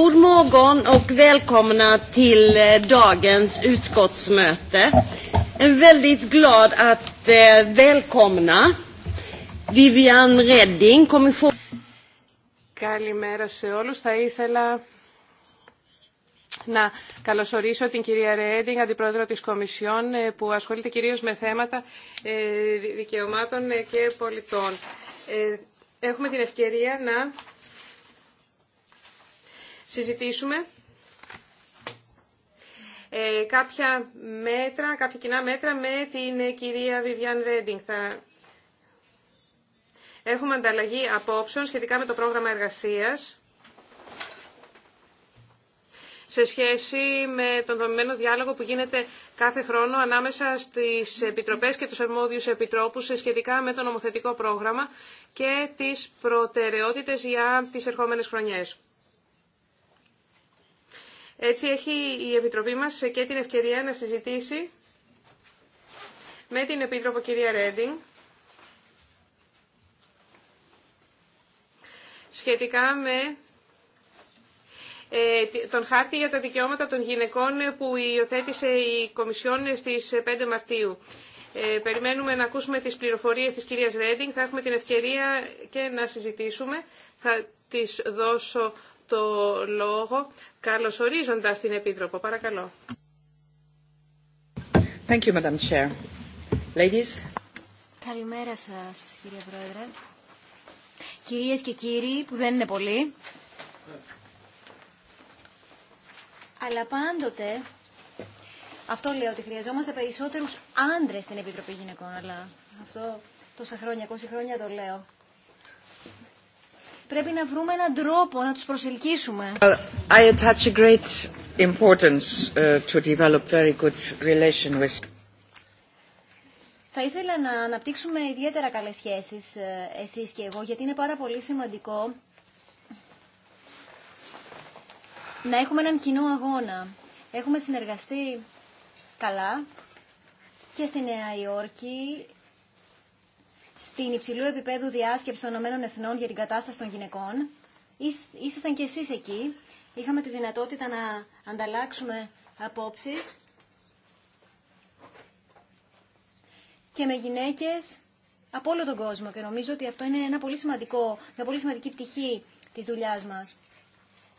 Καλημέρα σε όλους. Θα ήθελα να καλωσορίσω την κυρία Ρέντινγκ, αντιπρόεδρο της Κομισιόν, ε, που ασχολείται κυρίως με θέματα ε, δικαιωμάτων ε, και πολιτών. Έχουμε την ευκαιρία να συζητήσουμε ε, κάποια μέτρα, κάποια κοινά μέτρα με την ε, κυρία Βιβιάν Ρέντινγκ. Θα... Έχουμε ανταλλαγή απόψεων σχετικά με το πρόγραμμα εργασίας σε σχέση με τον δομημένο διάλογο που γίνεται κάθε χρόνο ανάμεσα στις επιτροπές και τους αρμόδιους επιτρόπους σχετικά με το νομοθετικό πρόγραμμα και τις προτεραιότητες για τις ερχόμενες χρονιές. Έτσι έχει η Επιτροπή μας και την ευκαιρία να συζητήσει με την Επίτροπο κυρία Ρέντινγκ σχετικά με ε, τον χάρτη για τα δικαιώματα των γυναικών που υιοθέτησε η Κομισιόν στις 5 Μαρτίου. Ε, περιμένουμε να ακούσουμε τις πληροφορίες της κυρίας Ρέντινγκ. Θα έχουμε την ευκαιρία και να συζητήσουμε. Θα τις δώσω το λόγο Ορίζοντας, την Επίτροπο. Παρακαλώ. Thank you, Madam Chair. Ladies. Καλημέρα σας, κύριε Πρόεδρε. Κυρίες και κύριοι, που δεν είναι πολλοί, αλλά πάντοτε, αυτό λέω ότι χρειαζόμαστε περισσότερους άντρες στην Επιτροπή Γυναικών, αλλά αυτό τόσα χρόνια, 20 χρόνια το λέω. Πρέπει να βρούμε έναν τρόπο να τους προσελκύσουμε. I great importance uh, to develop very good with... Θα ήθελα να αναπτύξουμε ιδιαίτερα καλές σχέσεις ε, εσείς και εγώ, γιατί είναι πάρα πολύ σημαντικό να έχουμε έναν κοινό αγώνα. Έχουμε συνεργαστεί καλά και στη Νέα Υόρκη στην υψηλού επίπεδου διάσκεψη των ΗΕ Εθνών για την κατάσταση των γυναικών. Ήσασταν και εσείς εκεί. Είχαμε τη δυνατότητα να ανταλλάξουμε απόψεις και με γυναίκες από όλο τον κόσμο. Και νομίζω ότι αυτό είναι ένα πολύ σημαντικό, μια πολύ σημαντική πτυχή της δουλειάς μας.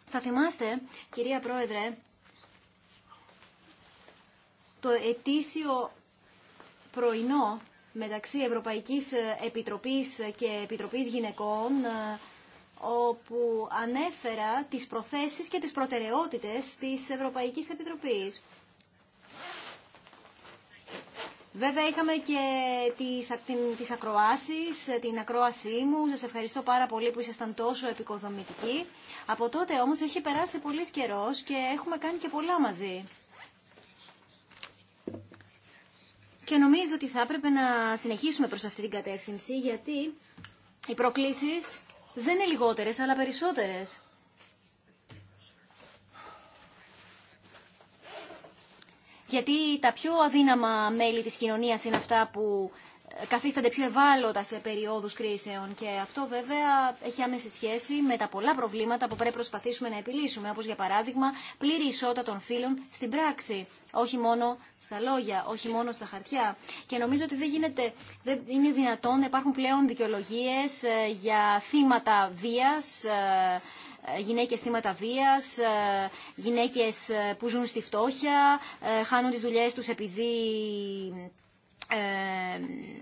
Θα θυμάστε, κυρία Πρόεδρε, το ετήσιο πρωινό μεταξύ Ευρωπαϊκής ε, Επιτροπής και Επιτροπής Γυναικών ε, όπου ανέφερα τις προθέσεις και τις προτεραιότητες της Ευρωπαϊκής Επιτροπής. Βέβαια είχαμε και τις, τις ακροάσεις, ε, την ακρόασή μου. Σας ευχαριστώ πάρα πολύ που ήσασταν τόσο επικοδομητικοί. Από τότε όμως έχει περάσει πολύ καιρός και έχουμε κάνει και πολλά μαζί. Και νομίζω ότι θα έπρεπε να συνεχίσουμε προς αυτή την κατεύθυνση, γιατί οι προκλήσεις δεν είναι λιγότερες, αλλά περισσότερες. Γιατί τα πιο αδύναμα μέλη της κοινωνίας είναι αυτά που καθίστανται πιο ευάλωτα σε περιόδους κρίσεων και αυτό βέβαια έχει άμεση σχέση με τα πολλά προβλήματα που πρέπει να προσπαθήσουμε να επιλύσουμε, όπως για παράδειγμα πλήρη ισότητα των φύλων στην πράξη, όχι μόνο στα λόγια, όχι μόνο στα χαρτιά. Και νομίζω ότι δεν, γίνεται, δεν είναι δυνατόν να υπάρχουν πλέον δικαιολογίε ε, για θύματα βίας, ε, ε, γυναίκες θύματα βίας, γυναίκες που ζουν στη φτώχεια, χάνουν τις δουλειές τους επειδή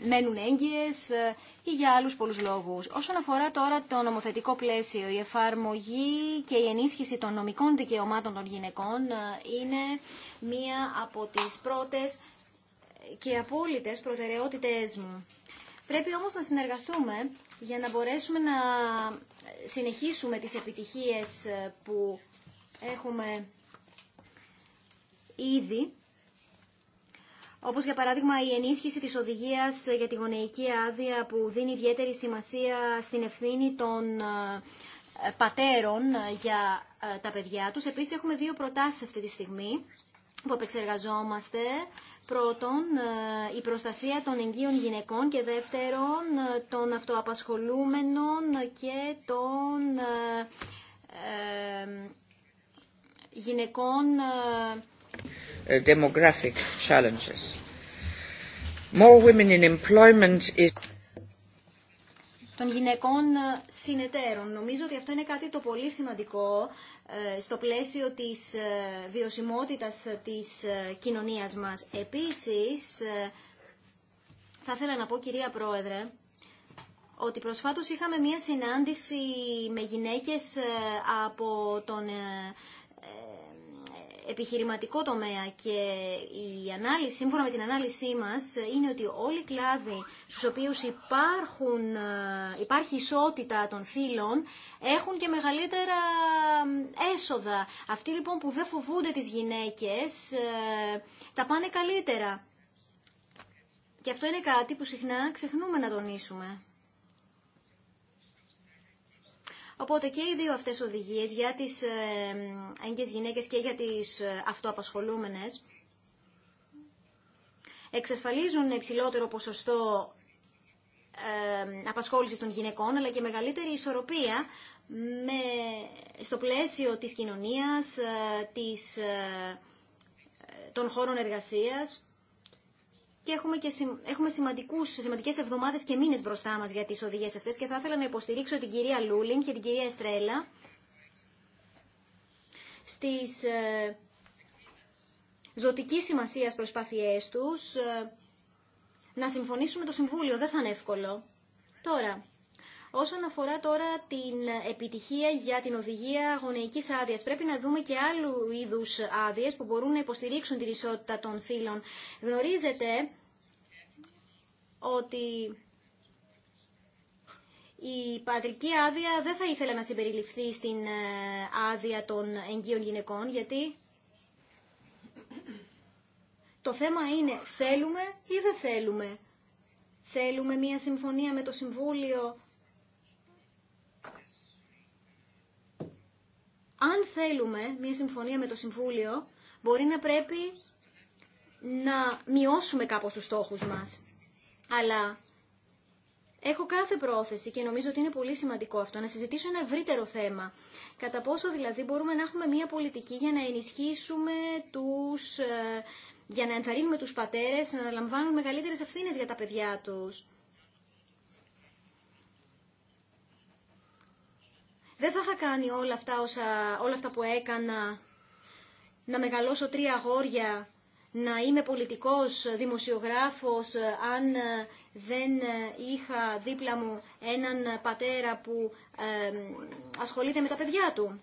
μένουν έγκυες ε, ή για άλλους πολλούς λόγους. Όσον αφορά τώρα το νομοθετικό πλαίσιο, η εφαρμογή και η ενίσχυση των νομικών δικαιωμάτων των γυναικών ε, είναι μία από τις πρώτες και απόλυτες προτεραιότητες μου. Πρέπει όμως να συνεργαστούμε για να μπορέσουμε να συνεχίσουμε τις επιτυχίες ε, που έχουμε ήδη όπως για παράδειγμα η ενίσχυση της οδηγίας για τη γονεϊκή άδεια που δίνει ιδιαίτερη σημασία στην ευθύνη των ε, πατέρων ε, για ε, τα παιδιά τους. Επίσης έχουμε δύο προτάσεις αυτή τη στιγμή που επεξεργαζόμαστε. Πρώτον, η προστασία των εγγύων γυναικών και δεύτερον, των αυτοαπασχολούμενων και των γυναικών Uh, των γυναικών ε, συνεταίρων. Νομίζω ότι αυτό είναι κάτι το πολύ σημαντικό ε, στο πλαίσιο της ε, βιωσιμότητας της κοινωνίας μας. Επίσης, θα ήθελα να πω, κυρία Πρόεδρε, ότι προσφάτως είχαμε μία συνάντηση με γυναίκες από τον επιχειρηματικό τομέα και η ανάλυση, σύμφωνα με την ανάλυση μας είναι ότι όλοι οι κλάδοι στους οποίους υπάρχουν, ε, υπάρχει ισότητα των φύλων έχουν και μεγαλύτερα έσοδα. Αυτοί λοιπόν που δεν φοβούνται τις γυναίκες ε, τα πάνε καλύτερα. Και αυτό είναι κάτι που συχνά ξεχνούμε να τονίσουμε. Οπότε και οι δύο αυτές οδηγίες για τις ε, έγκυες γυναίκες και για τις ε, αυτοαπασχολούμενες εξασφαλίζουν υψηλότερο ποσοστό ε, απασχόλησης των γυναικών αλλά και μεγαλύτερη ισορροπία με, στο πλαίσιο της κοινωνίας, της, των χώρων εργασίας και έχουμε, και συμ... έχουμε σημαντικούς, σημαντικές εβδομάδες και μήνες μπροστά μας για τις οδηγίες αυτές και θα ήθελα να υποστηρίξω την κυρία Λούλιν και την κυρία Εστρέλα στις ε, ζωτικής σημασίας προσπάθειές τους ε, να συμφωνήσουμε το Συμβούλιο. Δεν θα είναι εύκολο. Τώρα, Όσον αφορά τώρα την επιτυχία για την οδηγία γονεϊκής άδεια, πρέπει να δούμε και άλλου είδους άδειε που μπορούν να υποστηρίξουν τη ισότητα των φύλων. Γνωρίζετε ότι η πατρική άδεια δεν θα ήθελα να συμπεριληφθεί στην ε, άδεια των εγγύων γυναικών, γιατί το θέμα είναι θέλουμε ή δεν θέλουμε. Θέλουμε μια συμφωνία με το Συμβούλιο αν θέλουμε μια συμφωνία με το Συμβούλιο, μπορεί να πρέπει να μειώσουμε κάπως τους στόχους μας. Αλλά έχω κάθε πρόθεση και νομίζω ότι είναι πολύ σημαντικό αυτό να συζητήσω ένα ευρύτερο θέμα. Κατά πόσο δηλαδή μπορούμε να έχουμε μια πολιτική για να ενισχύσουμε τους... Ε, για να ενθαρρύνουμε τους πατέρες να λαμβάνουν μεγαλύτερες ευθύνες για τα παιδιά τους. δεν θα είχα κάνει όλα αυτά, όσα, όλα αυτά που έκανα, να μεγαλώσω τρία αγόρια, να είμαι πολιτικός, δημοσιογράφος, αν ε, δεν ε, είχα δίπλα μου έναν πατέρα που ε, ασχολείται με τα παιδιά του.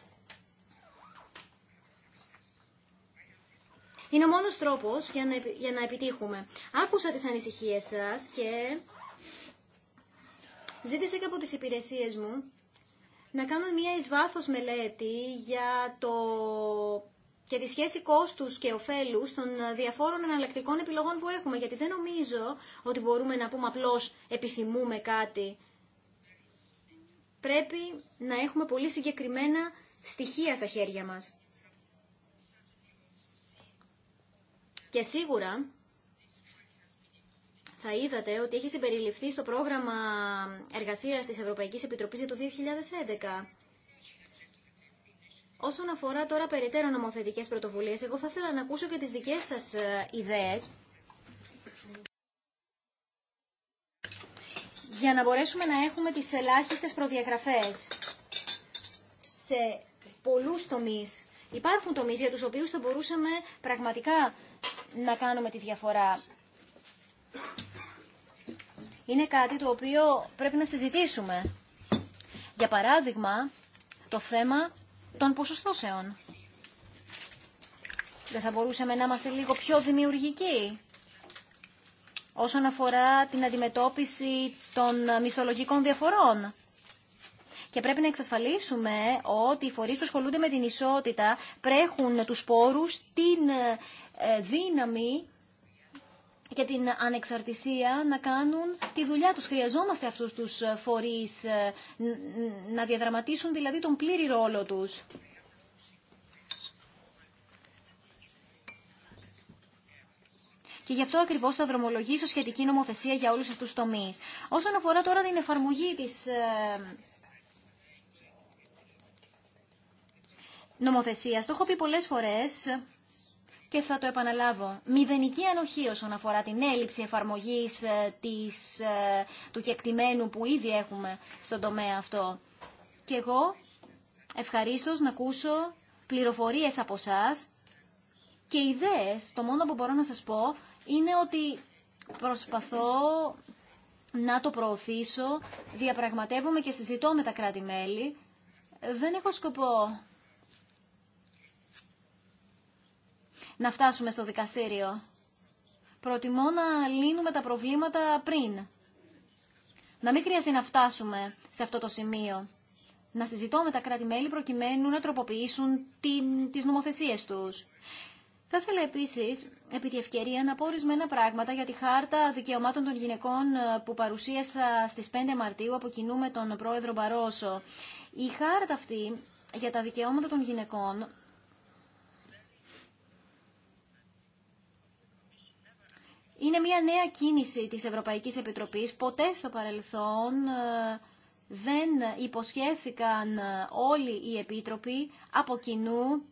Είναι ο μόνος τρόπος για να, για να επιτύχουμε. Άκουσα τις ανησυχίες σας και ζήτησα και από τις υπηρεσίες μου να κάνουν μια εις μελέτη για το και τη σχέση κόστους και ωφέλους των διαφόρων εναλλακτικών επιλογών που έχουμε, γιατί δεν νομίζω ότι μπορούμε να πούμε απλώς επιθυμούμε κάτι. Πρέπει να έχουμε πολύ συγκεκριμένα στοιχεία στα χέρια μας. Και σίγουρα θα είδατε ότι έχει συμπεριληφθεί στο πρόγραμμα εργασίας της Ευρωπαϊκής Επιτροπής για το 2011. Όσον αφορά τώρα περαιτέρω νομοθετικές πρωτοβουλίες, εγώ θα ήθελα να ακούσω και τις δικές σας ε, ιδέες. για να μπορέσουμε να έχουμε τις ελάχιστες προδιαγραφές σε πολλούς τομείς. Υπάρχουν τομείς για τους οποίους θα μπορούσαμε πραγματικά να κάνουμε τη διαφορά είναι κάτι το οποίο πρέπει να συζητήσουμε. Για παράδειγμα, το θέμα των ποσοστώσεων. Δεν θα μπορούσαμε να είμαστε λίγο πιο δημιουργικοί όσον αφορά την αντιμετώπιση των μισθολογικών διαφορών. Και πρέπει να εξασφαλίσουμε ότι οι φορείς που ασχολούνται με την ισότητα πρέχουν τους πόρους, την ε, δύναμη και την ανεξαρτησία να κάνουν τη δουλειά τους. Χρειαζόμαστε αυτούς τους ε, φορείς ε, να διαδραματίσουν δηλαδή τον πλήρη ρόλο τους. Και γι' αυτό ακριβώ θα δρομολογήσω σχετική νομοθεσία για όλου αυτού του τομεί. Όσον αφορά τώρα την εφαρμογή τη ε, νομοθεσία, το έχω πει πολλέ φορέ και θα το επαναλάβω. Μηδενική ανοχή όσον αφορά την έλλειψη εφαρμογής ε, της, ε, του κεκτημένου που ήδη έχουμε στον τομέα αυτό. Και εγώ ευχαρίστως να ακούσω πληροφορίες από εσά και ιδέες. Το μόνο που μπορώ να σας πω είναι ότι προσπαθώ να το προωθήσω, διαπραγματεύομαι και συζητώ με τα κράτη-μέλη. Δεν έχω σκοπό να φτάσουμε στο δικαστήριο. Προτιμώ να λύνουμε τα προβλήματα πριν. Να μην χρειαστεί να φτάσουμε σε αυτό το σημείο. Να συζητώ με τα κράτη-μέλη προκειμένου να τροποποιήσουν την, τις νομοθεσίες τους. Θα ήθελα επίση, επί τη ευκαιρία, να πω ορισμένα πράγματα για τη χάρτα δικαιωμάτων των γυναικών ε, που παρουσίασα στι 5 Μαρτίου από κοινού με τον πρόεδρο Μπαρόσο. Η χάρτα αυτή για τα δικαιώματα των γυναικών Είναι μια νέα κίνηση της Ευρωπαϊκής Επιτροπής. Ποτέ στο παρελθόν ε, δεν υποσχέθηκαν ε, όλοι οι επίτροποι από κοινού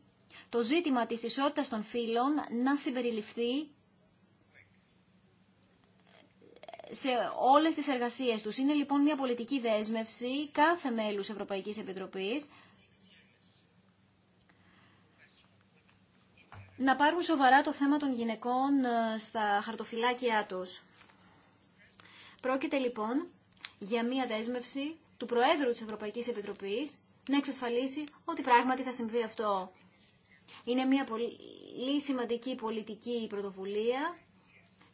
το ζήτημα της ισότητας των φύλων να συμπεριληφθεί σε όλες τις εργασίες τους. Είναι λοιπόν μια πολιτική δέσμευση κάθε μέλους Ευρωπαϊκής Επιτροπής να πάρουν σοβαρά το θέμα των γυναικών ε, στα χαρτοφυλάκια τους. Πρόκειται λοιπόν για μία δέσμευση του Προέδρου της Ευρωπαϊκής Επιτροπής να εξασφαλίσει ότι πράγματι θα συμβεί αυτό. Είναι μία πολύ σημαντική πολιτική πρωτοβουλία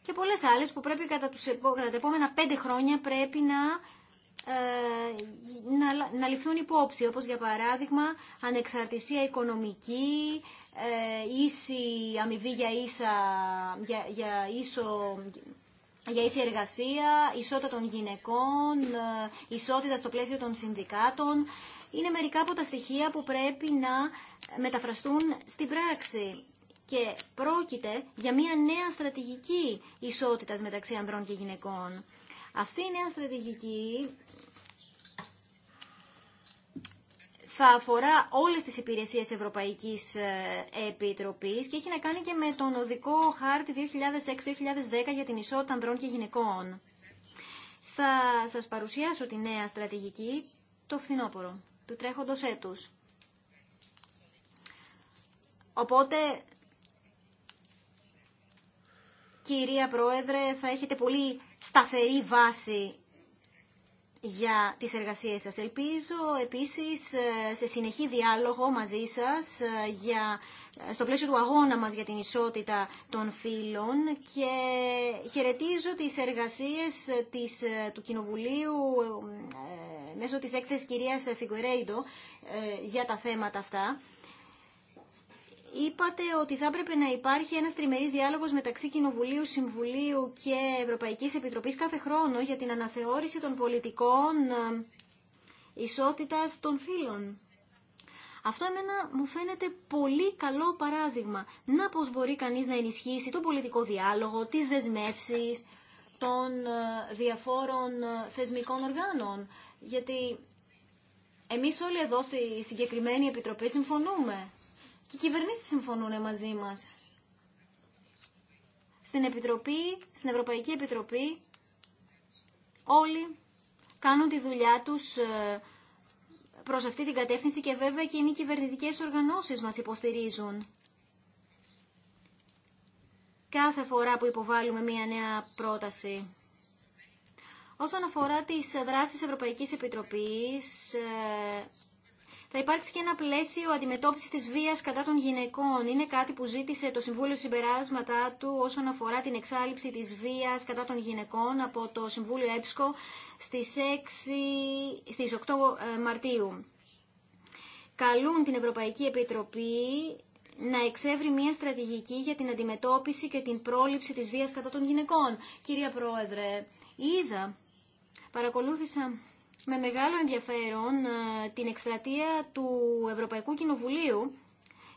και πολλές άλλες που πρέπει κατά, τους, κατά τα επόμενα πέντε χρόνια πρέπει να ε, να, να ληφθούν υπόψη, όπως για παράδειγμα ανεξαρτησία οικονομική, ε, ίση αμοιβή για, ίσα, για, για για ίση εργασία, ισότητα των γυναικών, ε, ισότητα στο πλαίσιο των συνδικάτων. Είναι μερικά από τα στοιχεία που πρέπει να μεταφραστούν στην πράξη. Και πρόκειται για μια νέα στρατηγική ισότητας μεταξύ ανδρών και γυναικών. Αυτή η νέα στρατηγική θα αφορά όλες τις υπηρεσίες Ευρωπαϊκής ε, Επιτροπής και έχει να κάνει και με τον οδικό χάρτη 2006-2010 για την ισότητα ανδρών και γυναικών. Θα σας παρουσιάσω τη νέα στρατηγική το φθινόπωρο του τρέχοντος έτους. Οπότε, κυρία Πρόεδρε, θα έχετε πολύ σταθερή βάση για τις εργασίες σας. Ελπίζω επίσης ε, σε συνεχή διάλογο μαζί σας ε, για, ε, στο πλαίσιο του αγώνα μας για την ισότητα των φύλων και χαιρετίζω τις εργασίες της, του Κοινοβουλίου μέσω της έκθεσης κυρίας Φιγκουρέιντο για τα θέματα αυτά είπατε ότι θα έπρεπε να υπάρχει ένας τριμερής διάλογος μεταξύ Κοινοβουλίου, Συμβουλίου και Ευρωπαϊκής Επιτροπής κάθε χρόνο για την αναθεώρηση των πολιτικών ε, ισότητας των φύλων. Αυτό εμένα μου φαίνεται πολύ καλό παράδειγμα. Να πώς μπορεί κανείς να ενισχύσει τον πολιτικό διάλογο, τις δεσμεύσεις των ε, διαφόρων ε, θεσμικών οργάνων. Γιατί εμείς όλοι εδώ στη συγκεκριμένη επιτροπή συμφωνούμε και οι κυβερνήσει συμφωνούν μαζί μας. Στην, Επιτροπή, στην Ευρωπαϊκή Επιτροπή όλοι κάνουν τη δουλειά τους ε, προς αυτή την κατεύθυνση και βέβαια και οι μη κυβερνητικές οργανώσεις μας υποστηρίζουν. Κάθε φορά που υποβάλλουμε μία νέα πρόταση. Όσον αφορά τις δράσεις Ευρωπαϊκής Επιτροπής, ε, θα υπάρξει και ένα πλαίσιο αντιμετώπιση τη βία κατά των γυναικών. Είναι κάτι που ζήτησε το Συμβούλιο Συμπεράσματά του όσον αφορά την εξάλληψη τη βία κατά των γυναικών από το Συμβούλιο ΕΠΣΚΟ στις, 6, στις 8 ε, Μαρτίου. Καλούν την Ευρωπαϊκή Επιτροπή να εξεύρει μια στρατηγική για την αντιμετώπιση και την πρόληψη της βίας κατά των γυναικών. Κυρία Πρόεδρε, είδα, παρακολούθησα με μεγάλο ενδιαφέρον ε, την εκστρατεία του Ευρωπαϊκού Κοινοβουλίου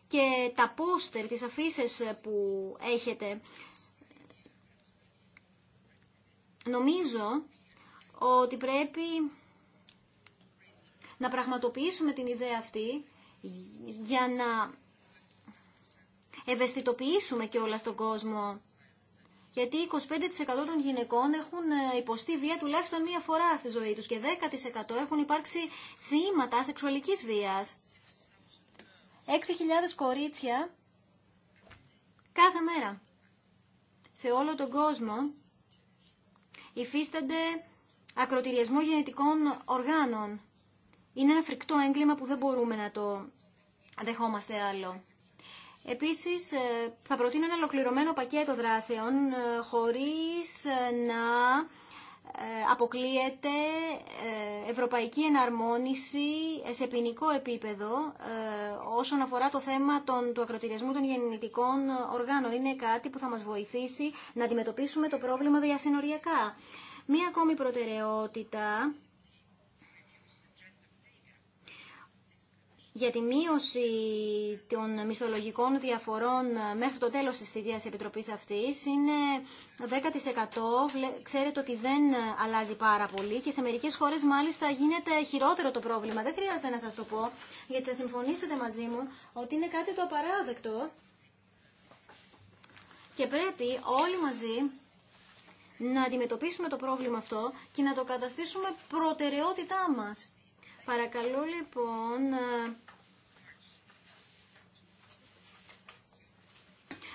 και τα πόστερ, τις αφήσει που έχετε. Νομίζω ότι πρέπει να πραγματοποιήσουμε την ιδέα αυτή για να ευαισθητοποιήσουμε και όλα στον κόσμο γιατί 25% των γυναικών έχουν ε, υποστεί βία τουλάχιστον μία φορά στη ζωή τους και 10% έχουν υπάρξει θύματα σεξουαλικής βίας. 6.000 κορίτσια κάθε μέρα σε όλο τον κόσμο υφίστανται ακροτηριασμό γενετικών οργάνων. Είναι ένα φρικτό έγκλημα που δεν μπορούμε να το δεχόμαστε άλλο. Επίση, ε, θα προτείνω ένα ολοκληρωμένο πακέτο δράσεων ε, χωρίς ε, να αποκλείεται ευρωπαϊκή εναρμόνιση σε ποινικό επίπεδο όσον αφορά το θέμα των, του ακροτηριασμού των γεννητικών οργάνων. Είναι κάτι που θα μας βοηθήσει να αντιμετωπίσουμε το πρόβλημα διασυνοριακά. Μία ακόμη προτεραιότητα για τη μείωση των μισθολογικών διαφορών μέχρι το τέλος της θητείας επιτροπής αυτής είναι 10%. Ξέρετε ότι δεν αλλάζει πάρα πολύ και σε μερικές χώρες μάλιστα γίνεται χειρότερο το πρόβλημα. Δεν χρειάζεται να σας το πω, γιατί θα συμφωνήσετε μαζί μου ότι είναι κάτι το απαράδεκτο και πρέπει όλοι μαζί να αντιμετωπίσουμε το πρόβλημα αυτό και να το καταστήσουμε προτεραιότητά μας. Παρακαλώ λοιπόν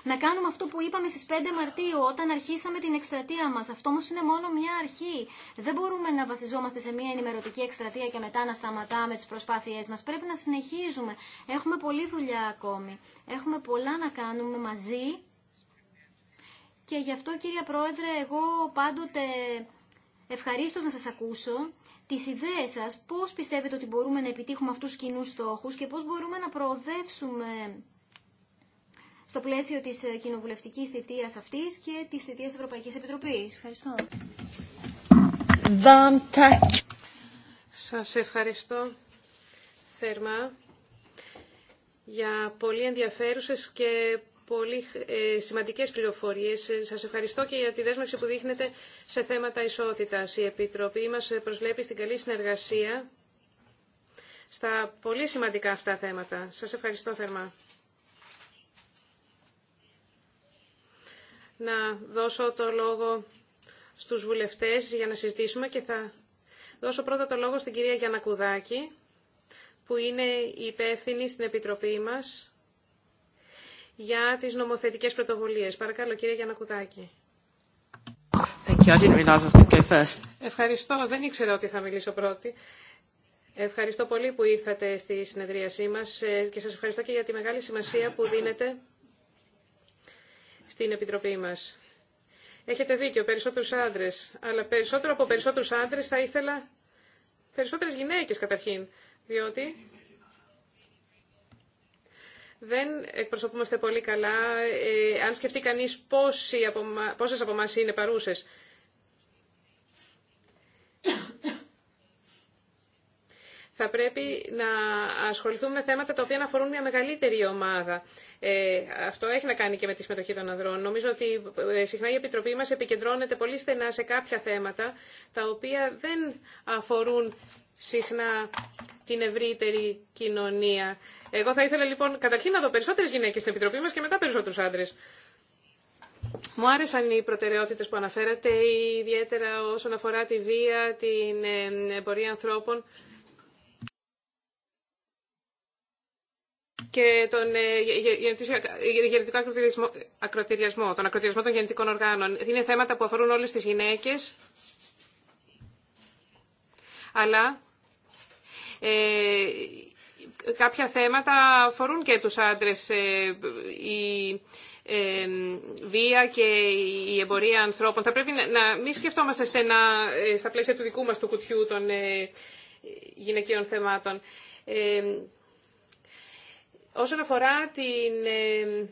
να κάνουμε αυτό που είπαμε στις 5 Μαρτίου όταν αρχίσαμε την εκστρατεία μας. Αυτό όμως είναι μόνο μια αρχή. Δεν μπορούμε να βασιζόμαστε σε μια ενημερωτική εκστρατεία και μετά να σταματάμε τις προσπάθειές μας. Πρέπει να συνεχίζουμε. Έχουμε πολλή δουλειά ακόμη. Έχουμε πολλά να κάνουμε μαζί. Και γι' αυτό κύριε Πρόεδρε εγώ πάντοτε ευχαρίστως να σας ακούσω τι ιδέε σα πώ πιστεύετε ότι μπορούμε να επιτύχουμε αυτού του κοινού στόχου και πώ μπορούμε να προοδεύσουμε στο πλαίσιο της ε, κοινοβουλευτικής θητείας αυτής και της θητείας Ευρωπαϊκής Επιτροπής. Ευχαριστώ. Σας ευχαριστώ θερμά για πολύ ενδιαφέρουσες και πολύ ε, σημαντικές πληροφορίες. Σας ευχαριστώ και για τη δέσμευση που δείχνετε σε θέματα ισότητας. Η Επιτροπή μας προσβλέπει στην καλή συνεργασία στα πολύ σημαντικά αυτά θέματα. Σας ευχαριστώ θερμά. να δώσω το λόγο στους βουλευτές για να συζητήσουμε και θα δώσω πρώτα το λόγο στην κυρία Γιάννα Κουδάκη, που είναι η υπεύθυνη στην Επιτροπή μας για τις νομοθετικές πρωτοβουλίες. Παρακαλώ, κυρία Γιάννα Κουδάκη. Ευχαριστώ. Δεν ήξερα ότι θα μιλήσω πρώτη. Ευχαριστώ πολύ που ήρθατε στη συνεδρίασή μας ε, και σας ευχαριστώ και για τη μεγάλη σημασία που δίνετε στην Επιτροπή μας. Έχετε δίκιο, περισσότερους άντρες, αλλά περισσότερο από περισσότερους άντρες θα ήθελα περισσότερες γυναίκες καταρχήν, διότι δεν εκπροσωπούμαστε πολύ καλά. Ε, αν σκεφτεί κανείς πόσοι από, πόσες από είναι παρούσες θα πρέπει να ασχοληθούμε με θέματα τα οποία αφορούν μια μεγαλύτερη ομάδα. Ε, αυτό έχει να κάνει και με τη συμμετοχή των ανδρών. Νομίζω ότι ε, συχνά η Επιτροπή μας επικεντρώνεται πολύ στενά σε κάποια θέματα τα οποία δεν αφορούν συχνά την ευρύτερη κοινωνία. Εγώ θα ήθελα λοιπόν καταρχήν να δω περισσότερες γυναίκε στην Επιτροπή μας και μετά περισσότερους άντρε. Μου άρεσαν οι προτεραιότητες που αναφέρατε, ιδιαίτερα όσον αφορά τη βία, την ε, εμπορία ανθρώπων. και τον ε, ε, γενετικό ακροτηριασμό, τον ακροτηριασμό των γενετικών οργάνων. Είναι θέματα που αφορούν όλες τις γυναίκες, αλλά ε, κάποια θέματα αφορούν και τους άντρες. Ε, η, βία και η εμπορία ανθρώπων. Θα πρέπει να, να μην σκεφτόμαστε στενά στα πλαίσια του δικού μας του κουτιού των γυναικείων θεμάτων. Όσον αφορά την ε,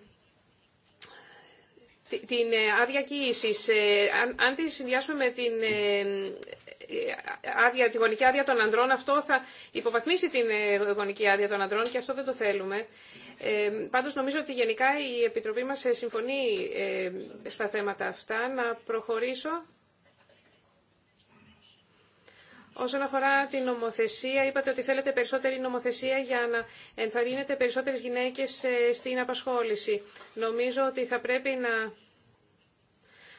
την ε, άδεια κοίησης, ε, αν τη συνδυάσουμε με την άδεια, τη γονική άδεια των ανδρών, αυτό θα υποβαθμίσει την γονική άδεια των ανδρών και αυτό δεν το θέλουμε. Ε, πάντως νομίζω ότι γενικά η Επιτροπή μας συμφωνεί στα θέματα αυτά. Να προχωρήσω. Όσον αφορά την νομοθεσία, είπατε ότι θέλετε περισσότερη νομοθεσία για να ενθαρρύνετε περισσότερες γυναίκες ε, στην απασχόληση. Νομίζω ότι θα πρέπει να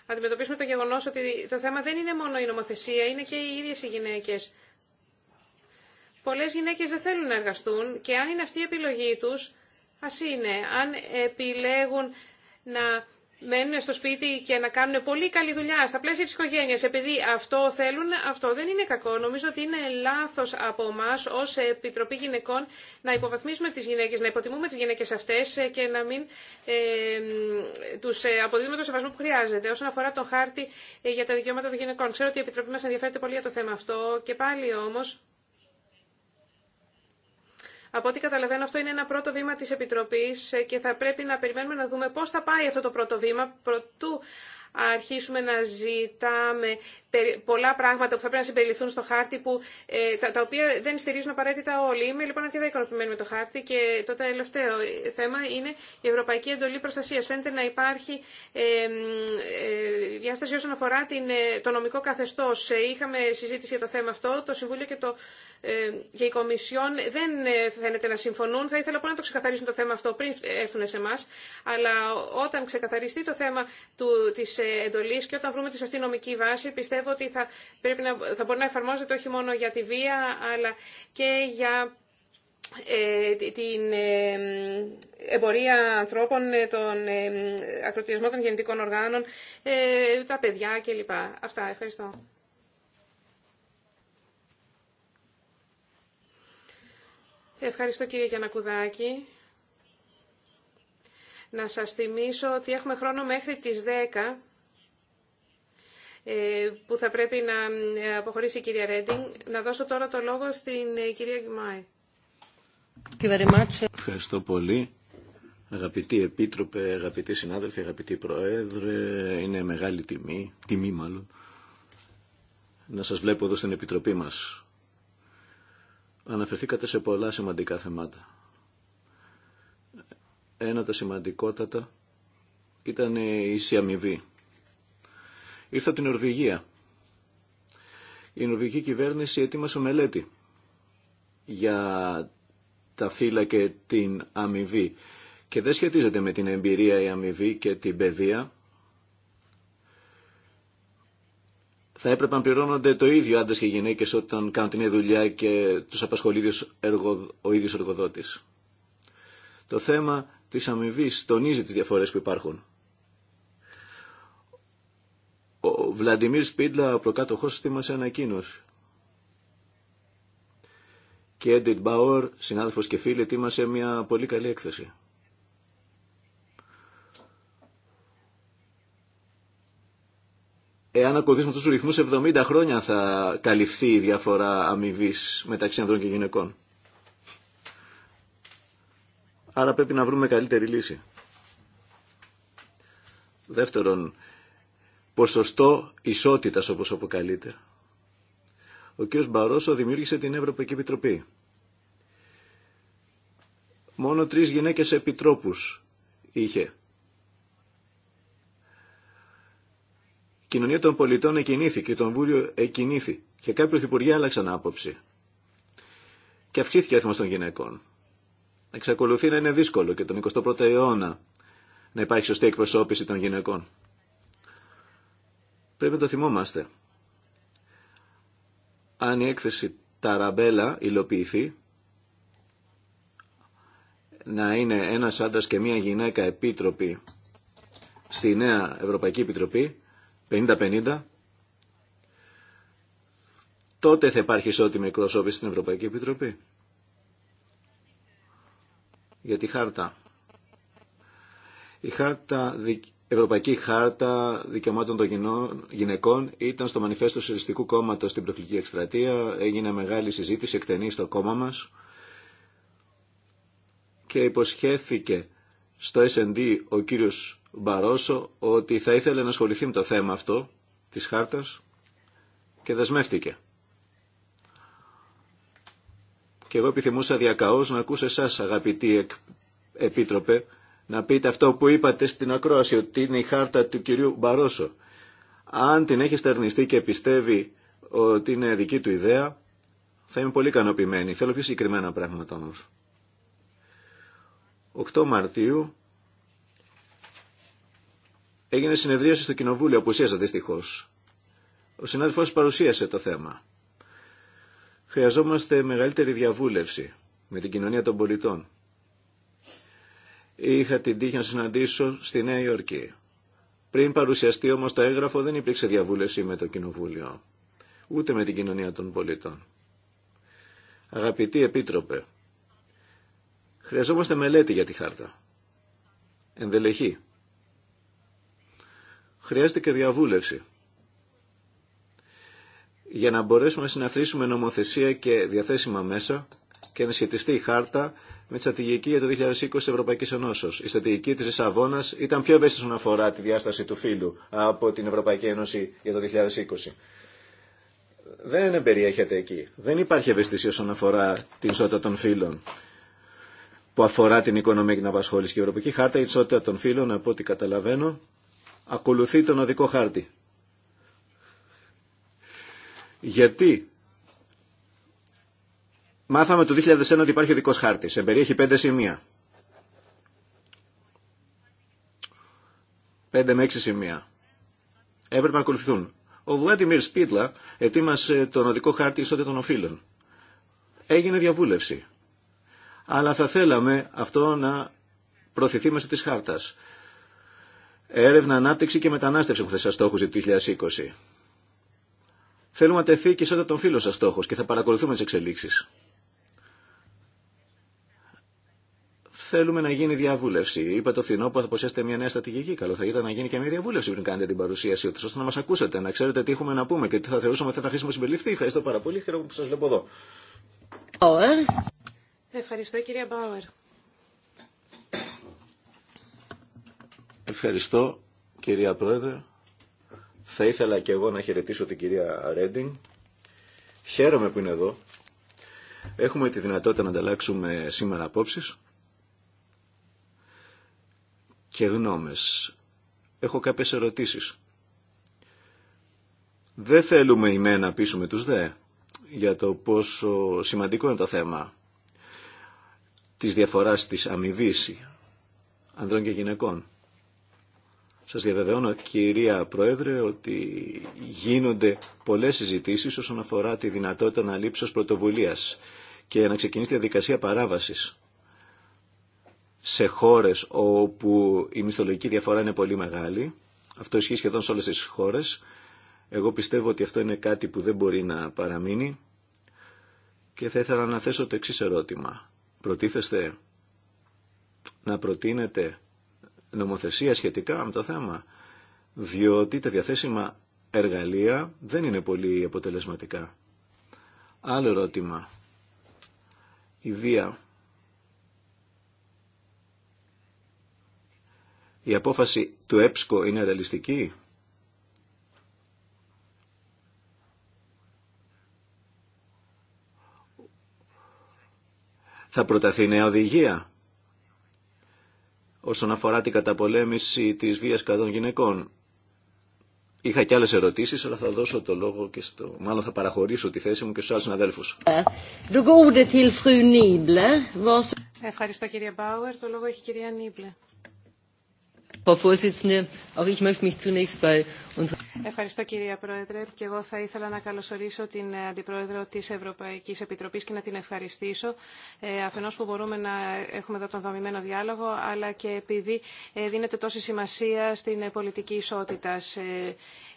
αντιμετωπίσουμε το γεγονός ότι το θέμα δεν είναι μόνο η νομοθεσία, είναι και οι ίδιες οι γυναίκες. Πολλές γυναίκες δεν θέλουν να εργαστούν και αν είναι αυτή η επιλογή τους, ας είναι. Αν επιλέγουν να μένουν στο σπίτι και να κάνουν πολύ καλή δουλειά στα πλαίσια της οικογένειας επειδή αυτό θέλουν, αυτό δεν είναι κακό. Νομίζω ότι είναι λάθος από εμά ως Επιτροπή Γυναικών να υποβαθμίσουμε τις γυναίκες, να υποτιμούμε τις γυναίκες αυτές και να μην ε, τους ε, αποδίδουμε το σεβασμό που χρειάζεται. Όσον αφορά το χάρτη ε, για τα δικαιώματα των γυναικών, ξέρω ότι η Επιτροπή μας ενδιαφέρεται πολύ για το θέμα αυτό και πάλι όμως από ό,τι καταλαβαίνω αυτό είναι ένα πρώτο βήμα της Επιτροπής ε, και θα πρέπει να περιμένουμε να δούμε πώς θα πάει αυτό το πρώτο βήμα προτού αρχίσουμε να ζητάμε πολλά πράγματα που θα πρέπει να συμπεριληφθούν στο χάρτη, που, ε, τα, οποία δεν στηρίζουν απαραίτητα όλοι. Είμαι λοιπόν αρκετά ικανοποιημένη με το χάρτη και το τελευταίο ε, θέμα είναι η Ευρωπαϊκή Εντολή Προστασία. Φαίνεται να υπάρχει ε, ε, διάσταση όσον αφορά την, ε, το νομικό καθεστώ. Είχαμε συζήτηση για το θέμα αυτό. Το Συμβούλιο και, το, ε, η Κομισιόν δεν φαίνεται να συμφωνούν. Θα ήθελα πολύ να το ξεκαθαρίσουν το θέμα αυτό πριν έρθουν σε εμά. Αλλά όταν ξεκαθαριστεί το θέμα τη. Ε, εντολής και όταν βρούμε τη σωστή νομική βάση πιστεύω ότι θα, πρέπει να, θα μπορεί να εφαρμόζεται όχι μόνο για τη βία αλλά και για ε, την ε, εμπορία ανθρώπων, τον ακροτηρισμό των γεννητικών οργάνων, τα παιδιά κλπ. Αυτά. Ευχαριστώ. Ευχαριστώ κύριε Γιανακουδάκη. Να σας θυμίσω ότι έχουμε χρόνο μέχρι τις 10 ε, που θα πρέπει να ε, αποχωρήσει η κυρία Ρέντινγκ. Να δώσω τώρα το λόγο στην ε, κυρία Γκυμάη. Ευχαριστώ πολύ. Αγαπητοί επίτροπε, αγαπητοί συνάδελφοι, αγαπητοί προέδρε, είναι μεγάλη τιμή, τιμή μάλλον, να σας βλέπω εδώ στην Επιτροπή μας. Αναφερθήκατε σε πολλά σημαντικά θεμάτα. Ένα τα σημαντικότατα ήταν η ίση Ήρθα από την Ορβηγία. Η νορβηγική κυβέρνηση ετοίμασε μελέτη για τα φύλλα και την αμοιβή και δεν σχετίζεται με την εμπειρία η αμοιβή και την παιδεία. Θα έπρεπε να πληρώνονται το ίδιο άντρε και γυναίκε όταν κάνουν την δουλειά και του απασχολεί ο ίδιο εργοδότη. Το θέμα τη αμοιβή τονίζει τι διαφορέ που υπάρχουν. Ο Βλαντιμίρ Σπίτλα, ο προκάτοχός, στήμασε ανακοίνωση. Και Έντιτ Μπάουερ, συνάδελφος και φίλη, ετοίμασε μια πολύ καλή έκθεση. Εάν ακολουθήσουμε τους ρυθμούς, 70 χρόνια θα καλυφθεί η διαφορά αμοιβή μεταξύ ανδρών και γυναικών. Άρα πρέπει να βρούμε καλύτερη λύση. Δεύτερον, ποσοστό ισότητας όπως αποκαλείται. Ο κ. Μπαρόσο δημιούργησε την Ευρωπαϊκή Επιτροπή. Μόνο τρεις γυναίκες επιτρόπους είχε. Η κοινωνία των πολιτών εκινήθη και τον Βούλιο εκινήθη και κάποιοι πρωθυπουργοί άλλαξαν άποψη. Και αυξήθηκε ο έθιμος των γυναικών. Εξακολουθεί να είναι δύσκολο και τον 21ο αιώνα να υπάρχει σωστή εκπροσώπηση των γυναικών. Πρέπει να το θυμόμαστε. Αν η έκθεση ταραμπέλα υλοποιηθεί, να είναι ένας άντρας και μία γυναίκα επίτροπη στη νέα Ευρωπαϊκή Επιτροπή, 50-50, τότε θα υπάρχει ισότιμη εκπροσώπηση στην Ευρωπαϊκή Επιτροπή. Για τη χάρτα. Η χάρτα Ευρωπαϊκή Χάρτα Δικαιωμάτων των Γυναικών ήταν στο μανιφέστο Συριστικού Κόμματο στην Προκλητική εκστρατεία. Έγινε μεγάλη συζήτηση εκτενή στο κόμμα μα και υποσχέθηκε στο SND ο κύριος Μπαρόσο ότι θα ήθελε να ασχοληθεί με το θέμα αυτό της χάρτας και δεσμεύτηκε. Και εγώ επιθυμούσα διακαώς να ακούσω εσάς αγαπητοί επίτροπε να πείτε αυτό που είπατε στην ακρόαση, ότι είναι η χάρτα του κυρίου Μπαρόσο. Αν την έχει στερνιστεί και πιστεύει ότι είναι δική του ιδέα, θα είμαι πολύ ικανοποιημένη. Θέλω πιο συγκεκριμένα πράγματα όμω. 8 Μαρτίου έγινε συνεδρίαση στο Κοινοβούλιο, απουσίασα δυστυχώ. Ο συνάδελφός παρουσίασε το θέμα. Χρειαζόμαστε μεγαλύτερη διαβούλευση με την κοινωνία των πολιτών είχα την τύχη να συναντήσω στη Νέα Υόρκη. Πριν παρουσιαστεί όμως το έγγραφο δεν υπήρξε διαβούλευση με το Κοινοβούλιο, ούτε με την κοινωνία των πολιτών. Αγαπητοί Επίτροπε, χρειαζόμαστε μελέτη για τη χάρτα. Ενδελεχή. και διαβούλευση για να μπορέσουμε να συναθρήσουμε νομοθεσία και διαθέσιμα μέσα και να σχετιστεί η χάρτα με τη στρατηγική για το 2020 τη Ευρωπαϊκή Ενώσεω. Η στρατηγική τη Λισαβόνα ήταν πιο ευαίσθητη όσον αφορά τη διάσταση του φύλου από την Ευρωπαϊκή Ένωση για το 2020. Δεν περιέχεται εκεί. Δεν υπάρχει ευαισθησία όσον αφορά την ισότητα των φύλων που αφορά την οικονομία και την απασχόληση. Και η Ευρωπαϊκή Χάρτα η ισότητα των φύλων, από ό,τι καταλαβαίνω, ακολουθεί τον οδικό χάρτη. Γιατί Μάθαμε το 2001 ότι υπάρχει δικός χάρτης. Εμπεριέχει πέντε σημεία. Πέντε με έξι σημεία. Έπρεπε να ακολουθούν. Ο Βλάντιμιρ Σπίτλα ετοίμασε τον οδικό χάρτη ισότητα των οφείλων. Έγινε διαβούλευση. Αλλά θα θέλαμε αυτό να προωθηθεί μέσα της χάρτας. Έρευνα, ανάπτυξη και μετανάστευση που θέσει στόχους του 2020. Θέλουμε να τεθεί και ισότητα των φίλων σας στόχος και θα παρακολουθούμε τις εξελίξεις. θέλουμε να γίνει διαβούλευση. Είπα το Θηνό που θα μια νέα στρατηγική. Καλό θα ήταν να γίνει και μια διαβούλευση πριν κάνετε την παρουσίαση, ούτως, ώστε να μα ακούσετε, να ξέρετε τι έχουμε να πούμε και τι θα θεωρούσαμε ότι θα ήταν χρήσιμο συμπεριληφθεί. Ευχαριστώ πάρα πολύ. Χαίρομαι που σα βλέπω εδώ. Ευχαριστώ, κυρία Μπάουερ. Ευχαριστώ, κυρία Πρόεδρε. Θα ήθελα και εγώ να χαιρετήσω την κυρία Ρέντινγκ. Χαίρομαι που είναι εδώ. Έχουμε τη δυνατότητα να ανταλλάξουμε σήμερα απόψεις και γνώμες. Έχω κάποιες ερωτήσεις. Δεν θέλουμε οι να πείσουμε τους δε για το πόσο σημαντικό είναι το θέμα της διαφοράς της αμοιβή ανδρών και γυναικών. Σας διαβεβαιώνω, κυρία Πρόεδρε, ότι γίνονται πολλές συζητήσεις όσον αφορά τη δυνατότητα αναλήψεως πρωτοβουλίας και να ξεκινήσει η διαδικασία παράβασης σε χώρες όπου η μισθολογική διαφορά είναι πολύ μεγάλη. Αυτό ισχύει σχεδόν σε όλες τις χώρες. Εγώ πιστεύω ότι αυτό είναι κάτι που δεν μπορεί να παραμείνει και θα ήθελα να θέσω το εξή ερώτημα. Προτίθεστε να προτείνετε νομοθεσία σχετικά με το θέμα, διότι τα διαθέσιμα εργαλεία δεν είναι πολύ αποτελεσματικά. Άλλο ερώτημα. Η βία η απόφαση του ΕΠΣΚΟ είναι ρεαλιστική. Θα προταθεί νέα οδηγία όσον αφορά την καταπολέμηση της βίας καδών γυναικών. Είχα και άλλες ερωτήσεις, αλλά θα δώσω το λόγο και στο... Μάλλον θα παραχωρήσω τη θέση μου και στους άλλους συναδέλφους. Ευχαριστώ κύριε Μπάουερ. Το λόγο έχει η κυρία Νίμπλε. Ευχαριστώ κυρία Πρόεδρε και εγώ θα ήθελα να καλωσορίσω την ε, Αντιπρόεδρο της Ευρωπαϊκής Επιτροπής και να την ευχαριστήσω ε, αφενός που μπορούμε να έχουμε εδώ τον δομημένο διάλογο αλλά και επειδή ε, δίνεται τόση σημασία στην πολιτική ισότητα.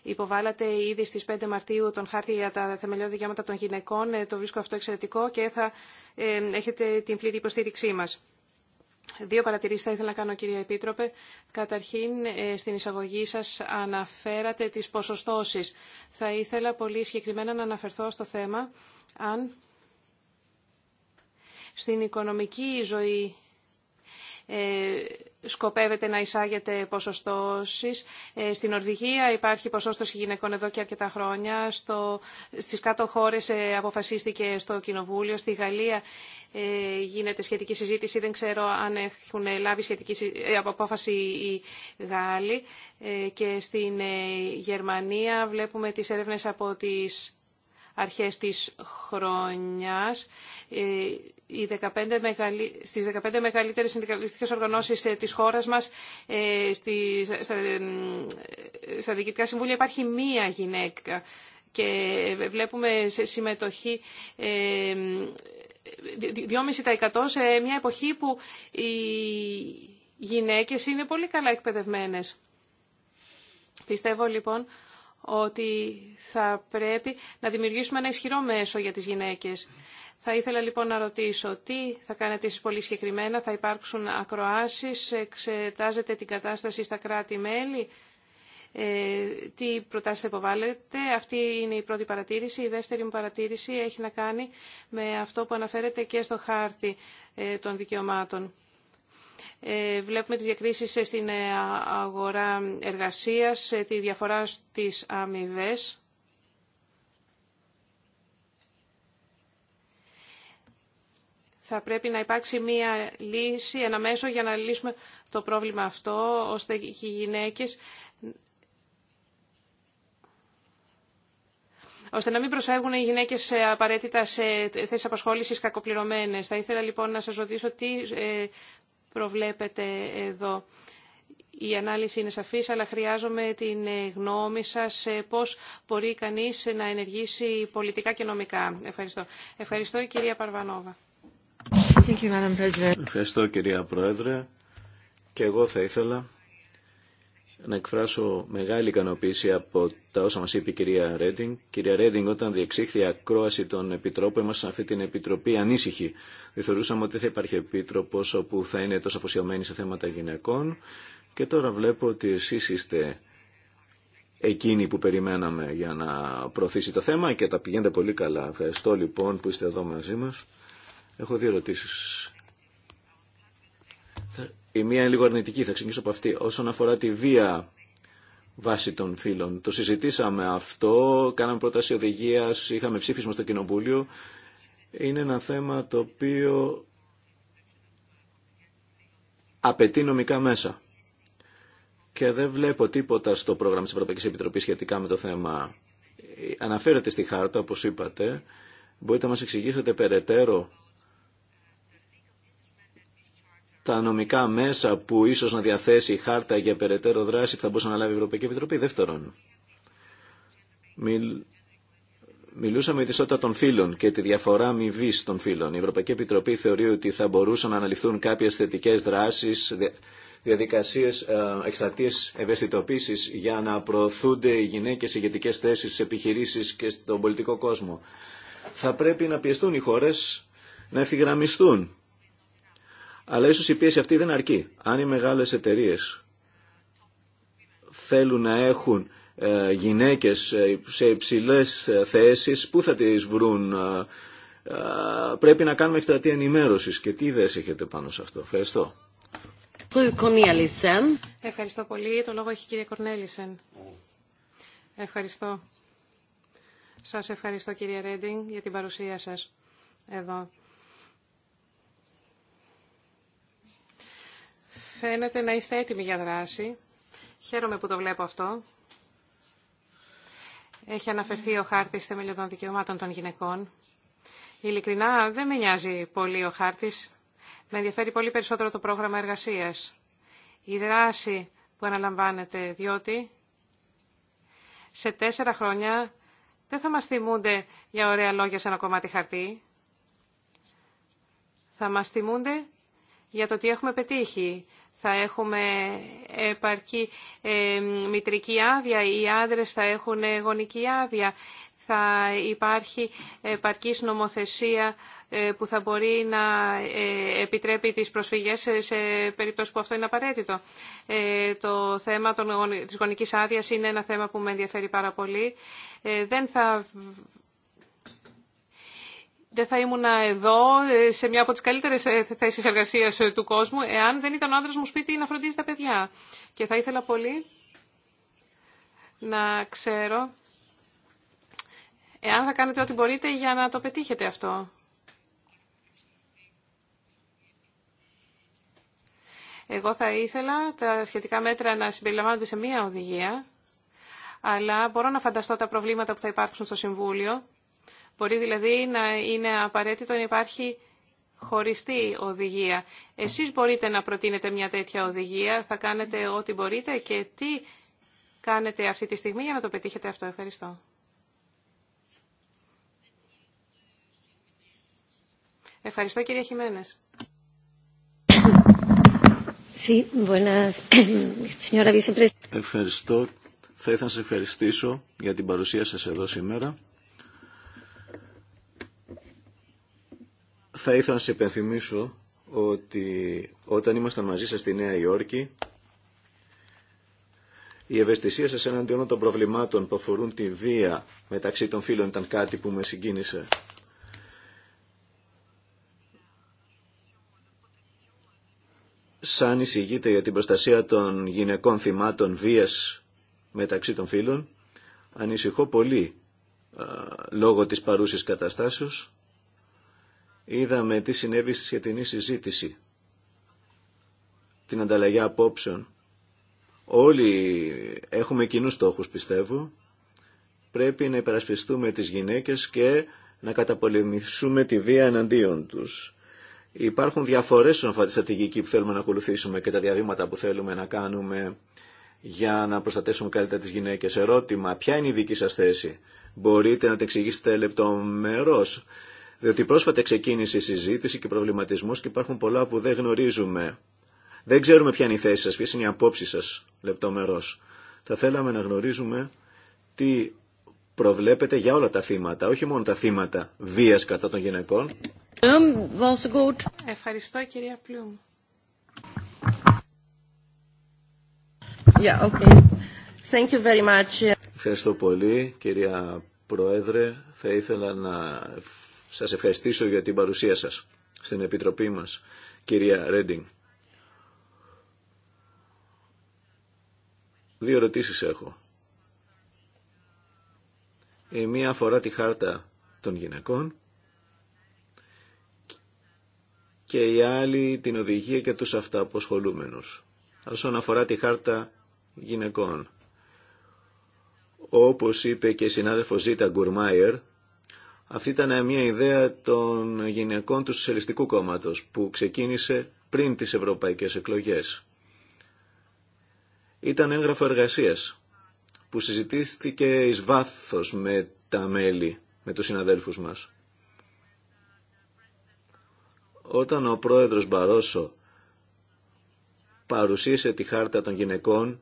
Υποβάλατε ήδη στις 5 Μαρτίου τον χάρτη για τα θεμελιώδη δικαιώματα των γυναικών. Το βρίσκω αυτό εξαιρετικό και θα έχετε την πλήρη υποστήριξή μας. Δύο παρατηρήσεις θα ήθελα να κάνω, κυρία Επίτροπε. Καταρχήν, ε, στην εισαγωγή σας αναφέρατε τις ποσοστώσεις. Θα ήθελα πολύ συγκεκριμένα να αναφερθώ στο θέμα αν στην οικονομική ζωή ε, Σκοπεύεται να εισάγετε ποσοστώσεις. Ε, στην Νορβηγία υπάρχει ποσόστοση γυναικών εδώ και αρκετά χρόνια. Στο, στις κάτω χώρες ε, αποφασίστηκε στο Κοινοβούλιο. Στη Γαλλία ε, γίνεται σχετική συζήτηση. Δεν ξέρω αν έχουν λάβει σχετική απόφαση οι Γάλλοι. και στην Γερμανία βλέπουμε τις έρευνες από τις αρχές της χρονιάς Στι 15 μεγαλύτερε στις 15 μεγαλύτερες συνδικαλιστικές οργανώσεις ε, της χώρας μας, ε, στις... στα... στα διοικητικά συμβούλια υπάρχει μία γυναίκα και ε, βλέπουμε σε συμμετοχή 2,5% σε μια εποχή που οι γυναίκες είναι πολύ καλά εκπαιδευμένες. Πιστεύω λοιπόν ότι θα πρέπει να δημιουργήσουμε ένα ισχυρό μέσο για τις γυναίκες. Θα ήθελα λοιπόν να ρωτήσω τι θα κάνετε εσείς πολύ συγκεκριμένα, θα υπάρξουν ακροάσεις, εξετάζετε την κατάσταση στα κράτη-μέλη, ε, τι προτάσεις υποβάλλετε. Αυτή είναι η πρώτη παρατήρηση. Η δεύτερη μου παρατήρηση έχει να κάνει με αυτό που αναφέρεται και στο χάρτη ε, των δικαιωμάτων. Ε, βλέπουμε τις διακρίσεις ε, στην αγορά εργασίας, τη διαφορά στις αμοιβέ. θα πρέπει να υπάρξει μία λύση, ένα μέσο για να λύσουμε το πρόβλημα αυτό, ώστε οι γυναίκες ώστε να μην προσφεύγουν οι γυναίκε απαραίτητα σε θέσεις απασχόλησης κακοπληρωμένες. Θα ήθελα λοιπόν να σας ρωτήσω τι ε, προβλέπετε εδώ. Η ανάλυση είναι σαφής, αλλά χρειάζομαι την ε, γνώμη σας πώς μπορεί κανείς να ενεργήσει πολιτικά και νομικά. Ευχαριστώ. Ευχαριστώ η κυρία Παρβανόβα. Ευχαριστώ κυρία Πρόεδρε. Και εγώ θα ήθελα να εκφράσω μεγάλη ικανοποίηση από τα όσα μας είπε η κυρία Ρέντινγκ. Κυρία Ρέντινγκ, όταν διεξήχθη η ακρόαση των επιτρόπων, σε αυτή την επιτροπή ανήσυχη. Δεν θεωρούσαμε ότι θα υπάρχει επίτροπο όπου θα είναι τόσο αφοσιωμένη σε θέματα γυναικών. Και τώρα βλέπω ότι εσεί είστε εκείνοι που περιμέναμε για να προωθήσει το θέμα και τα πηγαίνετε πολύ καλά. Ευχαριστώ λοιπόν που είστε εδώ μαζί μας. Έχω δύο ερωτήσει. Η μία είναι λίγο αρνητική, θα ξεκινήσω από αυτή. Όσον αφορά τη βία βάση των φίλων, το συζητήσαμε αυτό, κάναμε πρόταση οδηγία, είχαμε ψήφισμα στο Κοινοβούλιο. Είναι ένα θέμα το οποίο απαιτεί νομικά μέσα. Και δεν βλέπω τίποτα στο πρόγραμμα της Ευρωπαϊκής Επιτροπής σχετικά με το θέμα. Αναφέρεται στη χάρτα, όπως είπατε. Μπορείτε να μας εξηγήσετε περαιτέρω τα νομικά μέσα που ίσω να διαθέσει η χάρτα για περαιτέρω δράση που θα μπορούσε να λάβει η Ευρωπαϊκή Επιτροπή. Δεύτερον, μιλ... μιλούσαμε για τη ισότητα των φύλων και τη διαφορά αμοιβή των φύλων. Η Ευρωπαϊκή Επιτροπή θεωρεί ότι θα μπορούσαν να αναλυθούν κάποιε θετικέ δράσει, διαδικασίε, ε, εκστατείε ευαισθητοποίηση για να προωθούνται οι γυναίκε σε ηγετικές θέσεις, επιχειρήσει επιχειρήσεις και στον πολιτικό κόσμο. Θα πρέπει να πιεστούν οι χώρε να ευθυγραμμιστούν αλλά ίσως η πίεση αυτή δεν αρκεί. Αν οι μεγάλες εταιρείε θέλουν να έχουν ε, γυναίκες ε, σε υψηλές ε, θέσεις, πού θα τις βρουν. Πρέπει να κάνουμε εκτρατή ενημέρωσης. Και τι ιδέες έχετε πάνω σε αυτό. Ευχαριστώ. Ευχαριστώ πολύ. Το λόγο έχει η κυρία Κορνέλισεν. Ευχαριστώ. Σας ευχαριστώ κυρία Ρέντινγκ για την παρουσία σας εδώ. Φαίνεται να είστε έτοιμοι για δράση. Χαίρομαι που το βλέπω αυτό. Έχει αναφερθεί ο χάρτης θεμελιωδών δικαιωμάτων των γυναικών. Ειλικρινά δεν με νοιάζει πολύ ο χάρτης. Με ενδιαφέρει πολύ περισσότερο το πρόγραμμα εργασίας. Η δράση που αναλαμβάνετε διότι σε τέσσερα χρόνια δεν θα μας θυμούνται για ωραία λόγια σε ένα κομμάτι χαρτί. Θα μας θυμούνται για το τι έχουμε πετύχει, θα έχουμε επαρκή ε, μητρική άδεια, οι άντρες θα έχουν γονική άδεια, θα υπάρχει επαρκής νομοθεσία ε, που θα μπορεί να ε, επιτρέπει τις προσφυγές σε περίπτωση που αυτό είναι απαραίτητο. Το θέμα της γονικής άδειας είναι ένα θέμα που με ενδιαφέρει πάρα πολύ. Δεν θα δεν θα ήμουν εδώ ε, σε μια από τις καλύτερες ε, θέσεις εργασίας ε, του κόσμου εάν δεν ήταν ο άντρας μου σπίτι να φροντίζει τα παιδιά. Και θα ήθελα πολύ να ξέρω εάν θα κάνετε ό,τι μπορείτε για να το πετύχετε αυτό. Εγώ θα ήθελα τα σχετικά μέτρα να συμπεριλαμβάνονται σε μία οδηγία, αλλά μπορώ να φανταστώ τα προβλήματα που θα υπάρξουν στο Συμβούλιο Μπορεί δηλαδή να είναι απαραίτητο να υπάρχει χωριστή οδηγία. Εσείς μπορείτε να προτείνετε μια τέτοια οδηγία, θα κάνετε ό,τι μπορείτε και τι κάνετε αυτή τη στιγμή για να το πετύχετε αυτό. Ευχαριστώ. Ευχαριστώ κύριε Χιμένες. Ευχαριστώ. Θα ήθελα να σας ευχαριστήσω για την παρουσία σας εδώ σήμερα. Θα ήθελα να σε υπενθυμίσω ότι όταν ήμασταν μαζί σας στη Νέα Υόρκη, η ευαισθησία σας έναντι των προβλημάτων που αφορούν τη βία μεταξύ των φίλων ήταν κάτι που με συγκίνησε. Σαν εισηγείται για την προστασία των γυναικών θυμάτων βίας μεταξύ των φίλων, ανησυχώ πολύ λόγω της παρούσης καταστάσεως είδαμε τι συνέβη στη σχετινή συζήτηση, την ανταλλαγή απόψεων. Όλοι έχουμε κοινούς στόχους, πιστεύω. Πρέπει να υπερασπιστούμε τις γυναίκες και να καταπολεμηθούμε τη βία εναντίον τους. Υπάρχουν διαφορές στον αυτή τη στρατηγική που θέλουμε να ακολουθήσουμε και τα διαβήματα που θέλουμε να κάνουμε για να προστατεύσουμε καλύτερα τις γυναίκες. Ερώτημα, ποια είναι η δική σας θέση. Μπορείτε να το εξηγήσετε λεπτομερώς. Διότι πρόσφατα ξεκίνησε η συζήτηση και προβληματισμός και υπάρχουν πολλά που δεν γνωρίζουμε. Δεν ξέρουμε ποια είναι η θέση σας, ποιες είναι οι απόψεις σας λεπτομερώς. Θα θέλαμε να γνωρίζουμε τι προβλέπετε για όλα τα θύματα, όχι μόνο τα θύματα βίας κατά των γυναικών. Ευχαριστώ κυρία Πλούμ. Yeah, okay. Thank you very much. Ευχαριστώ πολύ κυρία Πρόεδρε. Θα ήθελα να σας ευχαριστήσω για την παρουσία σας στην Επιτροπή μας, κυρία Ρέντινγκ. Δύο ρωτήσεις έχω. Η μία αφορά τη χάρτα των γυναικών και η άλλη την οδηγία και τους αυταποσχολούμενους. Όσον αφορά τη χάρτα γυναικών, όπως είπε και η συνάδελφος Ζήτα Γκουρμάιερ, αυτή ήταν μια ιδέα των γυναικών του Σοσιαλιστικού Κόμματος που ξεκίνησε πριν τις ευρωπαϊκές εκλογές. Ήταν έγγραφο εργασίας που συζητήθηκε εις βάθος με τα μέλη, με τους συναδέλφους μας. Όταν ο πρόεδρος Μπαρόσο παρουσίασε τη χάρτα των γυναικών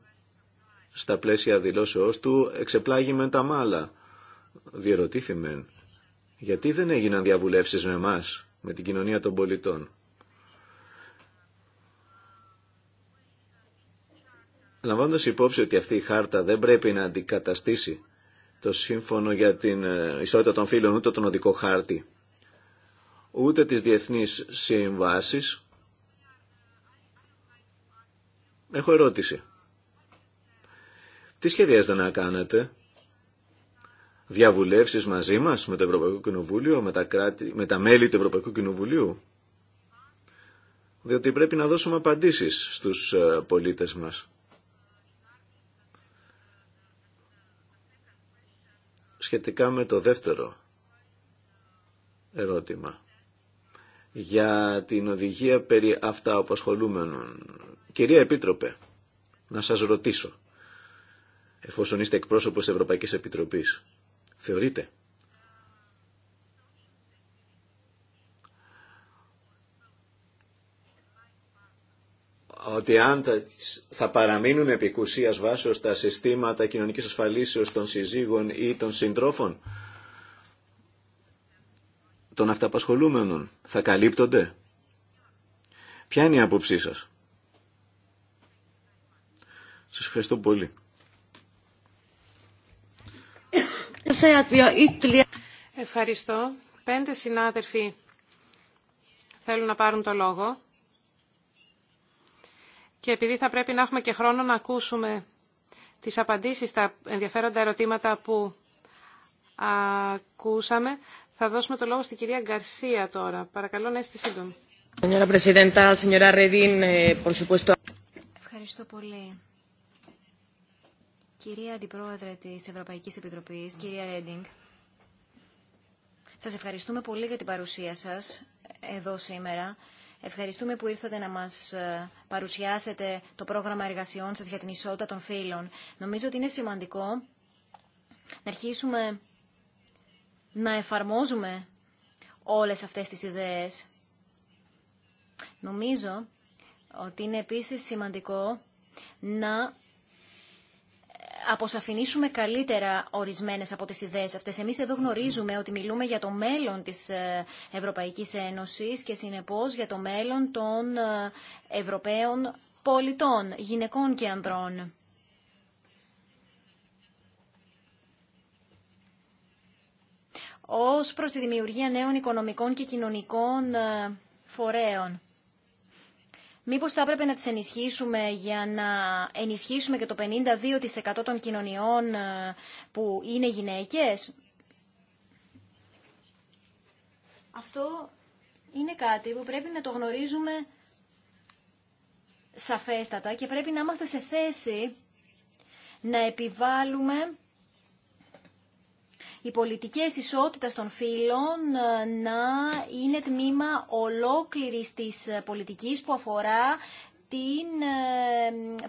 στα πλαίσια δηλώσεώς του, εξεπλάγει με τα μάλα. Διερωτήθημεν γιατί δεν έγιναν διαβουλεύσεις με εμά, με την κοινωνία των πολιτών. Λαμβάνοντα υπόψη ότι αυτή η χάρτα δεν πρέπει να αντικαταστήσει το σύμφωνο για την ε, ισότητα των φύλων, ούτε τον οδικό χάρτη, ούτε τις διεθνείς συμβάσεις, έχω ερώτηση. Τι σχεδιάζετε να κάνετε διαβουλεύσεις μαζί μας με το Ευρωπαϊκό Κοινοβούλιο, με τα, κράτη, με τα μέλη του Ευρωπαϊκού Κοινοβουλίου. Διότι πρέπει να δώσουμε απαντήσεις στους ε, πολίτες μας. Σχετικά με το δεύτερο ερώτημα για την οδηγία περί αποσχολούμενων. Κυρία Επίτροπε, να σας ρωτήσω, εφόσον είστε εκπρόσωπος της Ευρωπαϊκής Επιτροπής, Θεωρείτε ότι αν θα παραμείνουν κουσίας βάσεως τα συστήματα κοινωνικής ασφαλίσεως των συζύγων ή των συντρόφων των αυταπασχολούμενων θα καλύπτονται. Ποια είναι η άποψή σας. Σας ευχαριστώ πολύ. Ευχαριστώ. Πέντε συνάδελφοι θέλουν να πάρουν το λόγο. Και επειδή θα πρέπει να έχουμε και χρόνο να ακούσουμε τις απαντήσεις στα ενδιαφέροντα ερωτήματα που ακούσαμε, θα δώσουμε το λόγο στην κυρία Γκαρσία τώρα. Παρακαλώ να είστε σύντομοι. Eh, Ευχαριστώ πολύ. Κυρία Αντιπρόεδρε της Ευρωπαϊκής Επιτροπής, κυρία Ρέντινγκ, σας ευχαριστούμε πολύ για την παρουσία σας εδώ σήμερα. Ευχαριστούμε που ήρθατε να μας ε, παρουσιάσετε το πρόγραμμα εργασιών σας για την ισότητα των φύλων. Νομίζω ότι είναι σημαντικό να αρχίσουμε να εφαρμόζουμε όλες αυτές τις ιδέες. Νομίζω ότι είναι επίσης σημαντικό να αποσαφηνίσουμε καλύτερα ορισμένες από τις ιδέες αυτές. Εμείς εδώ γνωρίζουμε ότι μιλούμε για το μέλλον της ε, Ευρωπαϊκής Ένωσης και συνεπώς για το μέλλον των ε, Ευρωπαίων πολιτών, γυναικών και ανδρών. ως προς τη δημιουργία νέων οικονομικών και κοινωνικών ε, φορέων. Μήπως θα έπρεπε να τις ενισχύσουμε για να ενισχύσουμε και το 52% των κοινωνιών ε, που είναι γυναίκες. Αυτό είναι κάτι που πρέπει να το γνωρίζουμε σαφέστατα και πρέπει να είμαστε σε θέση να επιβάλλουμε οι πολιτικές ισότητας των φύλων ε, να είναι τμήμα ολόκληρης της πολιτικής που αφορά την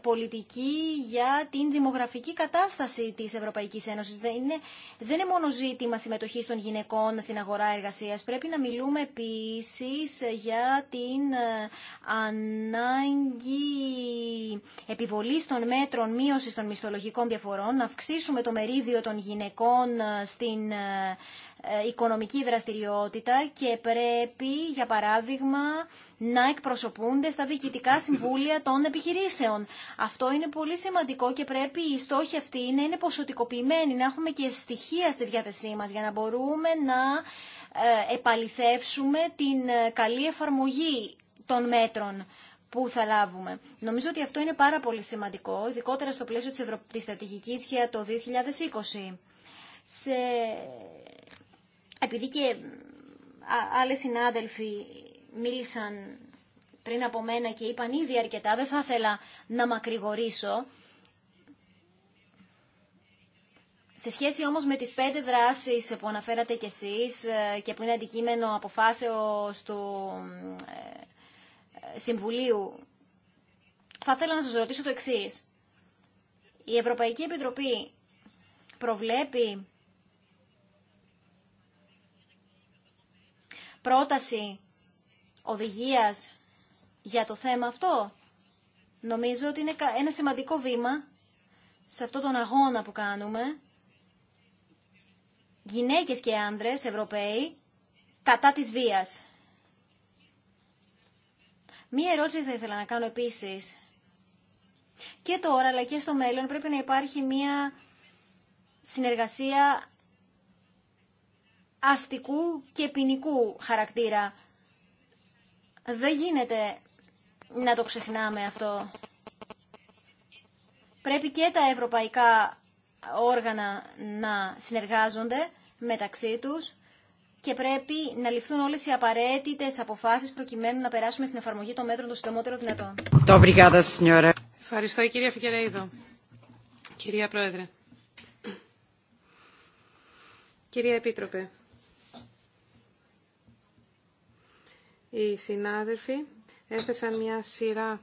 πολιτική για την δημογραφική κατάσταση της Ευρωπαϊκής Ένωσης. Δεν είναι, δεν είναι μόνο ζήτημα συμμετοχής των γυναικών στην αγορά εργασίας. Πρέπει να μιλούμε επίσης για την ε, ανάγκη επιβολής των μέτρων μείωσης των μισθολογικών διαφορών, να αυξήσουμε το μερίδιο των γυναικών ε, στην ε, ε, οικονομική δραστηριότητα και πρέπει, για παράδειγμα, να εκπροσωπούνται στα διοικητικά συμβούλια των επιχειρήσεων. Αυτό είναι πολύ σημαντικό και πρέπει οι στόχοι αυτοί να είναι ποσοτικοποιημένοι, να έχουμε και στοιχεία στη διάθεσή μας για να μπορούμε να ε, επαληθεύσουμε την ε, καλή εφαρμογή των μέτρων που θα λάβουμε. Νομίζω ότι αυτό είναι πάρα πολύ σημαντικό, ειδικότερα στο πλαίσιο της, Ευρω... της στρατηγικής για το 2020. Σε επειδή και άλλες συνάδελφοι μίλησαν πριν από μένα και είπαν ήδη αρκετά, δεν θα ήθελα να μακρηγορήσω. Σε σχέση όμως με τις πέντε δράσεις που αναφέρατε κι εσείς ε, και που είναι αντικείμενο αποφάσεως του ε, ε, Συμβουλίου, θα ήθελα να σας ρωτήσω το εξής. Η Ευρωπαϊκή Επιτροπή προβλέπει πρόταση οδηγίας για το θέμα αυτό. Νομίζω ότι είναι ένα σημαντικό βήμα σε αυτόν τον αγώνα που κάνουμε. Γυναίκες και άνδρες Ευρωπαίοι κατά της βίας. Μία ερώτηση θα ήθελα να κάνω επίσης. Και τώρα αλλά και στο μέλλον πρέπει να υπάρχει μία συνεργασία αστικού και ποινικού χαρακτήρα. Δεν γίνεται να το ξεχνάμε αυτό. Πρέπει και τα ευρωπαϊκά όργανα να συνεργάζονται μεταξύ τους και πρέπει να ληφθούν όλες οι απαραίτητες αποφάσεις προκειμένου να περάσουμε στην εφαρμογή των μέτρων των συντομότερων δυνατών. Ευχαριστώ κυρία Φικεραίδο. Κυρία Πρόεδρε. Κυρία Επίτροπε. Οι συνάδελφοι έθεσαν μια σειρά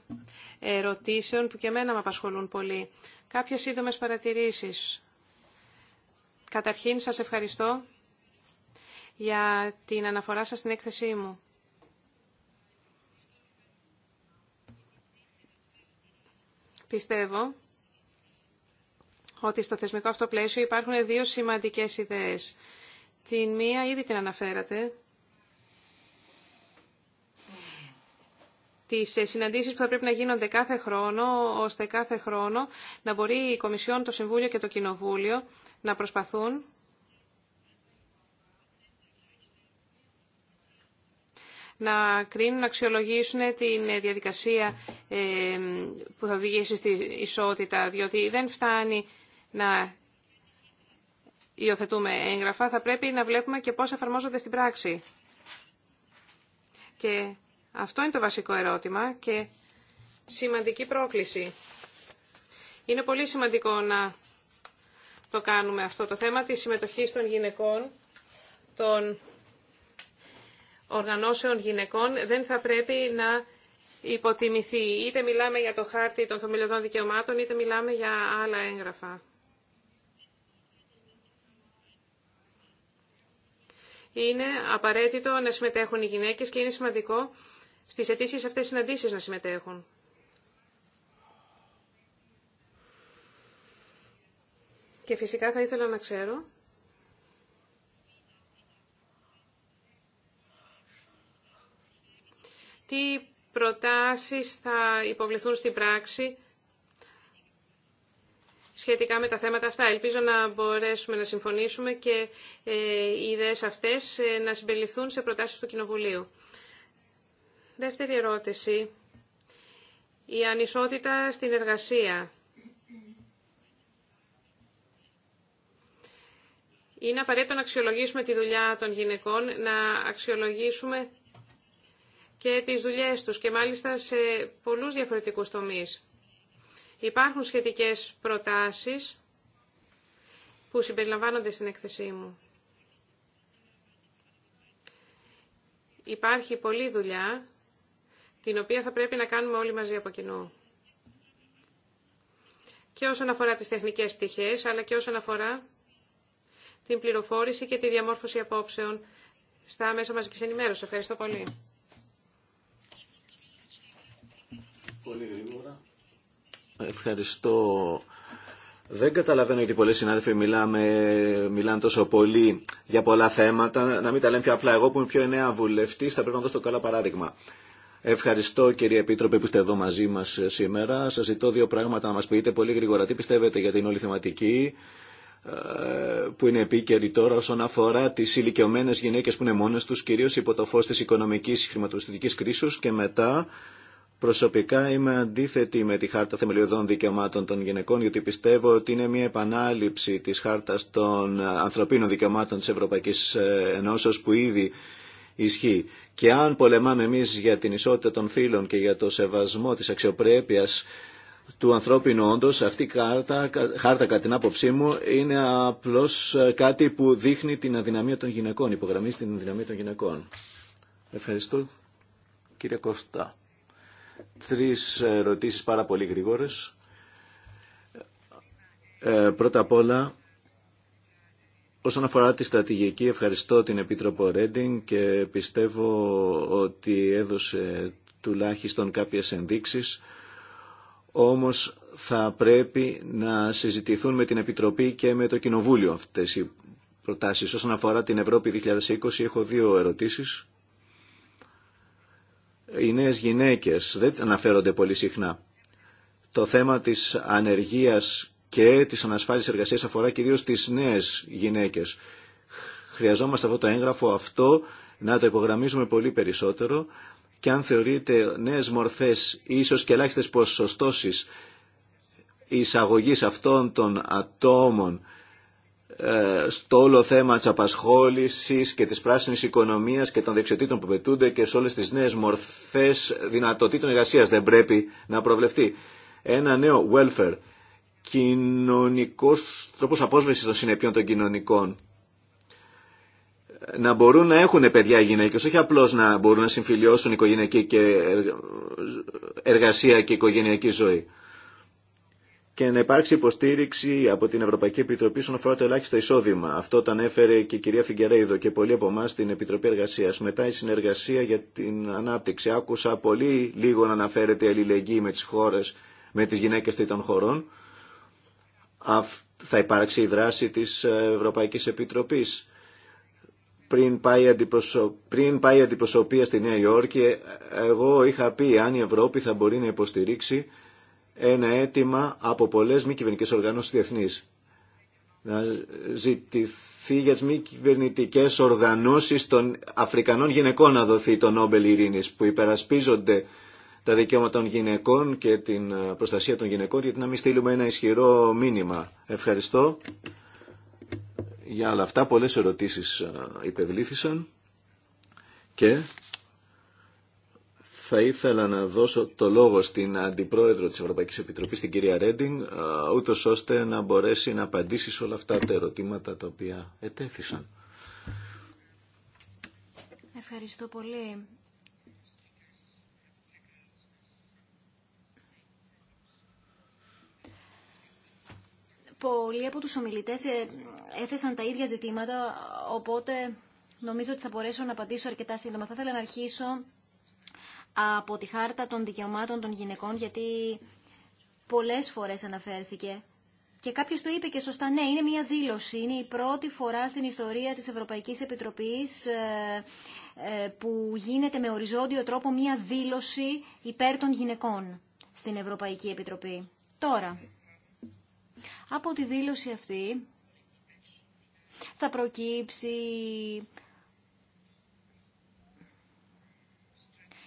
ερωτήσεων που και εμένα με απασχολούν πολύ. Κάποιες σύντομες παρατηρήσεις. Καταρχήν, σας ευχαριστώ για την αναφορά σας στην έκθεσή μου. Πιστεύω ότι στο θεσμικό αυτό πλαίσιο υπάρχουν δύο σημαντικές ιδέες. Την μία ήδη την αναφέρατε, τις ε, συναντήσεις που θα πρέπει να γίνονται κάθε χρόνο, ώστε κάθε χρόνο να μπορεί η Κομισιόν, το Συμβούλιο και το Κοινοβούλιο να προσπαθούν να κρίνουν, να αξιολογήσουν την ε, διαδικασία ε, που θα οδηγήσει στη ισότητα, διότι δεν φτάνει να υιοθετούμε έγγραφα, θα πρέπει να βλέπουμε και πώς εφαρμόζονται στην πράξη. Και αυτό είναι το βασικό ερώτημα και σημαντική πρόκληση. Είναι πολύ σημαντικό να το κάνουμε αυτό το θέμα της συμμετοχής των γυναικών, των οργανώσεων γυναικών, δεν θα πρέπει να υποτιμηθεί. Είτε μιλάμε για το χάρτη των θεμελιωδών δικαιωμάτων, είτε μιλάμε για άλλα έγγραφα. Είναι απαραίτητο να συμμετέχουν οι γυναίκες και είναι σημαντικό στις αιτήσεις αυτές συναντήσεις να συμμετέχουν. Και φυσικά θα ήθελα να ξέρω τι προτάσεις θα υποβληθούν στην πράξη σχετικά με τα θέματα αυτά. Ελπίζω να μπορέσουμε να συμφωνήσουμε και ε, οι ιδέες αυτές ε, να συμπεριληφθούν σε προτάσεις του Κοινοβουλίου. Δεύτερη ερώτηση. Η ανισότητα στην εργασία. Είναι απαραίτητο να αξιολογήσουμε τη δουλειά των γυναικών, να αξιολογήσουμε και τις δουλειές τους και μάλιστα σε πολλούς διαφορετικούς τομείς. Υπάρχουν σχετικές προτάσεις που συμπεριλαμβάνονται στην έκθεσή μου. Υπάρχει πολλή δουλειά την οποία θα πρέπει να κάνουμε όλοι μαζί από κοινού. Και όσον αφορά τις τεχνικές πτυχές, αλλά και όσον αφορά την πληροφόρηση και τη διαμόρφωση απόψεων στα μέσα μαζικής ενημέρωσης. Ευχαριστώ πολύ. Πολύ γρήγορα. Ευχαριστώ. Δεν καταλαβαίνω γιατί πολλοί συνάδελφοι μιλάμε, μιλάνε τόσο πολύ για πολλά θέματα. Να μην τα λέμε πιο απλά. Εγώ που είμαι πιο νέα βουλευτή, θα πρέπει να δώσω το καλό παράδειγμα. Ευχαριστώ κύριε Επίτροπε που είστε εδώ μαζί μα σήμερα. Σα ζητώ δύο πράγματα να μα πείτε πολύ γρήγορα. Τι πιστεύετε για την όλη θεματική ε, που είναι επίκαιρη τώρα όσον αφορά τι ηλικιωμένε γυναίκε που είναι μόνε του, κυρίω υπό το φω τη οικονομική χρηματοπιστωτική κρίση και μετά. Προσωπικά είμαι αντίθετη με τη Χάρτα Θεμελιωδών Δικαιωμάτων των Γυναικών, γιατί πιστεύω ότι είναι μια επανάληψη τη Χάρτα των Ανθρωπίνων Δικαιωμάτων τη Ευρωπαϊκή ε, Ενώσεω που ήδη ισχύει. Και αν πολεμάμε εμείς για την ισότητα των φίλων και για το σεβασμό της αξιοπρέπειας του ανθρώπινου όντω, αυτή η κάρτα, χάρτα κατά την άποψή μου είναι απλώς κάτι που δείχνει την αδυναμία των γυναικών, υπογραμμίζει την αδυναμία των γυναικών. Ευχαριστώ κύριε Κώστα. Τρεις ερωτήσεις πάρα πολύ γρήγορες. Ε, πρώτα απ' όλα Όσον αφορά τη στρατηγική, ευχαριστώ την Επίτροπο Ρέντινγκ και πιστεύω ότι έδωσε τουλάχιστον κάποιες ενδείξεις, όμως θα πρέπει να συζητηθούν με την Επιτροπή και με το Κοινοβούλιο αυτές οι προτάσεις. Όσον αφορά την Ευρώπη 2020, έχω δύο ερωτήσεις. Οι νέες γυναίκες δεν αναφέρονται πολύ συχνά. Το θέμα της ανεργίας και τη ανασφάλισης εργασία αφορά κυρίως τις νέες γυναίκες. Χρειαζόμαστε αυτό το έγγραφο αυτό να το υπογραμμίζουμε πολύ περισσότερο και αν θεωρείτε νέες μορφές ίσω ίσως και ελάχιστε ποσοστώσει εισαγωγής αυτών των ατόμων ε, στο όλο θέμα της απασχόλησης και της πράσινης οικονομίας και των δεξιοτήτων που πετούνται και σε όλες τις νέες μορφές δυνατοτήτων εργασίας δεν πρέπει να προβλεφτεί. Ένα νέο welfare κοινωνικός τρόπος απόσβεσης των συνεπειών των κοινωνικών. Να μπορούν να έχουν παιδιά οι γυναίκες, όχι απλώς να μπορούν να συμφιλιώσουν οικογενειακή και εργασία και οικογενειακή ζωή. Και να υπάρξει υποστήριξη από την Ευρωπαϊκή Επιτροπή στον αφορά το ελάχιστο εισόδημα. Αυτό το ανέφερε και η κυρία Φιγκερέιδο και πολλοί από εμά στην Επιτροπή Εργασία. Μετά η συνεργασία για την ανάπτυξη. Άκουσα πολύ λίγο να αναφέρεται η αλληλεγγύη με τι χώρε, με τι γυναίκε τρίτων χωρών θα υπάρξει η δράση της ε, Ευρωπαϊκής Επιτροπής. Πριν πάει, αντιπροσω... πριν πάει η αντιπροσωπεία στη Νέα Υόρκη, ε, εγώ είχα πει αν η Ευρώπη θα μπορεί να υποστηρίξει ένα αίτημα από πολλές μη κυβερνητικέ οργανώσεις διεθνείς. Να ζητηθεί για τις μη κυβερνητικέ οργανώσεις των Αφρικανών γυναικών να δοθεί το Νόμπελ Ειρήνης που υπερασπίζονται τα δικαιώματα των γυναικών και την ε, προστασία των γυναικών γιατί να μην στείλουμε ένα ισχυρό μήνυμα. Ευχαριστώ για όλα αυτά. Πολλές ερωτήσεις ε, υπευλήθησαν και θα ήθελα να δώσω το λόγο στην Αντιπρόεδρο της Ευρωπαϊκής Επιτροπής, την κυρία Ρέντινγκ, ε, ούτως ώστε να μπορέσει να απαντήσει σε όλα αυτά τα ερωτήματα τα οποία ετέθησαν. Ευχαριστώ πολύ. πολλοί από τους ομιλητές ε, έθεσαν τα ίδια ζητήματα, οπότε νομίζω ότι θα μπορέσω να απαντήσω αρκετά σύντομα. Θα ήθελα να αρχίσω από τη χάρτα των δικαιωμάτων των γυναικών, γιατί πολλές φορές αναφέρθηκε. Και κάποιο το είπε και σωστά, ναι, είναι μια δήλωση. Είναι η πρώτη φορά στην ιστορία της Ευρωπαϊκής Επιτροπής ε, ε, που γίνεται με οριζόντιο τρόπο μια δήλωση υπέρ των γυναικών στην Ευρωπαϊκή Επιτροπή. Τώρα, από τη δήλωση αυτή θα προκύψει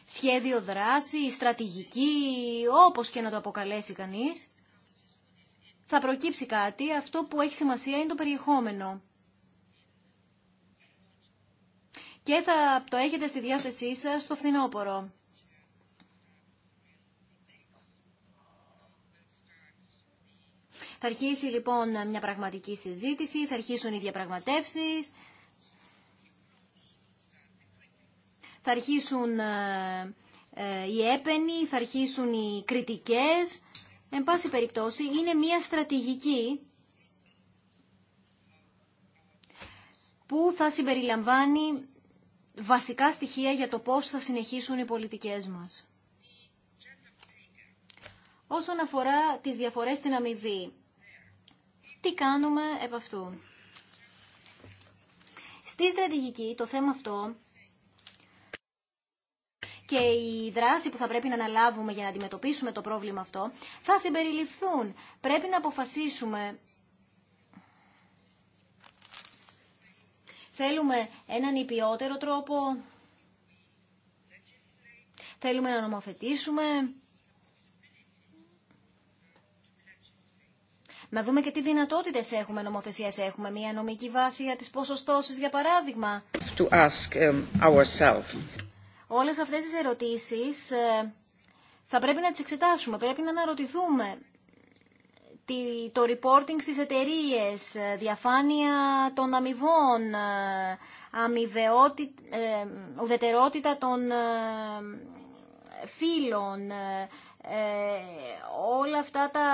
σχέδιο δράση, στρατηγική, όπως και να το αποκαλέσει κανείς. Θα προκύψει κάτι, αυτό που έχει σημασία είναι το περιεχόμενο. Και θα το έχετε στη διάθεσή σας στο φθινόπωρο. Θα αρχίσει λοιπόν μια πραγματική συζήτηση, θα αρχίσουν οι διαπραγματεύσεις, θα αρχίσουν ε, ε, οι έπαινοι, θα αρχίσουν οι κριτικές. Εν πάση περιπτώσει είναι μια στρατηγική που θα συμπεριλαμβάνει βασικά στοιχεία για το πώς θα συνεχίσουν οι πολιτικές μας. Όσον αφορά τις διαφορές στην αμοιβή, τι κάνουμε επ' αυτού. Στη στρατηγική το θέμα αυτό και η δράση που θα πρέπει να αναλάβουμε για να αντιμετωπίσουμε το πρόβλημα αυτό θα συμπεριληφθούν. Πρέπει να αποφασίσουμε Θέλουμε έναν υπιότερο τρόπο. Θέλουμε να νομοθετήσουμε. Να δούμε και τι δυνατότητες έχουμε, νομοθεσίες έχουμε. Μία νομική βάση για τις ποσοστώσεις, για παράδειγμα. To ask um, ourselves. Όλες αυτές τις ερωτήσεις ε, θα πρέπει να τις εξετάσουμε, πρέπει να αναρωτηθούμε. Το reporting στις εταιρείες, ε, διαφάνεια των αμοιβών, ε, ουδετερότητα των φύλων, όλα αυτά τα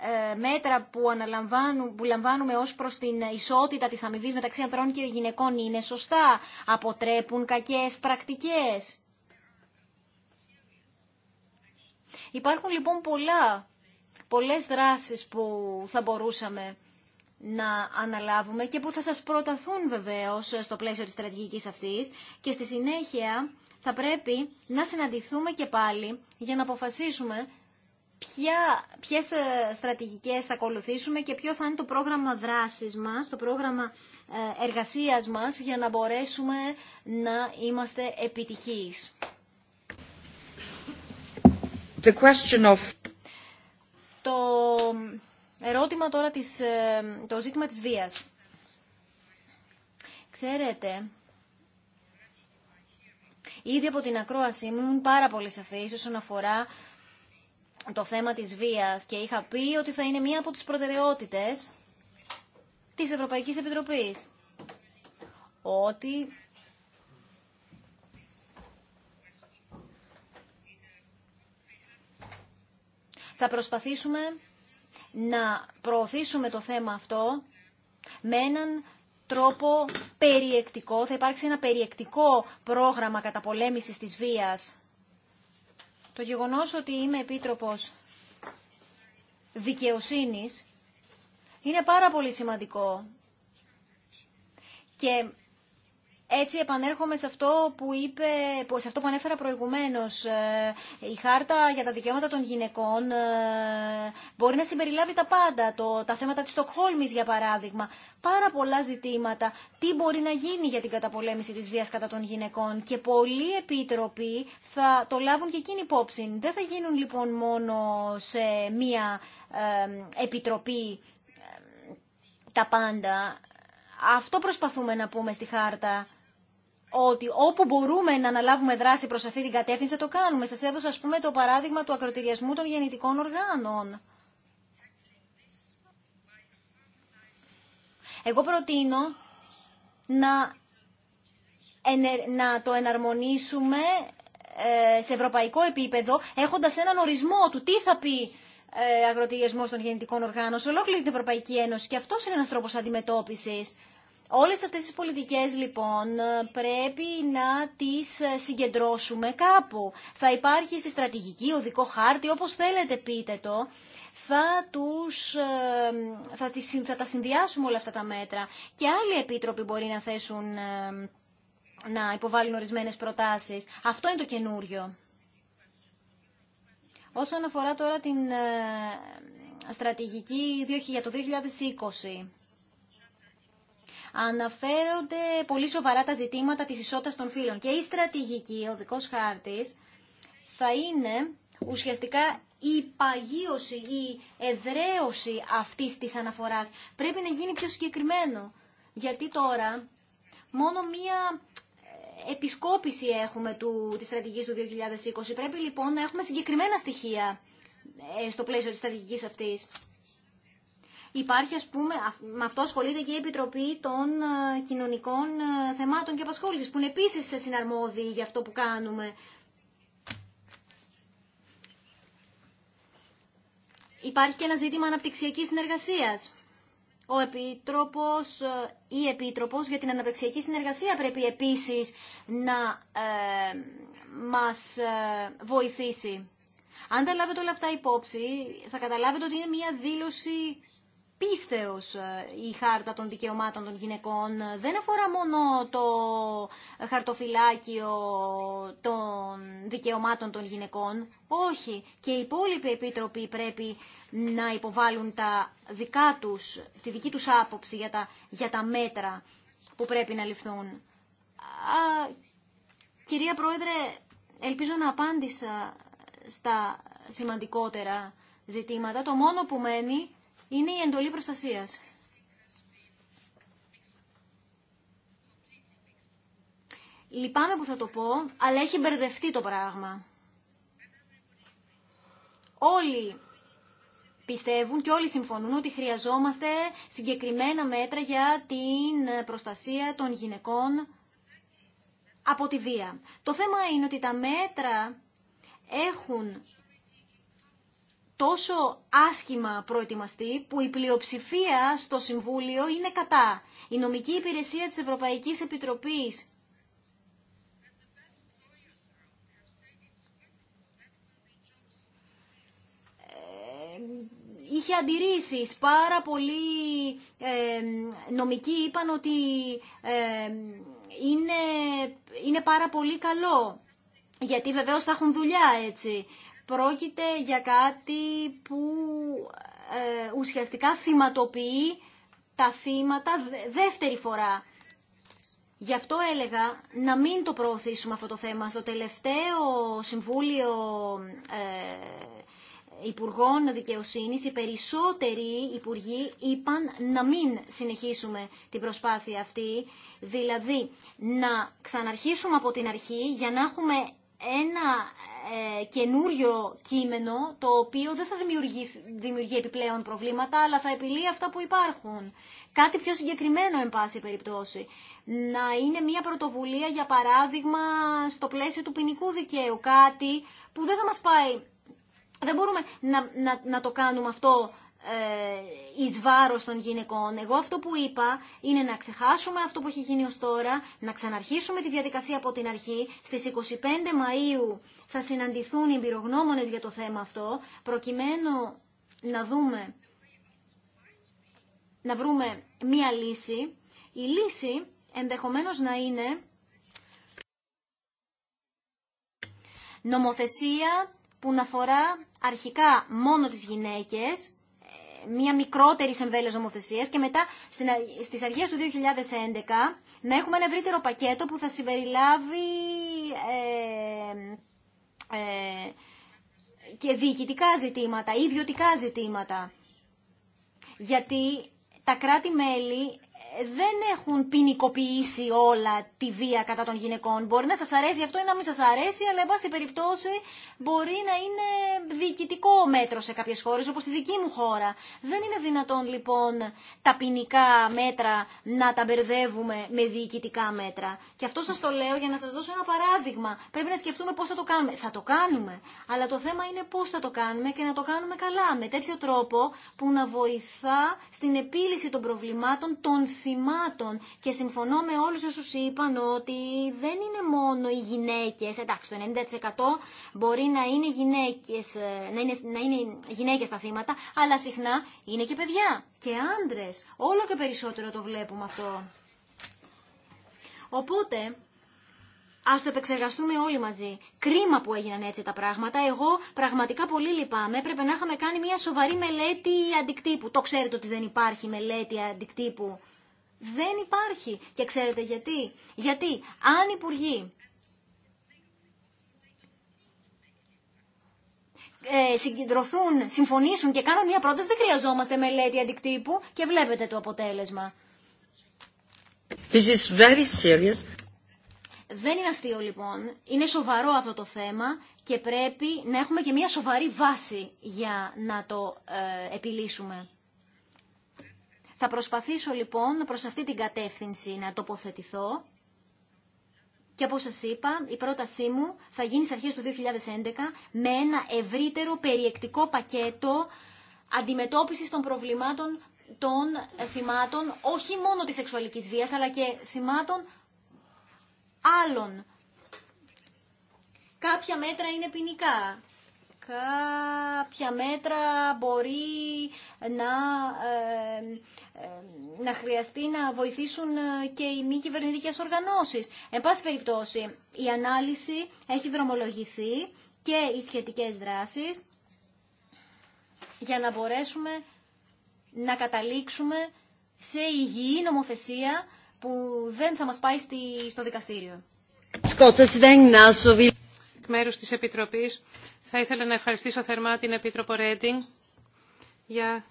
ε, μέτρα που, αναλαμβάνουμε που λαμβάνουμε ως προς την ισότητα της αμοιβής μεταξύ ανδρών και γυναικών είναι σωστά, αποτρέπουν κακές πρακτικές. Υπάρχουν λοιπόν πολλά, πολλές δράσεις που θα μπορούσαμε να αναλάβουμε και που θα σας προταθούν βεβαίως στο πλαίσιο της στρατηγικής αυτής και στη συνέχεια θα πρέπει να συναντηθούμε και πάλι για να αποφασίσουμε ποια, ποιες ε, στρατηγικές θα ακολουθήσουμε και ποιο θα είναι το πρόγραμμα δράσης μας, το πρόγραμμα ε, εργασίας μας για να μπορέσουμε να είμαστε επιτυχείς. The question of... Το ερώτημα τώρα, της, ε, το ζήτημα της βίας. Ξέρετε, ήδη από την ακρόασή μου πάρα πολύ σαφή όσον αφορά το θέμα της βίας και είχα πει ότι θα είναι μία από τις προτεραιότητες της Ευρωπαϊκής Επιτροπής. Ότι θα προσπαθήσουμε να προωθήσουμε το θέμα αυτό με έναν τρόπο περιεκτικό. Θα υπάρξει ένα περιεκτικό πρόγραμμα καταπολέμησης της βίας το γεγονός ότι είμαι επίτροπος δικαιοσύνης είναι πάρα πολύ σημαντικό και έτσι επανέρχομαι σε αυτό που, είπε, σε αυτό που ανέφερα προηγουμένως. Ε, η χάρτα για τα δικαιώματα των γυναικών ε, μπορεί να συμπεριλάβει τα πάντα, το, τα θέματα της Στοκχόλμης για παράδειγμα. Πάρα πολλά ζητήματα, τι μπορεί να γίνει για την καταπολέμηση της βίας κατά των γυναικών και πολλοί επίτροποι θα το λάβουν και εκείνη υπόψη. Δεν θα γίνουν λοιπόν μόνο σε μία ε, επιτροπή τα πάντα. Αυτό προσπαθούμε να πούμε στη χάρτα ότι όπου μπορούμε να αναλάβουμε δράση προς αυτή την κατεύθυνση θα το κάνουμε. Σας έδωσα ας πούμε το παράδειγμα του ακροτηριασμού των γεννητικών οργάνων. Εγώ προτείνω να, να το εναρμονίσουμε ε, σε ευρωπαϊκό επίπεδο έχοντας έναν ορισμό του τι θα πει ε, αγροτηριασμός των γεννητικών οργάνων σε ολόκληρη την Ευρωπαϊκή Ένωση και αυτός είναι ένας τρόπος αντιμετώπισης Όλες αυτές τις πολιτικές λοιπόν ε, πρέπει να τις ε, συγκεντρώσουμε κάπου. Θα υπάρχει στη στρατηγική οδικό χάρτη, όπως θέλετε πείτε το, θα, τους, ε, θα, τις, θα τα συνδυάσουμε όλα αυτά τα μέτρα και άλλοι επίτροποι μπορεί να θέσουν να υποβάλουν ορισμένες προτάσεις. Αυτό είναι το καινούριο. Όσον αφορά τώρα την στρατηγική για το 2020, αναφέρονται πολύ σοβαρά τα ζητήματα της ισότητας των φύλων. Και η στρατηγική, ο δικός χάρτης, θα είναι ουσιαστικά η παγίωση, η εδραίωση αυτής της αναφοράς. Πρέπει να γίνει πιο συγκεκριμένο. Γιατί τώρα μόνο μία ε, επισκόπηση έχουμε του, της στρατηγικής του 2020. Πρέπει λοιπόν να έχουμε συγκεκριμένα στοιχεία ε, στο πλαίσιο της στρατηγικής αυτής υπάρχει ας πούμε, με αυτό ασχολείται και η Επιτροπή των ε, Κοινωνικών ε, Θεμάτων και Απασχόλησης, που είναι επίσης συναρμόδιοι για αυτό που κάνουμε. Υπάρχει και ένα ζήτημα αναπτυξιακής συνεργασίας. Ο Επίτροπος ή ε, η Επίτροπος για την αναπτυξιακή συνεργασία πρέπει επίσης να ε, μας βοηθήσει. Αν τα λάβετε όλα αυτά υπόψη, θα καταλάβετε ότι είναι μια δήλωση πίστεως ε, η χάρτα των δικαιωμάτων των γυναικών. Ε, δεν αφορά μόνο το χαρτοφυλάκιο των δικαιωμάτων των γυναικών. Όχι. Και οι υπόλοιποι επίτροποι πρέπει να υποβάλουν τα δικά τους, τη δική τους άποψη για τα, για τα μέτρα που πρέπει να ληφθούν. κυρία Πρόεδρε, ελπίζω να απάντησα στα σημαντικότερα ζητήματα. Το μόνο που μένει είναι η εντολή προστασίας. Λυπάμαι που θα το πω, αλλά έχει μπερδευτεί το πράγμα. Όλοι πιστεύουν και όλοι συμφωνούν ότι χρειαζόμαστε συγκεκριμένα μέτρα για την προστασία των γυναικών από τη βία. Το θέμα είναι ότι τα μέτρα έχουν τόσο άσχημα προετοιμαστεί που η πλειοψηφία στο Συμβούλιο είναι κατά. Η νομική υπηρεσία της Ευρωπαϊκής Επιτροπής ε, είχε αντιρρήσεις. Πάρα πολύ ε, νομικοί είπαν ότι ε, είναι, είναι πάρα πολύ καλό. Γιατί βεβαίως θα έχουν δουλειά έτσι. Πρόκειται για κάτι που ε, ουσιαστικά θυματοποιεί τα θύματα δεύτερη φορά. Γι' αυτό έλεγα να μην το προωθήσουμε αυτό το θέμα. Στο τελευταίο Συμβούλιο ε, Υπουργών Δικαιοσύνης οι περισσότεροι υπουργοί είπαν να μην συνεχίσουμε την προσπάθεια αυτή, δηλαδή να ξαναρχίσουμε από την αρχή για να έχουμε ένα ε, καινούριο κείμενο το οποίο δεν θα δημιουργεί, δημιουργεί επιπλέον προβλήματα αλλά θα επιλύει αυτά που υπάρχουν. Κάτι πιο συγκεκριμένο εν πάση περιπτώσει. Να είναι μια πρωτοβουλία για παράδειγμα στο πλαίσιο του ποινικού δικαίου. Κάτι που δεν θα μας πάει... Δεν μπορούμε να, να, να το κάνουμε αυτό ε, εις βάρος των γυναικών. Εγώ αυτό που είπα είναι να ξεχάσουμε αυτό που έχει γίνει ως τώρα, να ξαναρχίσουμε τη διαδικασία από την αρχή. Στις 25 Μαΐου θα συναντηθούν οι εμπειρογνώμονες για το θέμα αυτό, προκειμένου να δούμε, να βρούμε μία λύση. Η λύση ενδεχομένως να είναι νομοθεσία που να αφορά αρχικά μόνο τις γυναίκες, μια μικρότερη εμβέλεια νομοθεσία και μετά στι αρχέ του 2011 να έχουμε ένα ευρύτερο πακέτο που θα συμπεριλάβει ε, και διοικητικά ζητήματα, ιδιωτικά ζητήματα. Γιατί τα κράτη-μέλη δεν έχουν ποινικοποιήσει όλα τη βία κατά των γυναικών. Μπορεί να σας αρέσει αυτό ή να μην σας αρέσει, αλλά εν πάση περιπτώσει μπορεί να είναι διοικητικό μέτρο σε κάποιες χώρες, όπως στη δική μου χώρα. Δεν είναι δυνατόν λοιπόν τα ποινικά μέτρα να τα μπερδεύουμε με διοικητικά μέτρα. Και αυτό σας το λέω για να σας δώσω ένα παράδειγμα. Πρέπει να σκεφτούμε πώς θα το κάνουμε. Θα το κάνουμε, αλλά το θέμα είναι πώς θα το κάνουμε και να το κάνουμε καλά, με τέτοιο τρόπο που να βοηθά στην επίλυση των προβλημάτων των και συμφωνώ με όλους όσους είπαν ότι δεν είναι μόνο οι γυναίκες, εντάξει το 90% μπορεί να είναι γυναίκες, ε, να είναι, να είναι γυναίκες τα θύματα, αλλά συχνά είναι και παιδιά και άντρες. Όλο και περισσότερο το βλέπουμε αυτό. Οπότε, Α το επεξεργαστούμε όλοι μαζί. Κρίμα που έγιναν έτσι τα πράγματα. Εγώ πραγματικά πολύ λυπάμαι. Πρέπει να είχαμε κάνει μια σοβαρή μελέτη αντικτύπου. Το ξέρετε ότι δεν υπάρχει μελέτη αντικτύπου δεν υπάρχει. Και ξέρετε γιατί. Γιατί αν υπουργοί ε, συγκεντρωθούν, συμφωνήσουν και κάνουν μια πρόταση, δεν χρειαζόμαστε μελέτη αντικτύπου και βλέπετε το αποτέλεσμα. This is very serious. Δεν είναι αστείο λοιπόν. Είναι σοβαρό αυτό το θέμα και πρέπει να έχουμε και μια σοβαρή βάση για να το ε, επιλύσουμε. Θα προσπαθήσω λοιπόν προς αυτή την κατεύθυνση να τοποθετηθώ. Και όπως σας είπα, η πρότασή μου θα γίνει στις αρχές του 2011 με ένα ευρύτερο περιεκτικό πακέτο αντιμετώπισης των προβλημάτων των θυμάτων, όχι μόνο της σεξουαλικής βίας, αλλά και θυμάτων άλλων. Κάποια μέτρα είναι ποινικά, κάποια μέτρα μπορεί να, ε, ε, να χρειαστεί να βοηθήσουν ε, και οι μη κυβερνητικέ οργανώσεις. Εν πάση περιπτώσει, η ανάλυση έχει δρομολογηθεί και οι σχετικές δράσεις για να μπορέσουμε να καταλήξουμε σε υγιή νομοθεσία που δεν θα μας πάει στο δικαστήριο. Εκ μέρους της Επιτροπής θα ήθελα να ευχαριστήσω θερμά την Επίτροπο Ρέντινγκ για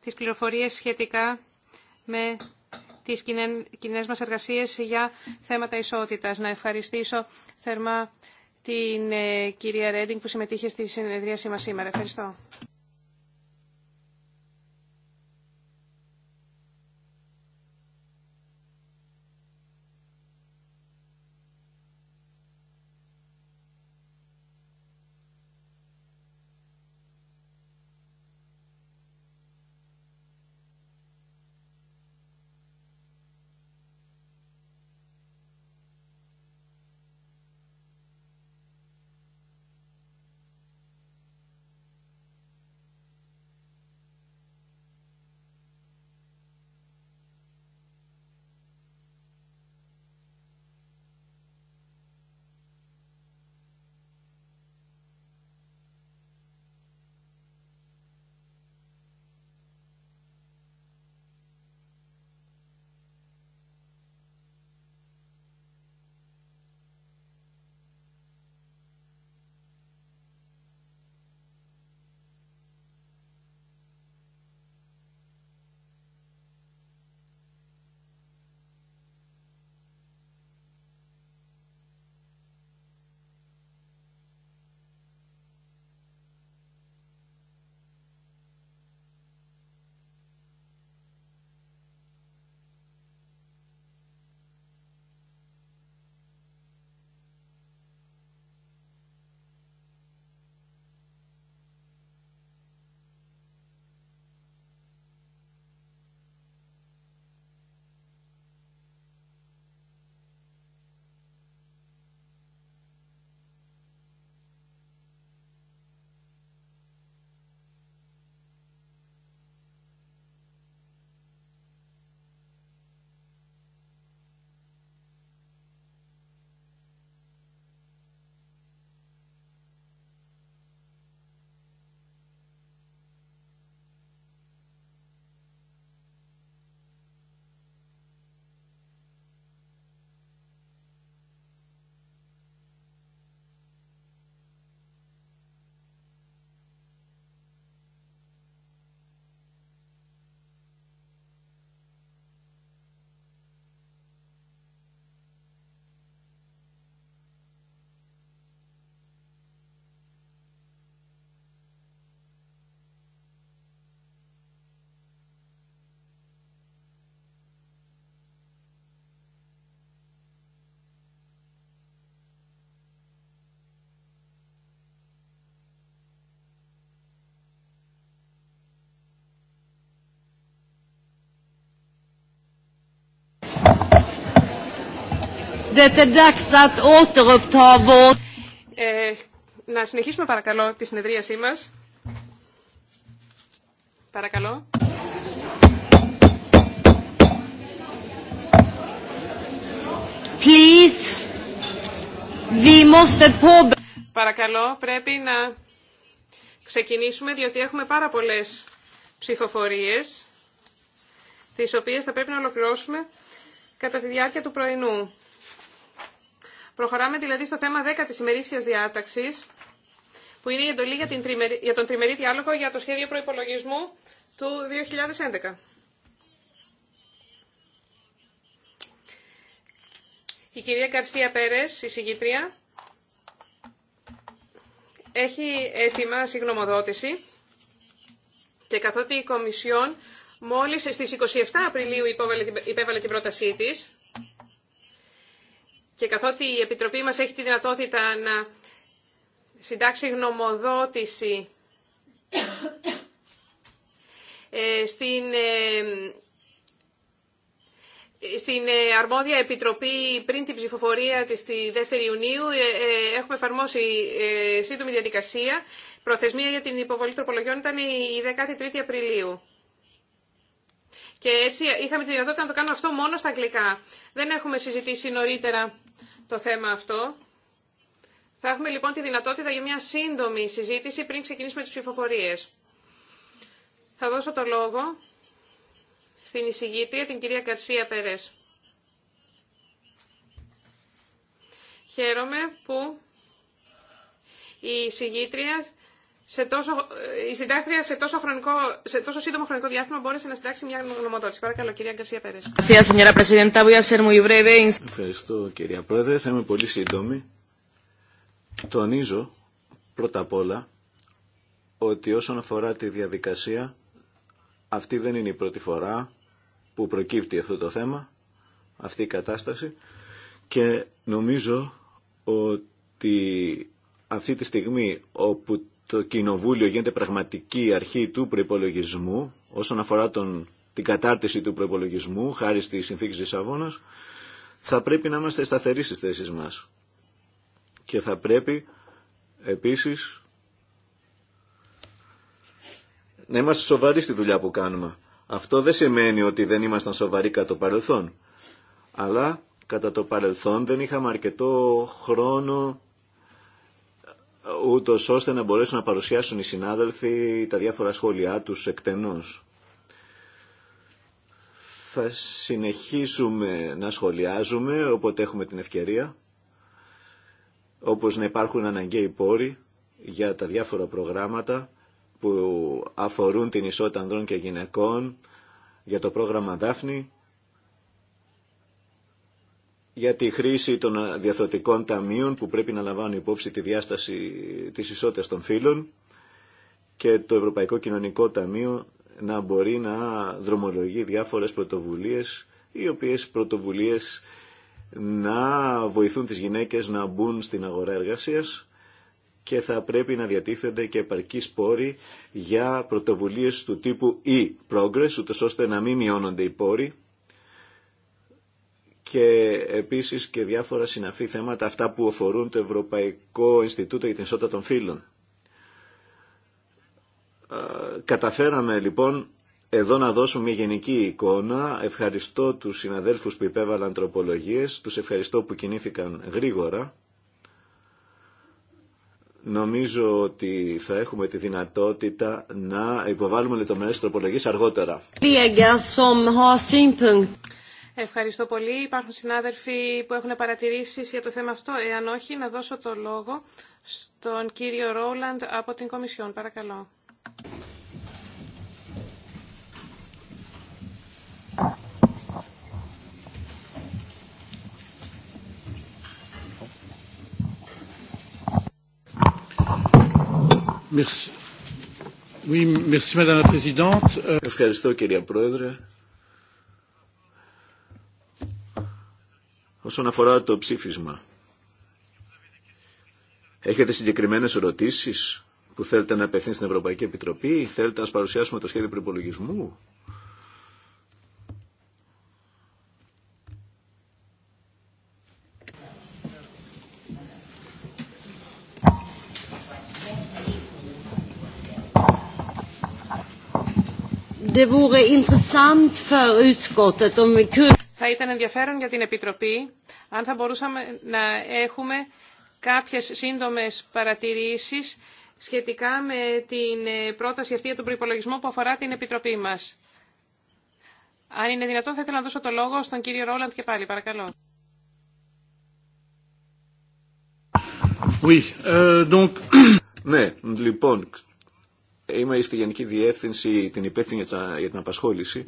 τις πληροφορίες σχετικά με τις κοινέ μας εργασίες για θέματα ισότητας. Να ευχαριστήσω θερμά την ε, κυρία Ρέντινγκ που συμμετείχε στη συνεδρίασή μας σήμερα. Ευχαριστώ. Ε, να συνεχίσουμε παρακαλώ τη συνεδρίασή μας. Παρακαλώ. Please. Παρακαλώ, πρέπει να ξεκινήσουμε διότι έχουμε πάρα πολλές ψηφοφορίες τις οποίες θα πρέπει να ολοκληρώσουμε κατά τη διάρκεια του πρωινού. Προχωράμε δηλαδή στο θέμα 10 της ημερήσιας διάταξης, που είναι η εντολή για, για τον τριμερή διάλογο για το σχέδιο προϋπολογισμού του 2011. Η κυρία Καρσία Πέρες, η συγκήτρια, έχει έτοιμα γνωμοδότηση και καθότι η Κομισιόν μόλις στις 27 Απριλίου υπέβαλε την πρότασή της, και καθότι η Επιτροπή μας έχει τη δυνατότητα να συντάξει γνωμοδότηση ε, στην, ε, στην ε, αρμόδια επιτροπή πριν την ψηφοφορία της τη 2η Ιουνίου έχουμε εφαρμόσει σύντομη διαδικασία. Προθεσμία για την υποβολή τροπολογιών ήταν η 13η Απριλίου. Και έτσι είχαμε τη δυνατότητα να το κάνουμε αυτό μόνο στα αγγλικά. Δεν έχουμε συζητήσει νωρίτερα το θέμα αυτό. Θα έχουμε λοιπόν τη δυνατότητα για μια σύντομη συζήτηση πριν ξεκινήσουμε τις ψηφοφορίες. Θα δώσω το λόγο στην εισηγήτρια, την κυρία Καρσία Περές. Χαίρομαι που η εισηγήτρια σε τόσο, η συντάκτρια σε τόσο, χρονικό, σύντομο χρονικό διάστημα μπόρεσε να συντάξει μια γνωμοτότηση. Παρακαλώ, κυρία Γκαρσία Πέρε. Ευχαριστώ, κυρία Πρόεδρε. Θα είμαι πολύ σύντομη. Τονίζω πρώτα απ' όλα ότι όσον αφορά τη διαδικασία, αυτή δεν είναι η πρώτη φορά που προκύπτει αυτό το θέμα, αυτή η κατάσταση και νομίζω ότι αυτή τη στιγμή όπου το Κοινοβούλιο γίνεται πραγματική αρχή του προπολογισμού όσον αφορά τον, την κατάρτιση του προπολογισμού χάρη στη συνθήκη τη θα πρέπει να είμαστε σταθεροί στι θέσει μας. Και θα πρέπει επίσης να είμαστε σοβαροί στη δουλειά που κάνουμε. Αυτό δεν σημαίνει ότι δεν ήμασταν σοβαροί κατά το παρελθόν. Αλλά κατά το παρελθόν δεν είχαμε αρκετό χρόνο ούτω ώστε να μπορέσουν να παρουσιάσουν οι συνάδελφοι τα διάφορα σχόλιά τους εκτενώς. Θα συνεχίσουμε να σχολιάζουμε όποτε έχουμε την ευκαιρία, όπως να υπάρχουν αναγκαίοι πόροι για τα διάφορα προγράμματα που αφορούν την ισότητα ανδρών και γυναικών, για το πρόγραμμα Δάφνη για τη χρήση των διαθωτικών ταμείων που πρέπει να λαμβάνουν υπόψη τη διάσταση της ισότητας των φύλων και το Ευρωπαϊκό Κοινωνικό Ταμείο να μπορεί να δρομολογεί διάφορες πρωτοβουλίες οι οποίες πρωτοβουλίες να βοηθούν τις γυναίκες να μπουν στην αγορά εργασίας και θα πρέπει να διατίθενται και επαρκή πόροι για πρωτοβουλίες του τύπου e-progress, ούτως ώστε να μην μειώνονται οι πόροι και επίσης και διάφορα συναφή θέματα αυτά που αφορούν το Ευρωπαϊκό Ινστιτούτο για την Ισότητα των Φύλων. Καταφέραμε λοιπόν εδώ να δώσουμε μια γενική εικόνα. Ευχαριστώ τους συναδέλφους που υπέβαλαν τροπολογίες, τους ευχαριστώ που κινήθηκαν γρήγορα. Νομίζω ότι θα έχουμε τη δυνατότητα να υποβάλουμε λεπτομέρειες τροπολογίες αργότερα. Ευχαριστώ πολύ. Υπάρχουν συνάδελφοι που έχουν παρατηρήσει για το θέμα αυτό. Εάν όχι, να δώσω το λόγο στον κύριο Ρόλαντ από την Κομισιόν. Παρακαλώ. Ευχαριστώ κυρία Πρόεδρε. Όσον αφορά το ψήφισμα, έχετε συγκεκριμένες ερωτήσεις που θέλετε να απευθύνετε στην Ευρωπαϊκή Επιτροπή, θέλετε να σας παρουσιάσουμε το σχέδιο προπολογισμού. Det vore intressant för utskottet om vi kunde... Θα ήταν ενδιαφέρον για την Επιτροπή αν θα μπορούσαμε να έχουμε κάποιες σύντομες παρατηρήσεις σχετικά με την ε, πρόταση αυτή για τον προϋπολογισμό που αφορά την Επιτροπή μας. Αν είναι δυνατόν θα ήθελα να δώσω το λόγο στον κύριο Ρόλαντ και πάλι, παρακαλώ. Oui, euh, ναι, λοιπόν, είμαι στη Γενική Διεύθυνση την υπεύθυνη για την απασχόληση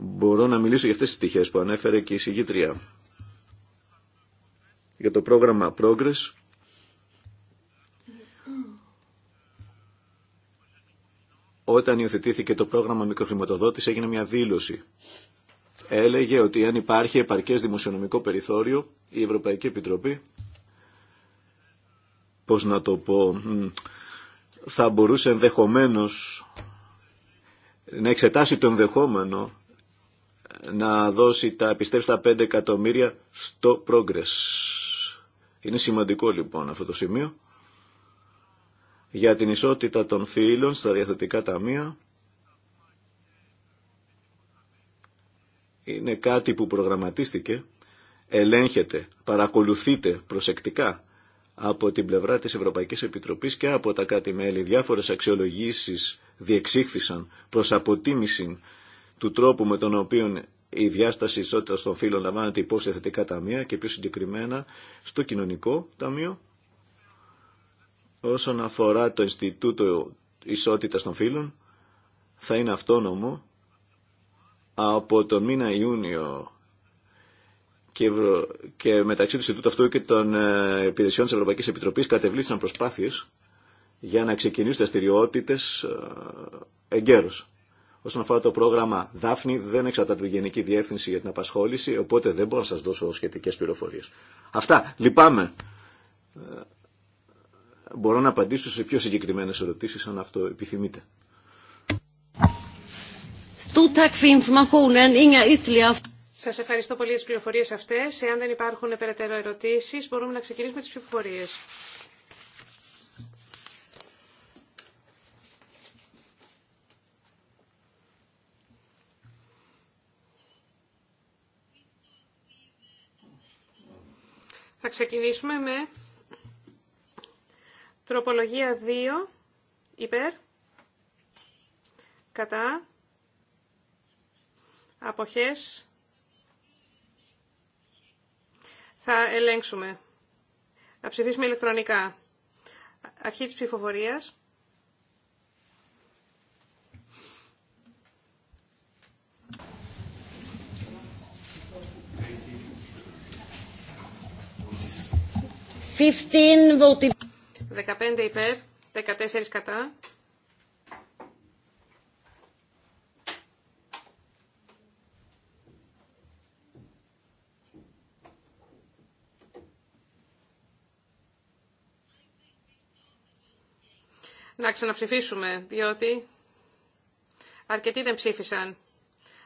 μπορώ να μιλήσω για αυτές τις πτυχές που ανέφερε και η συγγήτρια. Για το πρόγραμμα Progress, όταν υιοθετήθηκε το πρόγραμμα μικροχρηματοδότηση έγινε μια δήλωση. Έλεγε ότι αν υπάρχει επαρκές δημοσιονομικό περιθώριο, η Ευρωπαϊκή Επιτροπή, πώς να το πω, θα μπορούσε ενδεχομένως να εξετάσει το ενδεχόμενο να δώσει τα επιστρέψει τα 5 εκατομμύρια στο Progress. Είναι σημαντικό λοιπόν αυτό το σημείο για την ισότητα των φύλων στα διαθετικά ταμεία. Είναι κάτι που προγραμματίστηκε, ελέγχεται, παρακολουθείται προσεκτικά από την πλευρά της Ευρωπαϊκής Επιτροπής και από τα κάτι μελη Διάφορες αξιολογήσεις διεξήχθησαν προς αποτίμηση του τρόπου με τον οποίο η διάσταση ισότητα των φύλων λαμβάνεται υπόψη θετικά ταμεία και πιο συγκεκριμένα στο κοινωνικό ταμείο όσον αφορά το Ινστιτούτο Ισότητας των Φύλων θα είναι αυτόνομο από τον μήνα Ιούνιο και, και μεταξύ του Ινστιτούτου αυτού και των ε, υπηρεσιών της Ευρωπαϊκής Επιτροπής κατεβλήθησαν προσπάθειες για να ξεκινήσουν δραστηριότητε ε, εγκαίρως. Όσον αφορά το πρόγραμμα Δάφνη, δεν εξαρτάται από Γενική Διεύθυνση για την απασχόληση, οπότε δεν μπορώ να σα δώσω σχετικέ πληροφορίε. Αυτά. Λυπάμαι. Ε, μπορώ να απαντήσω σε πιο συγκεκριμένε ερωτήσει, αν αυτό επιθυμείτε. Σα ευχαριστώ πολύ για τι πληροφορίε αυτέ. Εάν δεν υπάρχουν περαιτέρω ερωτήσει, μπορούμε να ξεκινήσουμε τι ψηφοφορίε. Θα ξεκινήσουμε με τροπολογία 2 υπέρ, κατά, αποχές, θα ελέγξουμε. Θα ψηφίσουμε ηλεκτρονικά. Αρχή της ψηφοφορίας. 15 voting. 15 υπέρ, 14 κατά. Να ξαναψηφίσουμε, διότι αρκετοί δεν ψήφισαν.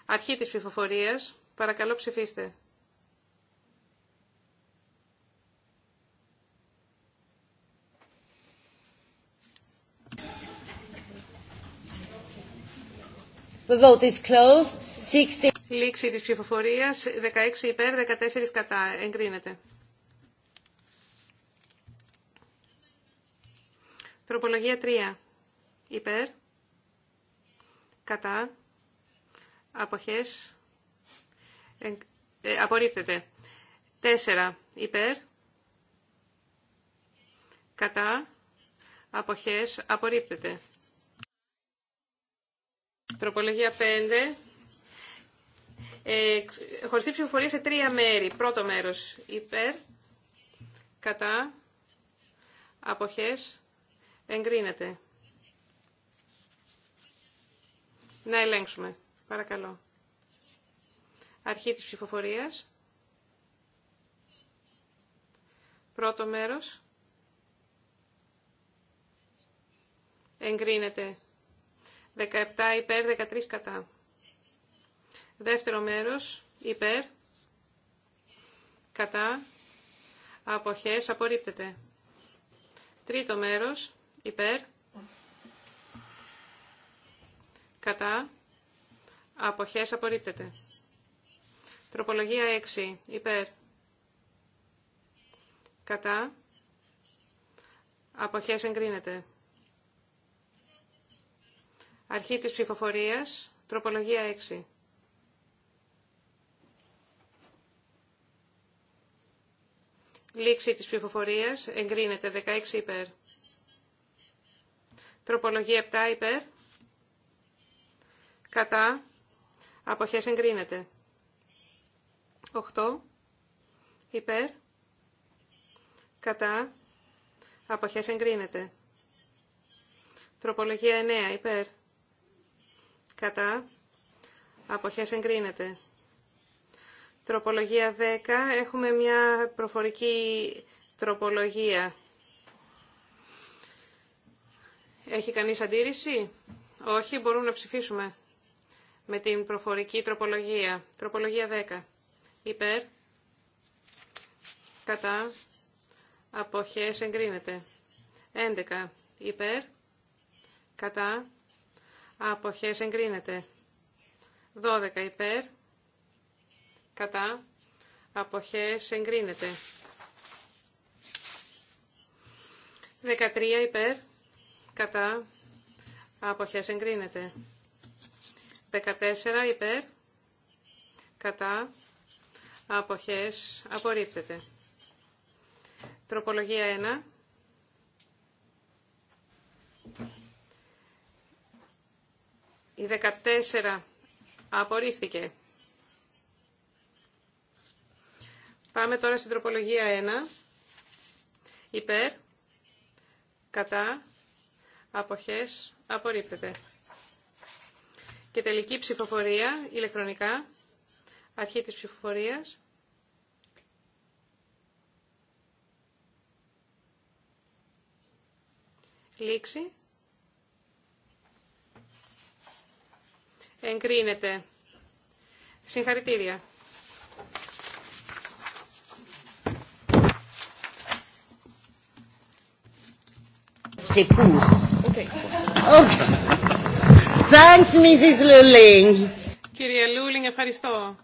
Αρχή της ψηφοφορίας, παρακαλώ ψηφίστε. The vote Λήξη της ψηφοφορίας. 16 υπέρ, 14 κατά. Εγκρίνεται. Τροπολογία 3. Υπέρ. Κατά. Αποχές. Εγ... ε, απορρίπτεται. 4. Υπέρ. Κατά. Αποχές. Απορρίπτεται. Τροπολογία 5. Ε, χωριστή ψηφοφορία σε τρία μέρη. Πρώτο μέρος υπέρ, κατά, αποχές, εγκρίνεται. Να ελέγξουμε. Παρακαλώ. Αρχή της ψηφοφορίας. Πρώτο μέρος. Εγκρίνεται. 17 υπέρ, 13 κατά. Δεύτερο μέρος, υπέρ, κατά, αποχές, απορρίπτεται. Τρίτο μέρος, υπέρ, κατά, αποχές, απορρίπτεται. Τροπολογία 6, υπέρ, κατά, αποχές, εγκρίνεται. Αρχή της ψηφοφορίας, τροπολογία 6. Λήξη της ψηφοφορίας, εγκρίνεται 16 υπέρ. Τροπολογία 7 υπέρ. Κατά. Αποχές εγκρίνεται. 8 υπέρ. Κατά. Αποχές εγκρίνεται. Τροπολογία 9 υπέρ κατά, αποχές εγκρίνεται. Τροπολογία 10, έχουμε μια προφορική τροπολογία. Έχει κανείς αντίρρηση? Όχι, μπορούμε να ψηφίσουμε με την προφορική τροπολογία. Τροπολογία 10. Υπέρ. Κατά. Αποχές εγκρίνεται. 11. Υπέρ. Κατά. Αποχές εγκρίνεται. 12 υπέρ. Κατά. Αποχές εγκρίνεται. 13 υπέρ. Κατά. Αποχές εγκρίνεται. 14 υπέρ. Κατά. Αποχές απορρίπτεται. Τροπολογία 1. Η 14 απορρίφθηκε. Πάμε τώρα στην τροπολογία 1. Υπέρ, κατά, αποχές, απορρίπτεται. Και τελική ψηφοφορία, ηλεκτρονικά, αρχή της ψηφοφορίας. Λήξη. Εγκρίνεται. Συγχαρητήρια. πού. Thanks, Mrs. Luling. Κυρία Λούλινγκ, ευχαριστώ.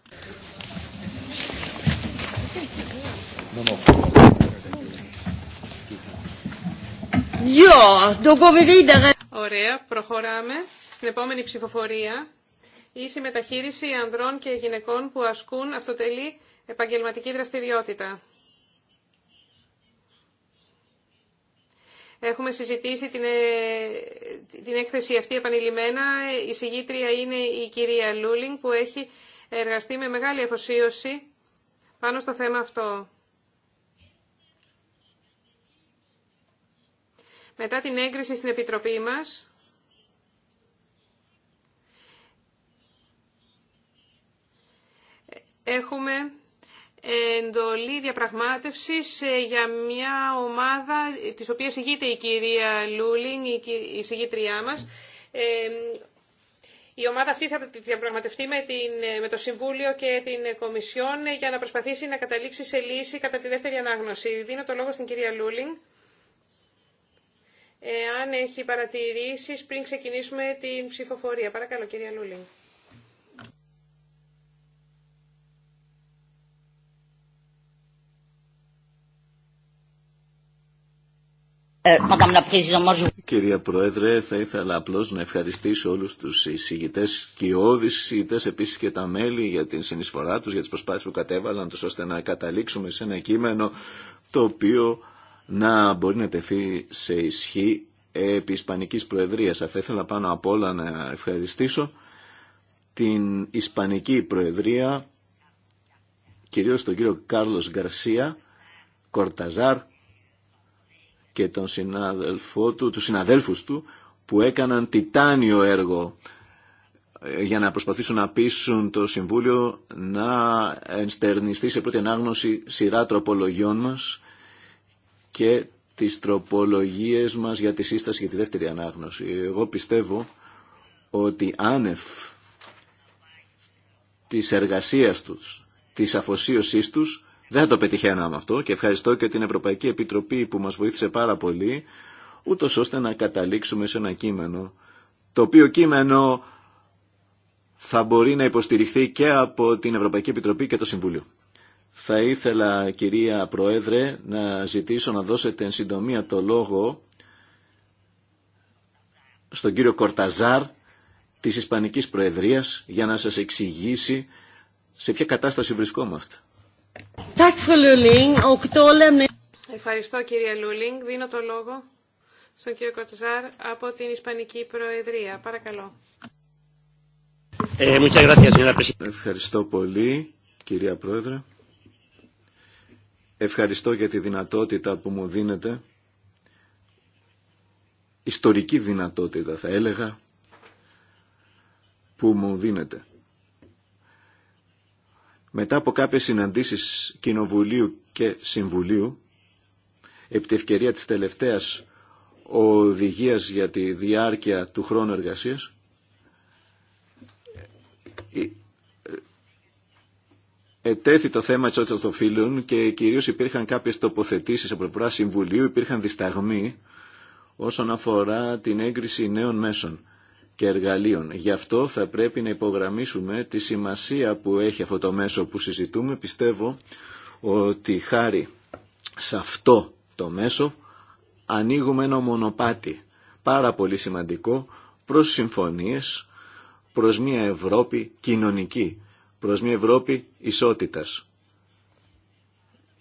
Ωραία, προχωράμε στην επόμενη ψηφοφορία ίση μεταχείριση ανδρών και γυναικών που ασκούν αυτοτελή επαγγελματική δραστηριότητα. Έχουμε συζητήσει την, ε, την έκθεση αυτή επανειλημμένα. Η συγγήτρια είναι η κυρία Λούλινγκ που έχει εργαστεί με μεγάλη αφοσίωση πάνω στο θέμα αυτό. Μετά την έγκριση στην Επιτροπή μας, έχουμε εντολή διαπραγμάτευσης ε, για μια ομάδα ε, της οποίας ηγείται η κυρία Λούλινγκ, η συγγήτριά μας. Ε, η ομάδα αυτή θα διαπραγματευτεί με, την, με το Συμβούλιο και την Κομισιόν για να προσπαθήσει να καταλήξει σε λύση κατά τη δεύτερη ανάγνωση. Δίνω το λόγο στην κυρία Λούλινγκ. αν έχει παρατηρήσεις πριν ξεκινήσουμε την ψηφοφορία. Παρακαλώ κυρία Λούλινγκ. Ε, Κυρία Πρόεδρε, θα ήθελα απλώ να ευχαριστήσω όλου του εισηγητέ και οι όδη εισηγητέ, επίση και τα μέλη, για την συνεισφορά του, για τι προσπάθειε που κατέβαλαν του, ώστε να καταλήξουμε σε ένα κείμενο το οποίο να μπορεί να τεθεί σε ισχύ επί Ισπανικής Προεδρίας. Θα ήθελα πάνω απ' όλα να ευχαριστήσω την Ισπανική Προεδρία, κυρίως τον κύριο Κάρλος Γκαρσία, Κορταζάρ και τον του, τους συναδέλφους του που έκαναν τιτάνιο έργο ε, για να προσπαθήσουν να πείσουν το Συμβούλιο να ενστερνιστεί σε πρώτη ανάγνωση σειρά τροπολογιών μας και τις τροπολογίες μας για τη σύσταση για τη δεύτερη ανάγνωση. Εγώ πιστεύω ότι άνευ της εργασίας τους, της αφοσίωσής τους, δεν θα το πετυχαίναμε αυτό και ευχαριστώ και την Ευρωπαϊκή Επιτροπή που μας βοήθησε πάρα πολύ, ούτω ώστε να καταλήξουμε σε ένα κείμενο, το οποίο κείμενο θα μπορεί να υποστηριχθεί και από την Ευρωπαϊκή Επιτροπή και το Συμβούλιο. Θα ήθελα, κυρία Προέδρε, να ζητήσω να δώσετε εν συντομία το λόγο στον κύριο Κορταζάρ της Ισπανικής Προεδρίας για να σας εξηγήσει σε ποια κατάσταση βρισκόμαστε. Ευχαριστώ κύριε Λούλινγκ. Δίνω το λόγο στον κύριο Κοτζάρ από την Ισπανική Προεδρία. Παρακαλώ. Ε, Ευχαριστώ πολύ κυρία Πρόεδρε. Ευχαριστώ για τη δυνατότητα που μου δίνετε. Ιστορική δυνατότητα θα έλεγα που μου δίνετε μετά από κάποιες συναντήσεις Κοινοβουλίου και Συμβουλίου, επί τη ευκαιρία της τελευταίας οδηγίας για τη διάρκεια του χρόνου εργασίας, ετέθη το θέμα της το και κυρίως υπήρχαν κάποιες τοποθετήσεις από Συμβουλίου, υπήρχαν δισταγμοί όσον αφορά την έγκριση νέων μέσων και εργαλείων. Γι' αυτό θα πρέπει να υπογραμμίσουμε τη σημασία που έχει αυτό το μέσο που συζητούμε. Πιστεύω ότι χάρη σε αυτό το μέσο ανοίγουμε ένα μονοπάτι πάρα πολύ σημαντικό προς συμφωνίες, προς μια Ευρώπη κοινωνική, προς μια Ευρώπη ισότητας.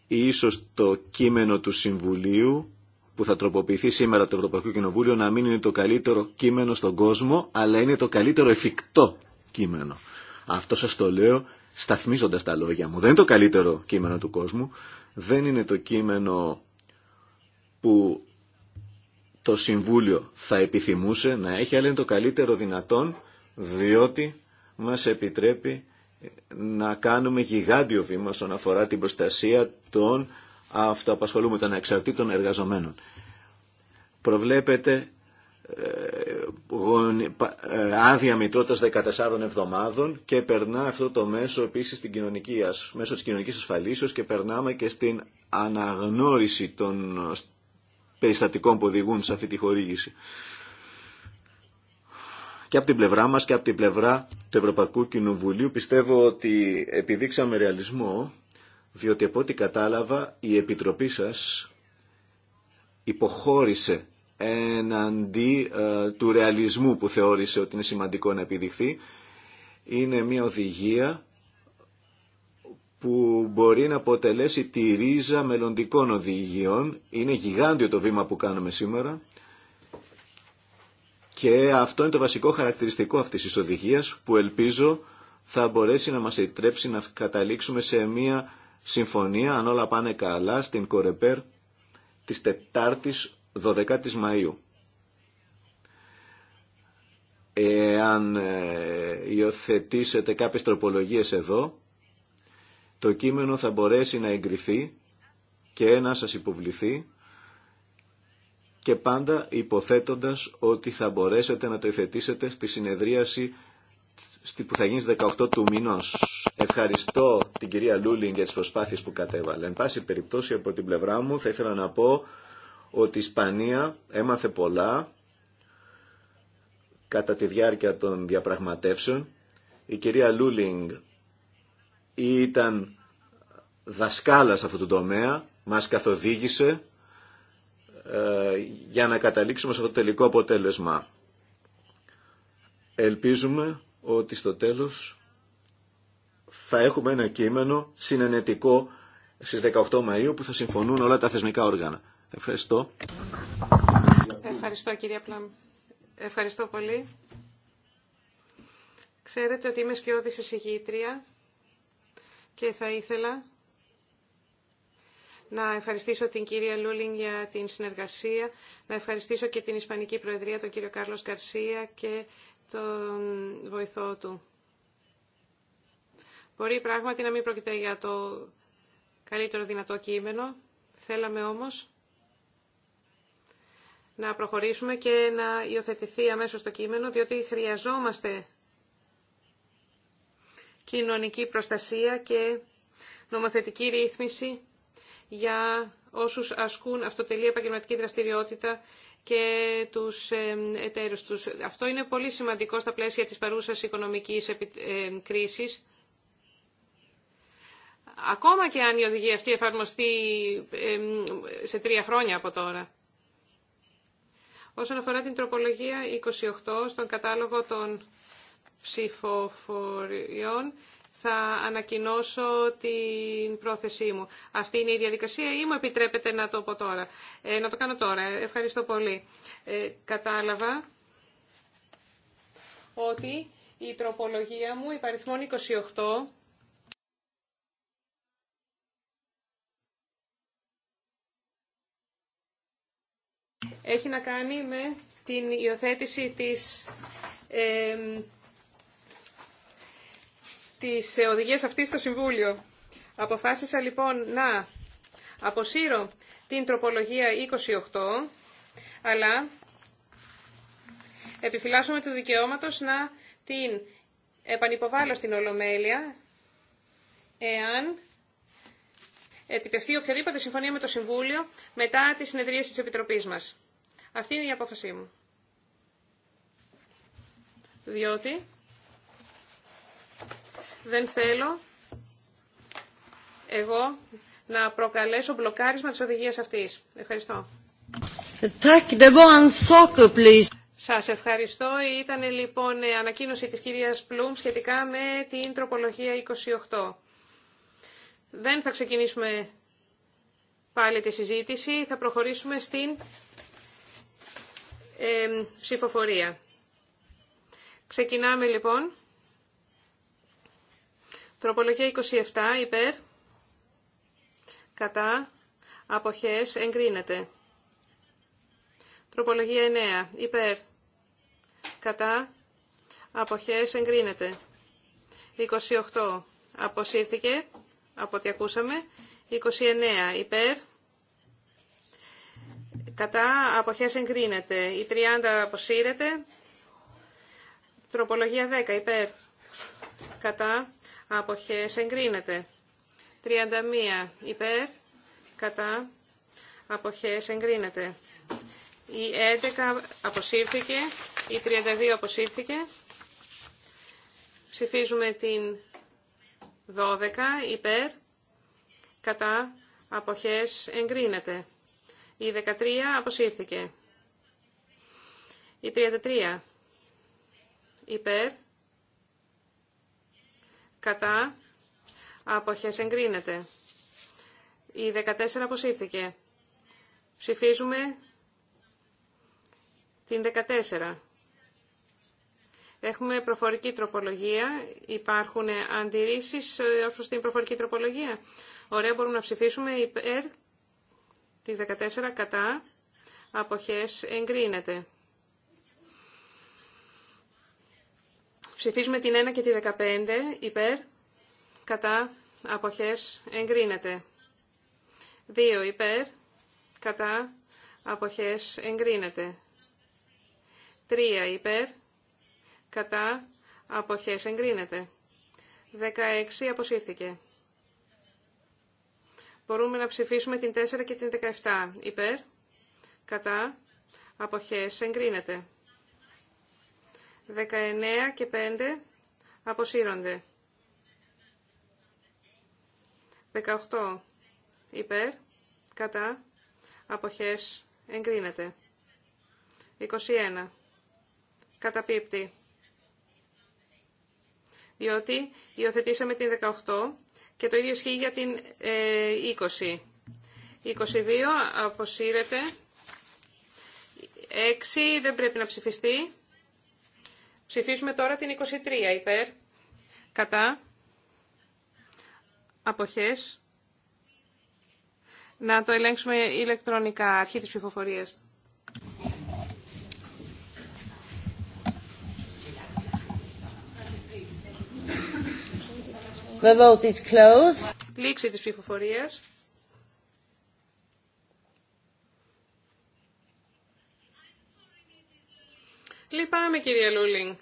Ίσως το κείμενο του Συμβουλίου που θα τροποποιηθεί σήμερα το Ευρωπαϊκό Κοινοβούλιο να μην είναι το καλύτερο κείμενο στον κόσμο, αλλά είναι το καλύτερο εφικτό κείμενο. Αυτό σας το λέω σταθμίζοντας τα λόγια μου. Δεν είναι το καλύτερο κείμενο του κόσμου, δεν είναι το κείμενο που το Συμβούλιο θα επιθυμούσε να έχει, αλλά είναι το καλύτερο δυνατόν, διότι μας επιτρέπει να κάνουμε γιγάντιο βήμα όσον αφορά την προστασία των αυτοαπασχολούμε των εξαρτήτων εργαζομένων. Προβλέπεται ε, ε, άδεια μητρότητας 14 εβδομάδων και περνά αυτό το μέσο επίσης στην κοινωνική, μέσω της κοινωνικής ασφαλίσεως και περνάμε και στην αναγνώριση των περιστατικών που οδηγούν σε αυτή τη χορήγηση. Και από την πλευρά μας και από την πλευρά του Ευρωπαϊκού Κοινοβουλίου πιστεύω ότι επιδείξαμε ρεαλισμό διότι από ό,τι κατάλαβα η Επιτροπή σας υποχώρησε εναντί ε, του ρεαλισμού που θεώρησε ότι είναι σημαντικό να επιδειχθεί. Είναι μια οδηγία που μπορεί να αποτελέσει τη ρίζα μελλοντικών οδηγιών. Είναι γιγάντιο το βήμα που κάνουμε σήμερα. Και αυτό είναι το βασικό χαρακτηριστικό αυτής της οδηγίας που ελπίζω θα μπορέσει να μας επιτρέψει να καταλήξουμε σε μια συμφωνία, αν όλα πάνε καλά, στην Κορεπέρ της Τετάρτης 12 της Μαΐου. Εάν ε, υιοθετήσετε κάποιες τροπολογίες εδώ, το κείμενο θα μπορέσει να εγκριθεί και να σας υποβληθεί και πάντα υποθέτοντας ότι θα μπορέσετε να το υιοθετήσετε στη συνεδρίαση που θα γίνει στις 18 του μηνός. Ευχαριστώ την κυρία Λούλινγκ για τις προσπάθειες που κατέβαλε. Εν πάση περιπτώσει από την πλευρά μου θα ήθελα να πω ότι η Ισπανία έμαθε πολλά κατά τη διάρκεια των διαπραγματεύσεων. Η κυρία Λούλινγκ ήταν δασκάλα σε αυτό το τομέα, μας καθοδήγησε ε, για να καταλήξουμε σε αυτό το τελικό αποτέλεσμα. Ελπίζουμε ότι στο τέλος θα έχουμε ένα κείμενο συνενετικό στις 18 Μαΐου που θα συμφωνούν όλα τα θεσμικά όργανα. Ευχαριστώ. Ευχαριστώ κυρία Πλάμ. Ευχαριστώ πολύ. Ξέρετε ότι είμαι σκιώδης εισηγήτρια και θα ήθελα να ευχαριστήσω την κυρία Λούλιν για την συνεργασία, να ευχαριστήσω και την Ισπανική Προεδρία, τον κύριο Κάρλος Καρσία και τον βοηθό του. Μπορεί πράγματι να μην πρόκειται για το καλύτερο δυνατό κείμενο. Θέλαμε όμως να προχωρήσουμε και να υιοθετηθεί αμέσως το κείμενο, διότι χρειαζόμαστε κοινωνική προστασία και νομοθετική ρύθμιση για όσους ασκούν αυτοτελή επαγγελματική δραστηριότητα και τους ε, εταίρους τους. Αυτό είναι πολύ σημαντικό στα πλαίσια της παρούσας οικονομικής ε, κρίσης ακόμα και αν η οδηγία αυτή εφαρμοστεί σε τρία χρόνια από τώρα. Όσον αφορά την τροπολογία 28 στον κατάλογο των ψηφοφοριών, θα ανακοινώσω την πρόθεσή μου. Αυτή είναι η διαδικασία ή μου επιτρέπετε να το πω τώρα. Ε, να το κάνω τώρα. Ευχαριστώ πολύ. Ε, κατάλαβα ότι η τροπολογία μου, η παριθμόν 28, έχει να κάνει με την υιοθέτηση της, ε, της οδηγίας αυτής στο Συμβούλιο. Αποφάσισα λοιπόν να αποσύρω την τροπολογία 28, αλλά επιφυλάσσομαι του δικαιώματος να την επανυποβάλλω στην Ολομέλεια, εάν επιτευχθεί οποιαδήποτε συμφωνία με το Συμβούλιο μετά τη συνεδρίαση της Επιτροπής μας. Αυτή είναι η απόφασή μου. Διότι δεν θέλω εγώ να προκαλέσω μπλοκάρισμα της οδηγίας αυτής. Ευχαριστώ. Σας ευχαριστώ. Ήταν λοιπόν ανακοίνωση της κυρίας Πλούμ σχετικά με την τροπολογία 28. Δεν θα ξεκινήσουμε πάλι τη συζήτηση, θα προχωρήσουμε στην ψηφοφορία. Ξεκινάμε λοιπόν. Τροπολογία 27 υπέρ, κατά, αποχές, εγκρίνεται. Τροπολογία 9 υπέρ, κατά, αποχές, εγκρίνεται. 28 αποσύρθηκε από ό,τι ακούσαμε. 29 υπέρ. Κατά αποχές εγκρίνεται. Η 30 αποσύρεται. Τροπολογία 10 υπέρ. Κατά αποχές εγκρίνεται. 31 υπέρ. Κατά αποχές εγκρίνεται. Η 11 αποσύρθηκε. Η 32 αποσύρθηκε. Ψηφίζουμε την 12 υπέρ κατά αποχές εγκρίνεται. Η 13 αποσύρθηκε. Η 33 υπέρ κατά αποχές εγκρίνεται. Η 14 αποσύρθηκε. Ψηφίζουμε την 14. Έχουμε προφορική τροπολογία. Υπάρχουν αντιρρήσει ε, ω στην την προφορική τροπολογία. Ωραία, μπορούμε να ψηφίσουμε υπέρ της 14 κατά. Αποχές εγκρίνεται. Ψηφίζουμε την 1 και τη 15 υπέρ. Κατά. Αποχές εγκρίνεται. 2 υπέρ. Κατά. Αποχές εγκρίνεται. 3 υπέρ κατά απόχέ εγκρίνεται. 16 αποσύρθηκε. Μπορούμε να ψηφίσουμε την 4 και την 17. Υπέρ, κατά, απόχέ εγκρίνεται. 19 και 5 αποσύρονται. 18 υπέρ, κατά, αποχές εγκρίνεται. 21 καταπίπτει διότι υιοθετήσαμε την 18 και το ίδιο ισχύει για την 20. Ε, 22 αποσύρεται. 6 δεν πρέπει να ψηφιστεί. Ψηφίζουμε τώρα την 23 υπέρ. Κατά. Αποχές. Να το ελέγξουμε ηλεκτρονικά, αρχή της ψηφοφορίας. The vote is closed. Λήξη της ψηφοφορίας. Λυπάμαι κυρία Λούλινγκ.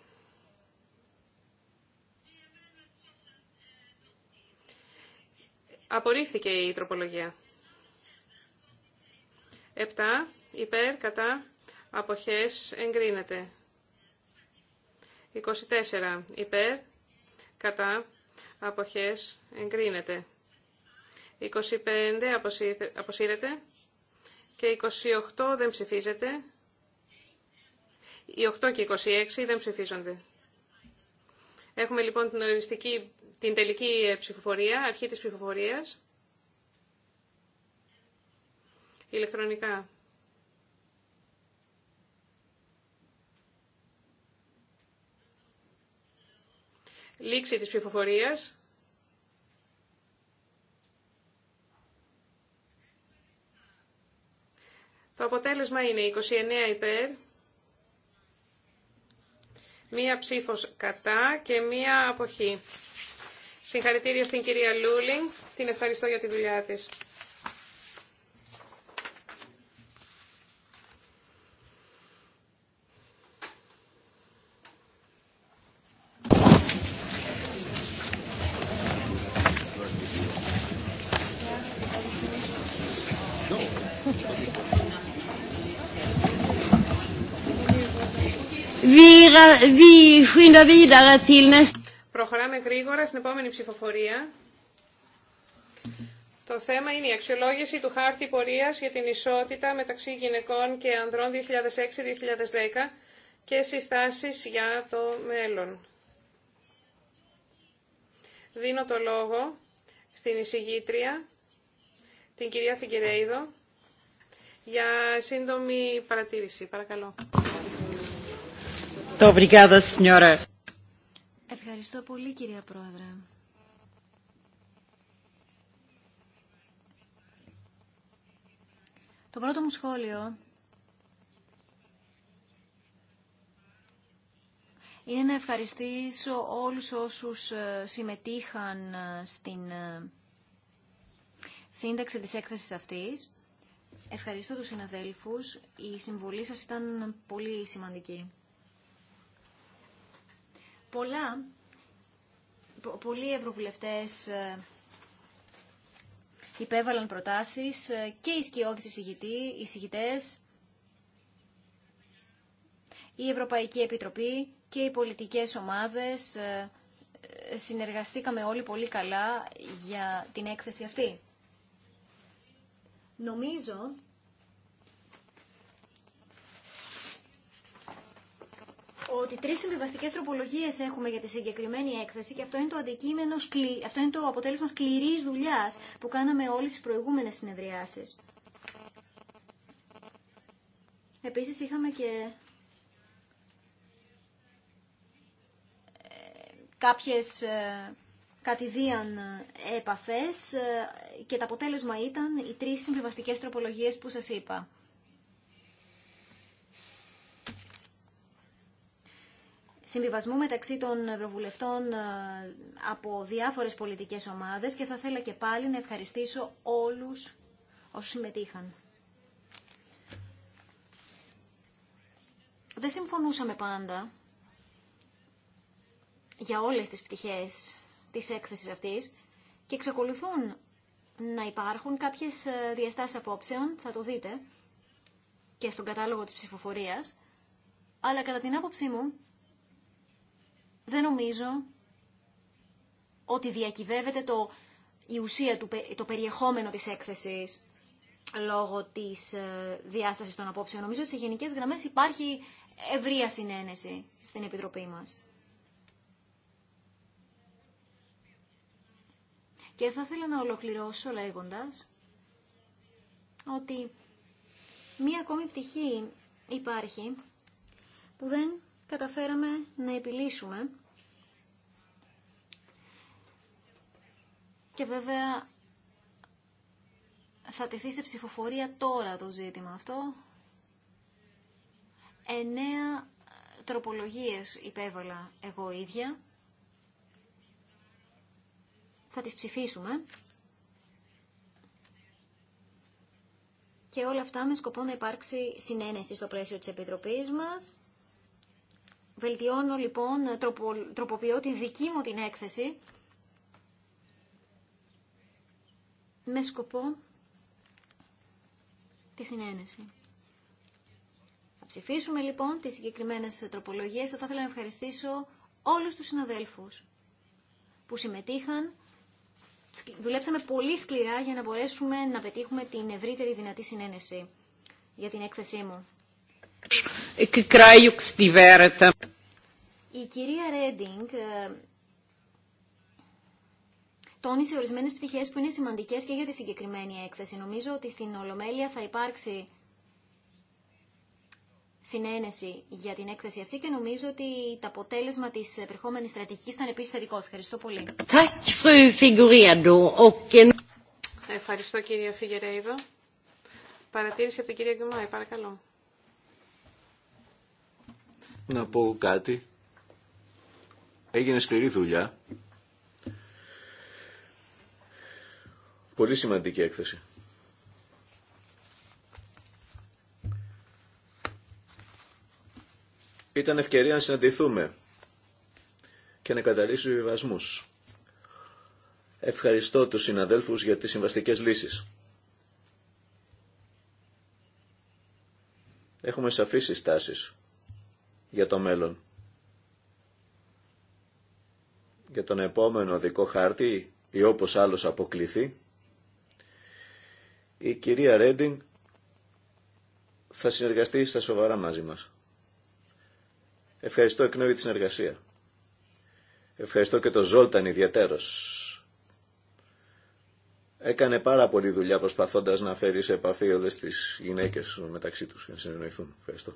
Απορρίφθηκε η τροπολογία. 7. Υπέρ, κατά, αποχές, εγκρίνεται. 24. Υπέρ, κατά, αποχές εγκρίνεται. 25 αποσύρεται και 28 δεν ψηφίζεται. Οι 8 και 26 δεν ψηφίζονται. Έχουμε λοιπόν την, οριστική, την τελική ε, ψηφοφορία, αρχή της ψηφοφορίας. Ηλεκτρονικά. Λήξη της ψηφοφορίας. Το αποτέλεσμα είναι 29 υπέρ, μία ψήφος κατά και μία αποχή. Συγχαρητήρια στην κυρία Λούλινγκ. Την ευχαριστώ για τη δουλειά της. Προχωράμε γρήγορα στην επόμενη ψηφοφορία. Το θέμα είναι η αξιολόγηση του χάρτη πορείας για την ισότητα μεταξύ γυναικών και ανδρών 2006-2010 και συστάσεις για το μέλλον. Δίνω το λόγο στην εισηγήτρια, την κυρία Φιγκερέιδο, για σύντομη παρατήρηση. Παρακαλώ. Ευχαριστώ πολύ κυρία Πρόεδρε. Το πρώτο μου σχόλιο είναι να ευχαριστήσω όλους όσους ε, συμμετείχαν ε, στην ε, σύνταξη της έκθεσης αυτής. Ευχαριστώ τους συναδέλφους. Η συμβολή σας ήταν πολύ σημαντική. Πολλά, πολλοί ευρωβουλευτές ε, υπέβαλαν προτάσεις ε, και οι σκιώδεις εισηγητές, η Ευρωπαϊκή Επιτροπή και οι πολιτικές ομάδες ε, συνεργαστήκαμε όλοι πολύ καλά για την έκθεση αυτή. Νομίζω ότι τρεις συμβιβαστικές τροπολογίες έχουμε για τη συγκεκριμένη έκθεση και αυτό είναι το, αντικείμενο, αυτό είναι το αποτέλεσμα σκληρή δουλειά που κάναμε όλες τι προηγούμενες συνεδριάσεις. Επίσης είχαμε και ε, κάποιες ε, κατηδίαν ε, επαφές και το αποτέλεσμα ήταν οι τρεις συμβιβαστικές τροπολογίες που σας είπα. συμβιβασμού μεταξύ των ευρωβουλευτών ε, από διάφορες πολιτικές ομάδες και θα θέλα και πάλι να ευχαριστήσω όλους όσους συμμετείχαν. Δεν συμφωνούσαμε πάντα για όλες τις πτυχές της έκθεσης αυτής και εξακολουθούν να υπάρχουν κάποιες ε, διαστάσεις απόψεων, θα το δείτε και στον κατάλογο της ψηφοφορίας, αλλά κατά την άποψή μου δεν νομίζω ότι διακυβεύεται το, η ουσία, του, το περιεχόμενο της έκθεσης λόγω της ε, διάστασης των απόψεων. Νομίζω ότι σε γενικές γραμμές υπάρχει ευρεία συνένεση στην Επιτροπή μας. Και θα ήθελα να ολοκληρώσω λέγοντας ότι μία ακόμη πτυχή υπάρχει που δεν καταφέραμε να επιλύσουμε και βέβαια θα τεθεί σε ψηφοφορία τώρα το ζήτημα αυτό. Εννέα τροπολογίες υπέβαλα εγώ ίδια. Θα τις ψηφίσουμε. Και όλα αυτά με σκοπό να υπάρξει συνένεση στο πλαίσιο της Επιτροπής μας Βελτιώνω λοιπόν, τροποποιώ τη δική μου την έκθεση με σκοπό τη συνένεση. Θα ψηφίσουμε λοιπόν τις συγκεκριμένες τροπολογίες. Θα ήθελα να ευχαριστήσω όλους τους συναδέλφους που συμμετείχαν. Δουλέψαμε πολύ σκληρά για να μπορέσουμε να πετύχουμε την ευρύτερη δυνατή συνένεση για την έκθεσή μου. Η κυρία Ρέντινγκ ε, τόνισε ορισμένες πτυχές που είναι σημαντικές και για τη συγκεκριμένη έκθεση. Νομίζω ότι στην Ολομέλεια θα υπάρξει συνένεση για την έκθεση αυτή και νομίζω ότι το αποτέλεσμα της επερχόμενης στρατηγικής θα είναι επίσης θετικό. Ευχαριστώ πολύ. Ευχαριστώ κυρία Φιγερέιδο. Παρατήρηση από την κυρία Γκουμάη, παρακαλώ να πω κάτι. Έγινε σκληρή δουλειά. Πολύ σημαντική έκθεση. Ήταν ευκαιρία να συναντηθούμε και να καταλήξουμε βιβασμούς. Ευχαριστώ τους συναδέλφους για τις συμβαστικές λύσεις. Έχουμε σαφείς συστάσεις για το μέλλον. Για τον επόμενο δικό χάρτη ή όπως άλλος αποκλειθεί, η οπως αλλος αποκληθεί Ρέντινγκ θα συνεργαστεί στα σοβαρά μαζί μας. Ευχαριστώ εκ νέου για τη συνεργασία. Ευχαριστώ και τον Ζόλταν ιδιαίτερος. Έκανε πάρα πολλή δουλειά προσπαθώντας να φέρει σε επαφή όλες τις γυναίκες μεταξύ τους για να συνεννοηθούν. Ευχαριστώ.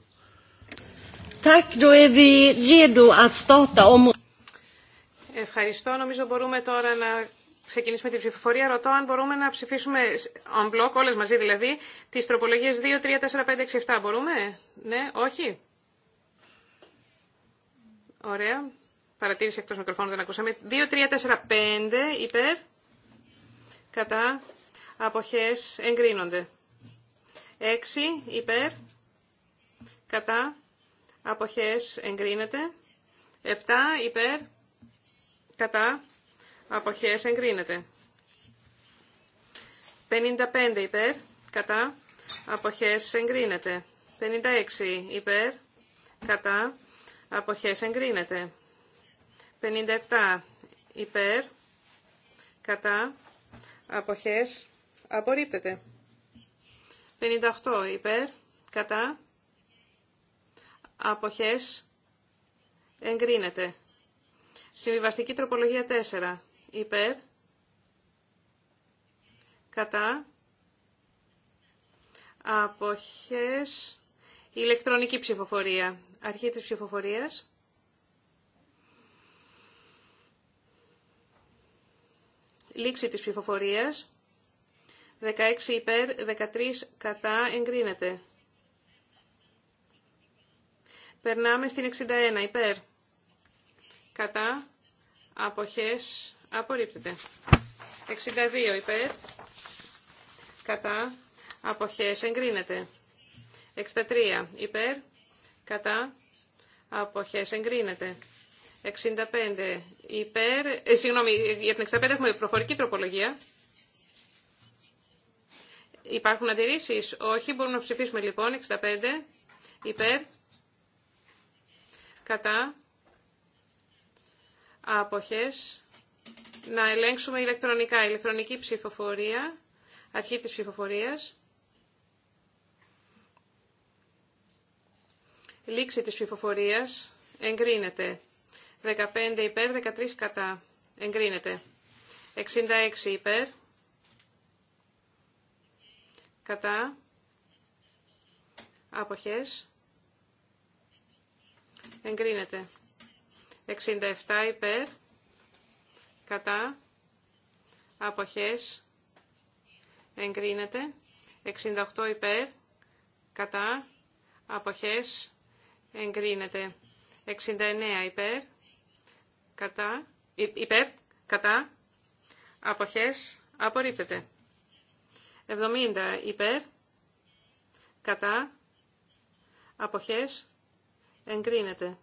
Ευχαριστώ. Νομίζω μπορούμε τώρα να ξεκινήσουμε την ψηφοφορία. Ρωτώ αν μπορούμε να ψηφίσουμε on block, όλες μαζί δηλαδή, τις τροπολογίες 2, 3, 4, 5, 6, 7. Μπορούμε? Ναι, όχι. Ωραία. Παρατήρηση εκτός μικροφώνου δεν ακούσαμε. 2, 3, 4, 5 υπέρ. Κατά. Αποχές εγκρίνονται. 6 υπέρ. Κατά αποχές εγκρίνεται. 7 υπέρ κατά αποχές εγκρίνεται. 55 υπέρ κατά αποχές εγκρίνεται. 56 υπέρ κατά αποχές εγκρίνεται. 57 υπέρ κατά αποχές απορρίπτεται. 58 υπέρ κατά αποχές εγκρίνεται. Συμβιβαστική τροπολογία 4. Υπέρ. Κατά. Αποχές. Ηλεκτρονική ψηφοφορία. Αρχή της ψηφοφορίας. Λήξη της ψηφοφορίας. 16 υπέρ, 13 κατά εγκρίνεται. Περνάμε στην 61 υπέρ. Κατά αποχές απορρίπτεται. 62 υπέρ. Κατά αποχές εγκρίνεται. 63 υπέρ. Κατά αποχές εγκρίνεται. 65 υπέρ. Ε, συγγνώμη, για την 65 έχουμε προφορική τροπολογία. Υπάρχουν αντιρρήσεις. Όχι, μπορούμε να ψηφίσουμε λοιπόν. 65 υπέρ κατά αποχές να ελέγξουμε ηλεκτρονικά. Ηλεκτρονική ψηφοφορία, αρχή της ψηφοφορίας, λήξη της ψηφοφορίας, εγκρίνεται. 15 υπέρ, 13 κατά, εγκρίνεται. 66 υπέρ, κατά, αποχές, εγκρίνεται. 67 υπέρ, κατά, αποχές, εγκρίνεται. 68 υπέρ, κατά, αποχές, εγκρίνεται. 69 υπέρ, κατά, υπέρ, κατά, αποχές, απορρίπτεται. 70 υπέρ, κατά, αποχές, Εγκρίνεται.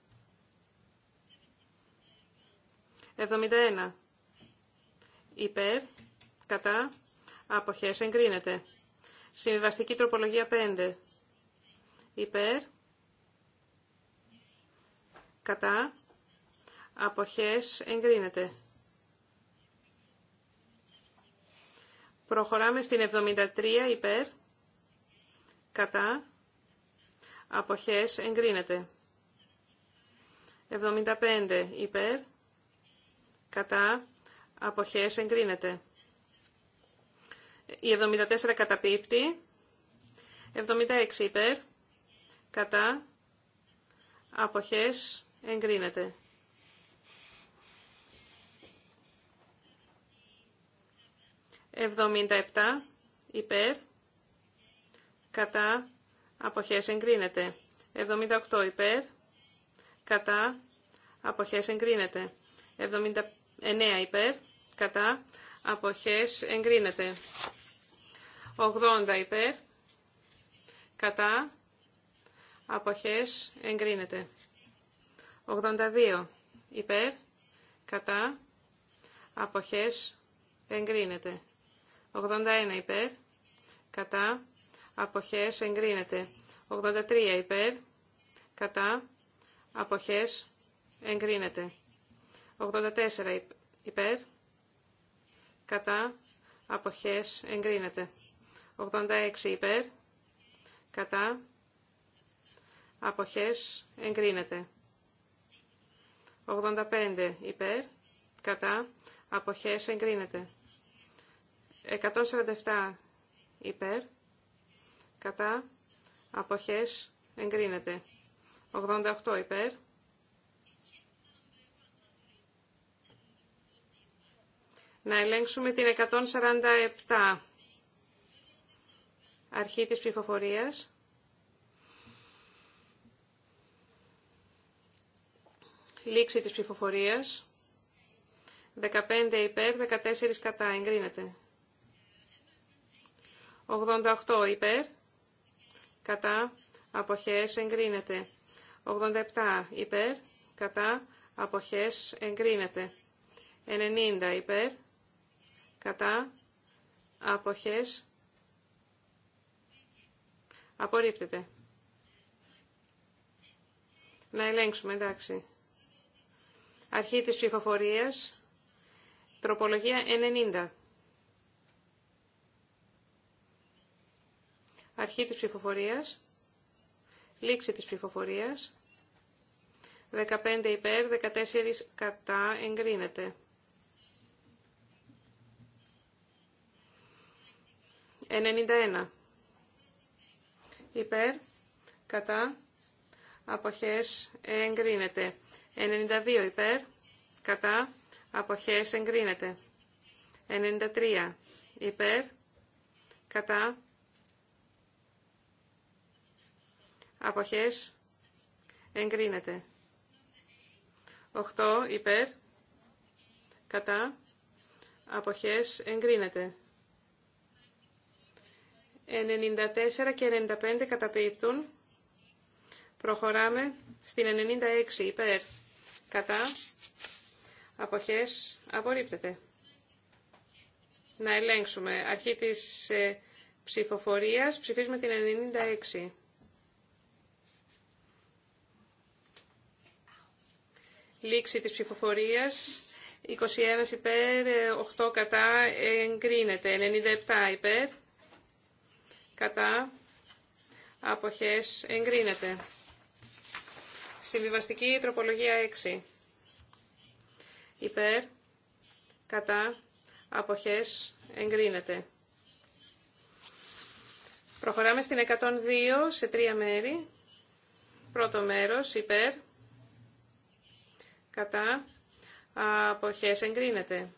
71. Υπέρ, κατά, αποχές, εγκρίνεται. Συμβιβαστική τροπολογία 5. Υπέρ, κατά, αποχές, εγκρίνεται. Προχωράμε στην 73 υπέρ, κατά, αποχές εγκρίνεται. 75 υπέρ, κατά, αποχές εγκρίνεται. Η 74 καταπίπτει, 76 υπέρ, κατά, αποχές εγκρίνεται. 77 υπέρ, κατά, αποχές εγκρίνεται. 78 υπέρ, κατά, αποχές εγκρίνεται. 79 υπέρ, κατά, αποχές εγκρίνεται. 80 υπέρ, κατά, αποχές εγκρίνεται. 82 υπέρ, κατά, αποχές εγκρίνεται. 81 υπέρ, κατά, αποχές εγκρίνεται. 83 υπέρ, κατά, αποχές εγκρίνεται. 84 υπέρ, κατά, αποχές εγκρίνεται. 86 υπέρ, κατά, αποχές εγκρίνεται. 85 υπέρ, κατά, αποχές εγκρίνεται. 147 υπέρ, κατά, αποχές εγκρίνεται. 88 υπέρ. Να ελέγξουμε την 147 αρχή της ψηφοφορίας. Λήξη της ψηφοφορίας. 15 υπέρ, 14 κατά. Εγκρίνεται. 88 υπέρ, κατά. Αποχές εγκρίνεται. 87 υπέρ, κατά, αποχές, εγκρίνεται. 90 υπέρ, κατά, αποχές, απορρίπτεται. Να ελέγξουμε, εντάξει. Αρχή της ψηφοφορίας, τροπολογία 90. Αρχή της ψηφοφορίας. Λήξη της ψηφοφορίας. 15 υπέρ, 14 κατά, εγκρίνεται. 91. Υπέρ, κατά, αποχές, εγκρίνεται. 92 υπέρ, κατά, αποχές, εγκρίνεται. 93 υπέρ, κατά, Αποχές. Εγκρίνεται. 8 υπέρ. Κατά. Αποχές. Εγκρίνεται. 94 και 95 καταπίπτουν. Προχωράμε στην 96 υπέρ. Κατά. Αποχές. Απορρίπτεται. Να ελέγξουμε. Αρχή της ε, ψηφοφορίας. Ψηφίζουμε την 96. Λήξη της ψηφοφορίας. 21 υπέρ, 8 κατά, εγκρίνεται. 97 υπέρ, κατά, αποχές, εγκρίνεται. Συμβιβαστική τροπολογία 6. Υπέρ, κατά, αποχές, εγκρίνεται. Προχωράμε στην 102 σε τρία μέρη. Πρώτο μέρος, υπέρ, κατά αποχές εγκρίνεται.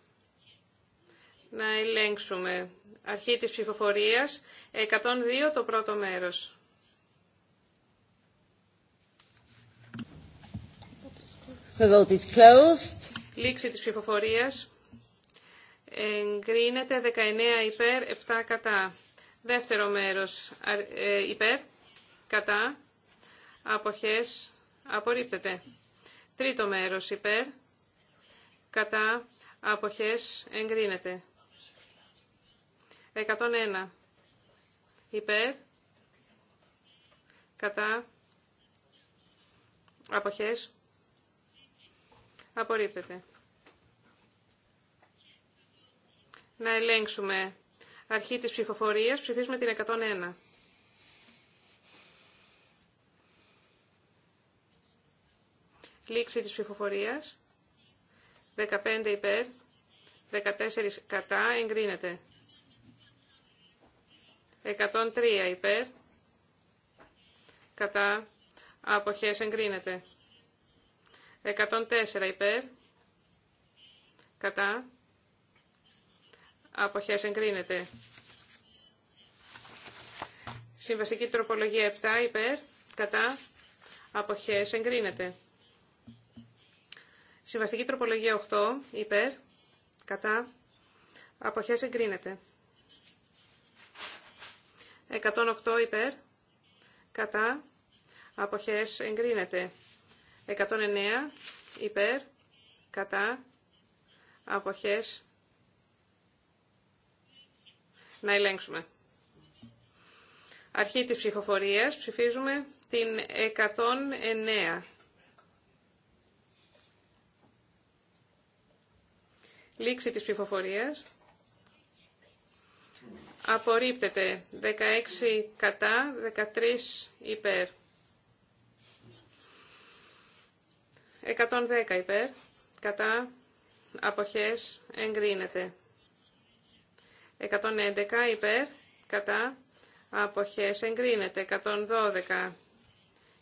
Να ελέγξουμε. Αρχή της ψηφοφορίας, 102 το πρώτο μέρος. The vote is closed. Λήξη της ψηφοφορίας. Εγκρίνεται 19 υπέρ, 7 κατά. Δεύτερο μέρος ε, υπέρ, κατά. Αποχές απορρίπτεται. Τρίτο μέρος υπέρ, κατά, αποχές, εγκρίνεται. 101 υπέρ, κατά, αποχές, απορρίπτεται. Να ελέγξουμε. Αρχή της ψηφοφορίας ψηφίσουμε την 101. Λήξη της ψηφοφορίας. 15 υπέρ, 14 κατά, εγκρίνεται. 103 υπέρ, κατά, αποχές εγκρίνεται. 104 υπέρ, κατά, αποχές εγκρίνεται. Συμβαστική τροπολογία 7 υπέρ, κατά, αποχές εγκρίνεται. Συμβαστική τροπολογία 8 υπέρ κατά αποχές εγκρίνεται. 108 υπέρ κατά αποχές εγκρίνεται. 109 υπέρ κατά αποχές να ελέγξουμε. Αρχή της ψηφοφορίας ψηφίζουμε την 109. Λήξη της ψηφοφορίας. Απορρίπτεται 16 κατά, 13 υπέρ. 110 υπέρ, κατά, αποχές, εγκρίνεται. 111 υπέρ, κατά, αποχές, εγκρίνεται. 112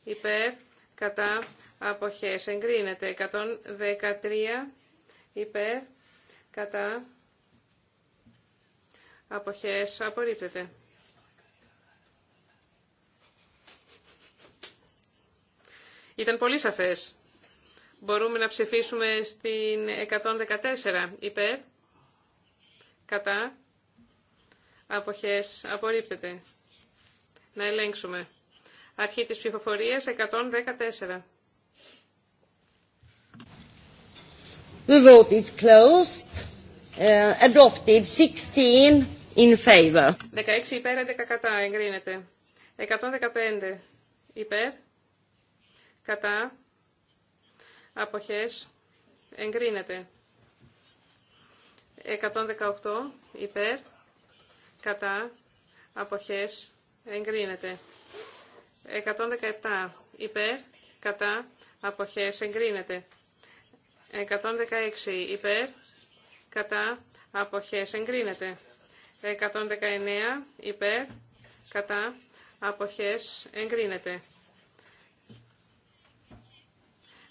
υπέρ, κατά, αποχές, εγκρίνεται. 113 υπέρ, κατά αποχές απορρίπτεται. Ήταν πολύ σαφές. Μπορούμε να ψηφίσουμε στην 114 υπέρ, κατά, αποχές, απορρίπτεται. Να ελέγξουμε. Αρχή της ψηφοφορίας 114. The vote is closed. Ε, adopted 16 in favor. 16 υπέρ, 11 κατά, εγκρίνεται. 115 υπέρ, κατά, αποχές, εγκρίνεται. 118 υπέρ, κατά, αποχές, εγκρίνεται. 117 υπέρ, κατά, αποχές, εγκρίνεται. 116 υπέρ, κατά αποχές εγκρίνεται. 119 υπέρ κατά αποχές εγκρίνεται.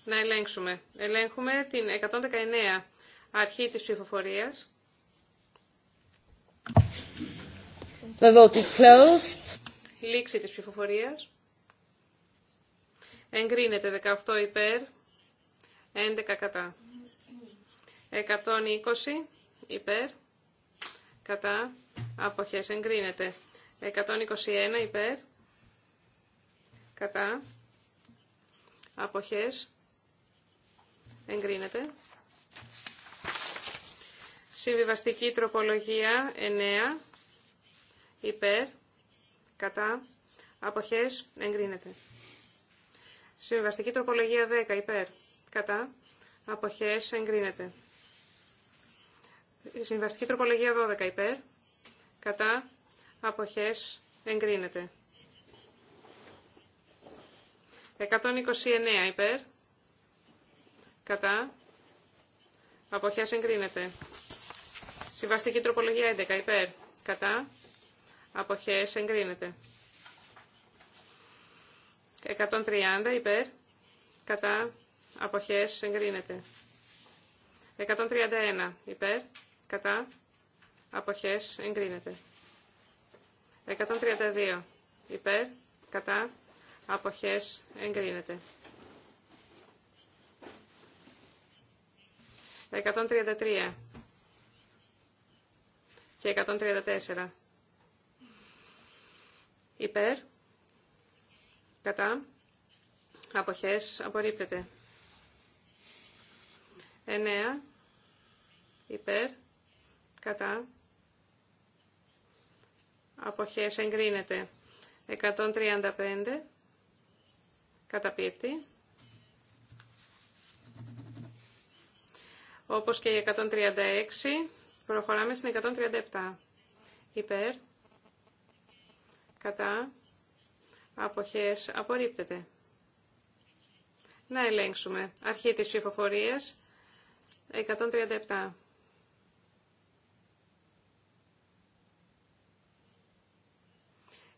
Να ελέγξουμε. Ελέγχουμε την 119 αρχή της ψηφοφορίας. The vote is closed. Λήξη της ψηφοφορίας. Εγκρίνεται 18 υπέρ, 11 κατά. 120 υπέρ, κατά, αποχές εγκρίνεται. 121 υπέρ, κατά, αποχές εγκρίνεται. Συμβιβαστική τροπολογία 9 υπέρ, κατά, αποχές εγκρίνεται. Συμβιβαστική τροπολογία 10 υπέρ, κατά, αποχές εγκρίνεται. Συμβαστική τροπολογία 12 υπέρ. Κατά. Αποχές. Εγκρίνεται. 129 υπέρ. Κατά. Αποχές εγκρίνεται. Συμβαστική τροπολογία 11 υπέρ. Κατά. Αποχές εγκρίνεται. 130 υπέρ. Κατά. Αποχές εγκρίνεται. 131 υπέρ κατά, αποχές, εγκρίνεται. 132 υπέρ, κατά, αποχές, εγκρίνεται. 133 και 134 υπέρ, κατά, αποχές, απορρίπτεται. 9 υπέρ, κατά αποχές εγκρίνεται 135 καταπίπτει όπως και η 136 προχωράμε στην 137 υπέρ κατά αποχές απορρίπτεται να ελέγξουμε αρχή της ψηφοφορίας 137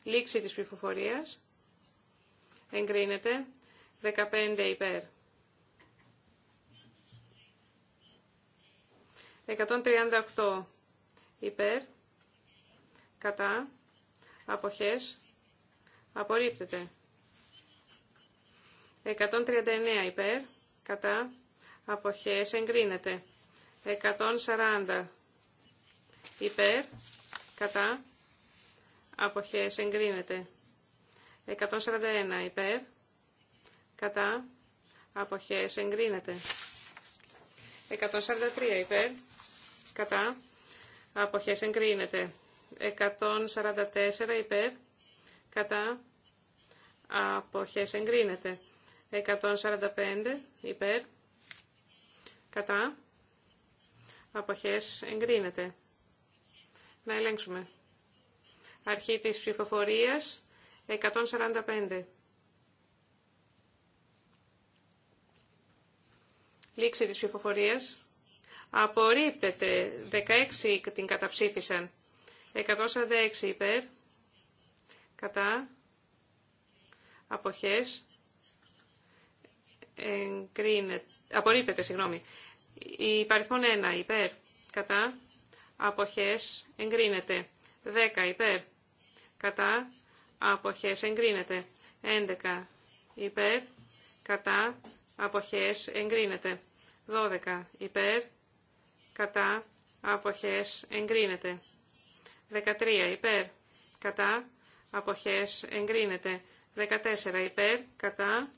Λήξη της ψηφοφορίας. Εγκρίνεται. 15 υπέρ. 138 υπέρ. Κατά. Αποχές. Απορρίπτεται. 139 υπέρ. Κατά. Αποχές. Εγκρίνεται. 140 υπέρ. Κατά αποχές εγκρίνεται. 141 υπέρ, κατά, αποχές εγκρίνεται. 143 υπέρ, κατά, αποχές εγκρίνεται. 144 υπέρ, κατά, αποχές εγκρίνεται. 145 υπέρ, κατά, αποχές εγκρίνεται. Να ελέγξουμε. Αρχή της ψηφοφορίας 145. Λήξη της ψηφοφορίας. Απορρίπτεται. 16 την καταψήφισαν. 146 υπέρ. Κατά. Αποχές. Εγκρίνεται. Απορρίπτεται, συγγνώμη. Υπαριθμόν 1 υπέρ. Κατά. Αποχές. Εγκρίνεται. 10 υπέρ κατά, αποχές εγκρίνεται. 11 υπέρ, κατά, αποχές εγκρίνεται. 12 υπέρ, κατά, αποχές εγκρίνεται. 13 υπέρ, κατά, αποχές εγκρίνεται. 14 υπέρ, κατά,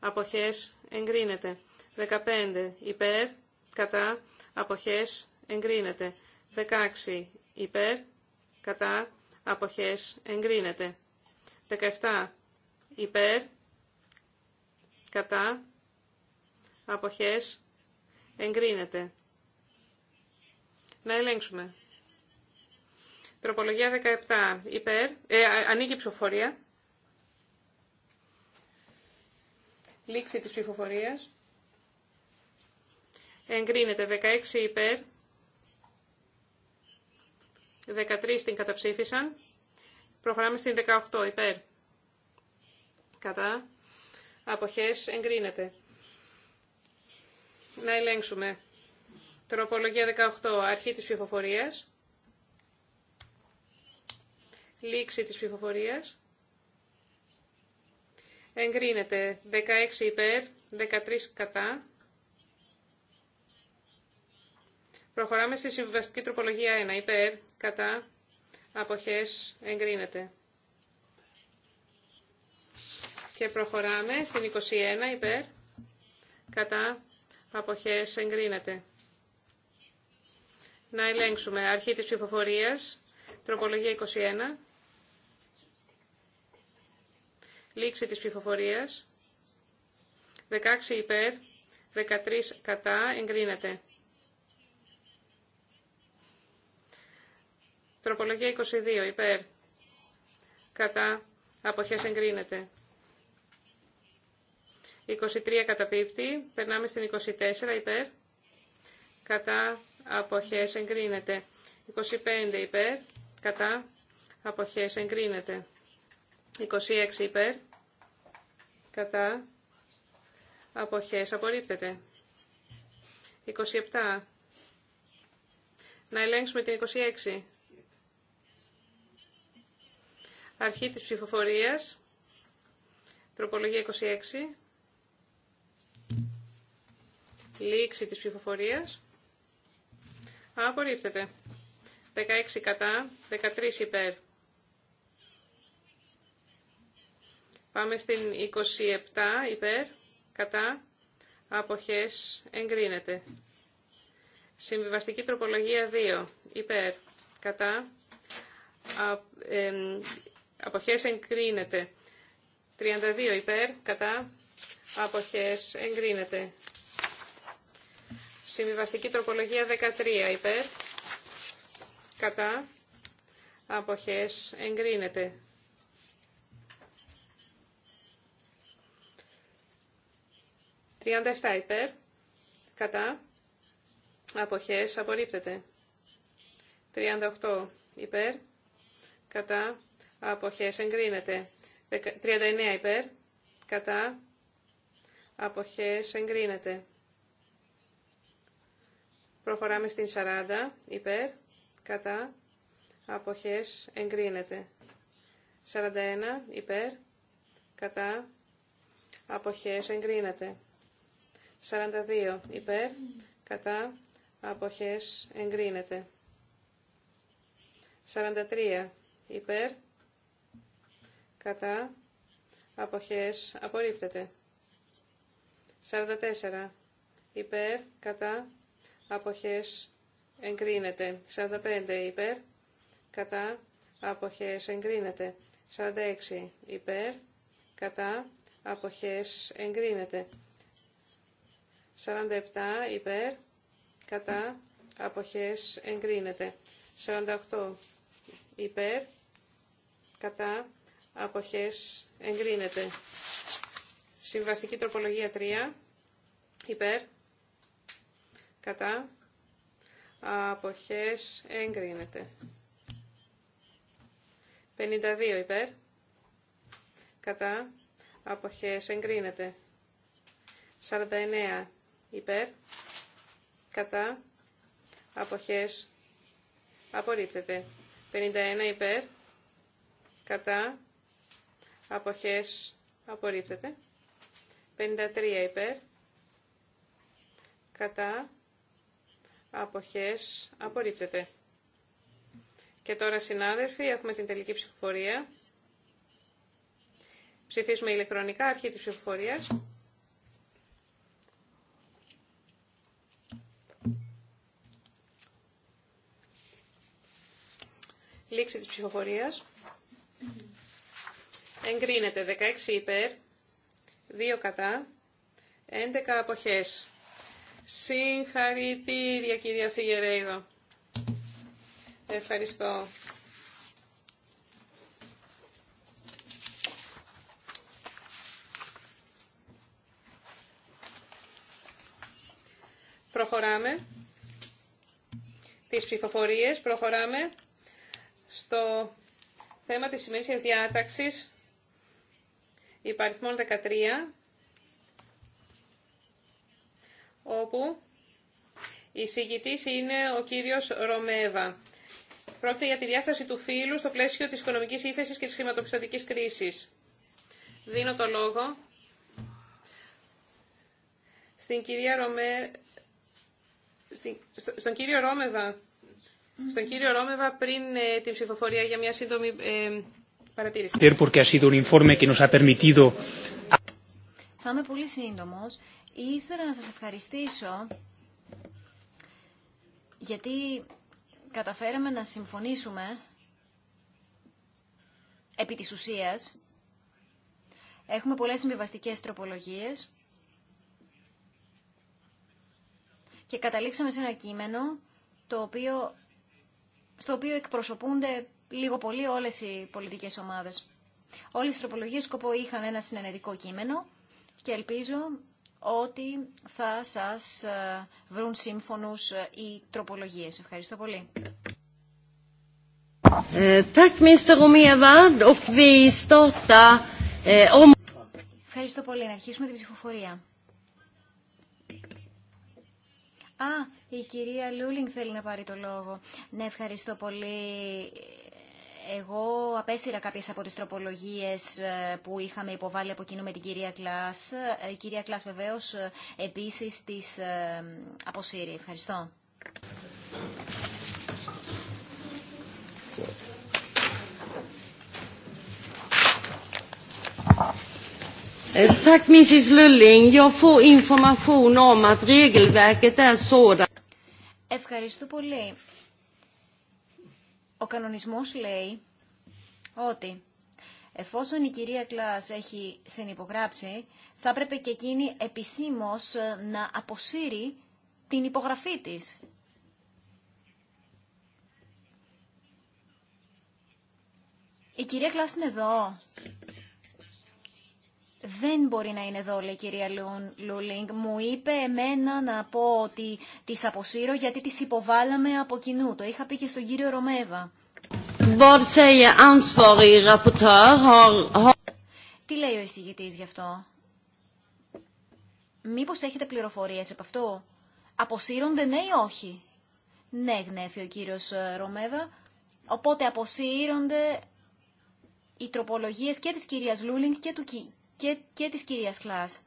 αποχές εγκρίνεται. 15 υπέρ, κατά, αποχές εγκρίνεται. 16 υπέρ, κατά, αποχές εγκρίνεται. 17 υπέρ, κατά, αποχές εγκρίνεται. Να ελέγξουμε. Τροπολογία 17 υπέρ, ε, ανοίγει ψηφοφορία. Λήξη της ψηφοφορίας. Εγκρίνεται 16 υπέρ, 13 την καταψήφισαν. Προχωράμε στην 18 υπέρ. Κατά. Αποχές εγκρίνεται. Να ελέγξουμε. Τροπολογία 18. Αρχή της ψηφοφορίας. Λήξη της ψηφοφορίας. Εγκρίνεται. 16 υπέρ, 13 κατά. Προχωράμε στη συμβιβαστική τροπολογία 1. Υπέρ, κατά, αποχές, εγκρίνεται. Και προχωράμε στην 21. Υπέρ, κατά, αποχές, εγκρίνεται. Να ελέγξουμε. Αρχή της ψηφοφορίας, τροπολογία 21. Λήξη της ψηφοφορίας. 16 υπέρ, 13 κατά, εγκρίνεται. Τροπολογία 22 υπέρ. Κατά αποχές εγκρίνεται. 23 καταπίπτει. Περνάμε στην 24 υπέρ. Κατά αποχές εγκρίνεται. 25 υπέρ. Κατά αποχές εγκρίνεται. 26 υπέρ. Κατά αποχές απορρίπτεται. 27. Να ελέγξουμε την 26. Αρχή της ψηφοφορίας. Τροπολογία 26. Λήξη της ψηφοφορίας. Απορρίπτεται. 16 κατά, 13 υπέρ. Πάμε στην 27 υπέρ, κατά, αποχές, εγκρίνεται. Συμβιβαστική τροπολογία 2, υπέρ, κατά, α, αποχές εγκρίνεται. 32 υπέρ, κατά, αποχές εγκρίνεται. Συμβιβαστική τροπολογία 13 υπέρ, κατά, αποχές εγκρίνεται. «37 υπέρ, κατά, αποχές απορρίπτεται. 38 υπέρ, κατά, αποχές εγκρίνεται. 39 υπέρ, κατά, αποχές εγκρίνεται. Προχωράμε στην 40 υπέρ, κατά, αποχές εγκρίνεται. 41 υπέρ, κατά, αποχές εγκρίνεται. 42 υπέρ, κατά, αποχές εγκρίνεται. 43 υπέρ, κατά, αποχές, απορρίπτεται. 44. Υπέρ, κατά, αποχές, εγκρίνεται. 45. Υπέρ, κατά, αποχές, εγκρίνεται. 46. Υπέρ, κατά, αποχές, εγκρίνεται. 47. Υπέρ, κατά, αποχές, εγκρίνεται. 48. Υπέρ, κατά, αποχές εγκρίνεται. Συμβαστική τροπολογία 3 υπέρ κατά αποχές εγκρίνεται. 52 υπέρ κατά αποχές εγκρίνεται. 49 υπέρ κατά αποχές απορρίπτεται. 51 υπέρ κατά αποχές απορρίπτεται. 53 υπέρ, κατά, αποχές απορρίπτεται. Και τώρα συνάδελφοι, έχουμε την τελική ψηφοφορία. Ψηφίσουμε ηλεκτρονικά αρχή της ψηφοφορίας. Λήξη της ψηφοφορίας. Εγκρίνεται 16 υπέρ, 2 κατά, 11 αποχές. Συγχαρητήρια κυρία Φιγερέιδο. Ευχαριστώ. Προχωράμε τις ψηφοφορίες. Προχωράμε στο θέμα της σημερινής διάταξης υπαριθμών 13, όπου η συγητής είναι ο κύριος Ρωμέβα. Πρόκειται για τη διάσταση του φύλου στο πλαίσιο της οικονομικής ύφεσης και της χρηματοπιστωτικής κρίσης. Δίνω το λόγο στην κυρία στον κύριο Ρώμεβα. Στον κύριο Ρώμεβα πριν ε, την ψηφοφορία για μια σύντομη ε, θα είμαι πολύ σύντομο. Ήθελα να σας ευχαριστήσω γιατί καταφέραμε να συμφωνήσουμε επί της ουσίας. Έχουμε πολλές συμβιβαστικέ τροπολογίες και καταλήξαμε σε ένα κείμενο το οποίο, στο οποίο εκπροσωπούνται λίγο πολύ όλες οι πολιτικές ομάδες. Όλες οι τροπολογίες σκοπό είχαν ένα συνενετικό κείμενο και ελπίζω ότι θα σας ε, βρουν σύμφωνους ε, οι τροπολογίες. Ευχαριστώ πολύ. Ε, eh, ευχαριστώ πολύ. Να αρχίσουμε την ψηφοφορία. Α, η κυρία Λούλινγκ θέλει να πάρει το λόγο. Ναι, ευχαριστώ πολύ. Εγώ απέσυρα κάποιε από τις τροπολογίες ε, που είχαμε υποβάλει από κοινού με την κυρία Κλα, ε, Η κυρία Κλά, βεβαίως ε, επίσης τι αποσύρει. Ευχαριστώ. Ευχαριστώ πολύ. Ο κανονισμός λέει ότι εφόσον η κυρία Κλάς έχει συνυπογράψει, θα έπρεπε και εκείνη επισήμως να αποσύρει την υπογραφή της. Η κυρία Κλάς είναι εδώ δεν μπορεί να είναι εδώ, λέει η κυρία Λούλινγκ. Μου είπε εμένα να πω ότι τις αποσύρω γιατί τις υποβάλαμε από κοινού. Το είχα πει και στον κύριο Ρωμέβα. Τι λέει ο εισηγητή γι' αυτό. Μήπω έχετε πληροφορίε από αυτό. Αποσύρονται ναι ή όχι. Ναι, γνέφει ο κύριο ε, Ρωμέβα. Οπότε αποσύρονται οι τροπολογίες και της κυρίας Λούλινγκ και του, και, και της κυρίας Κλάς.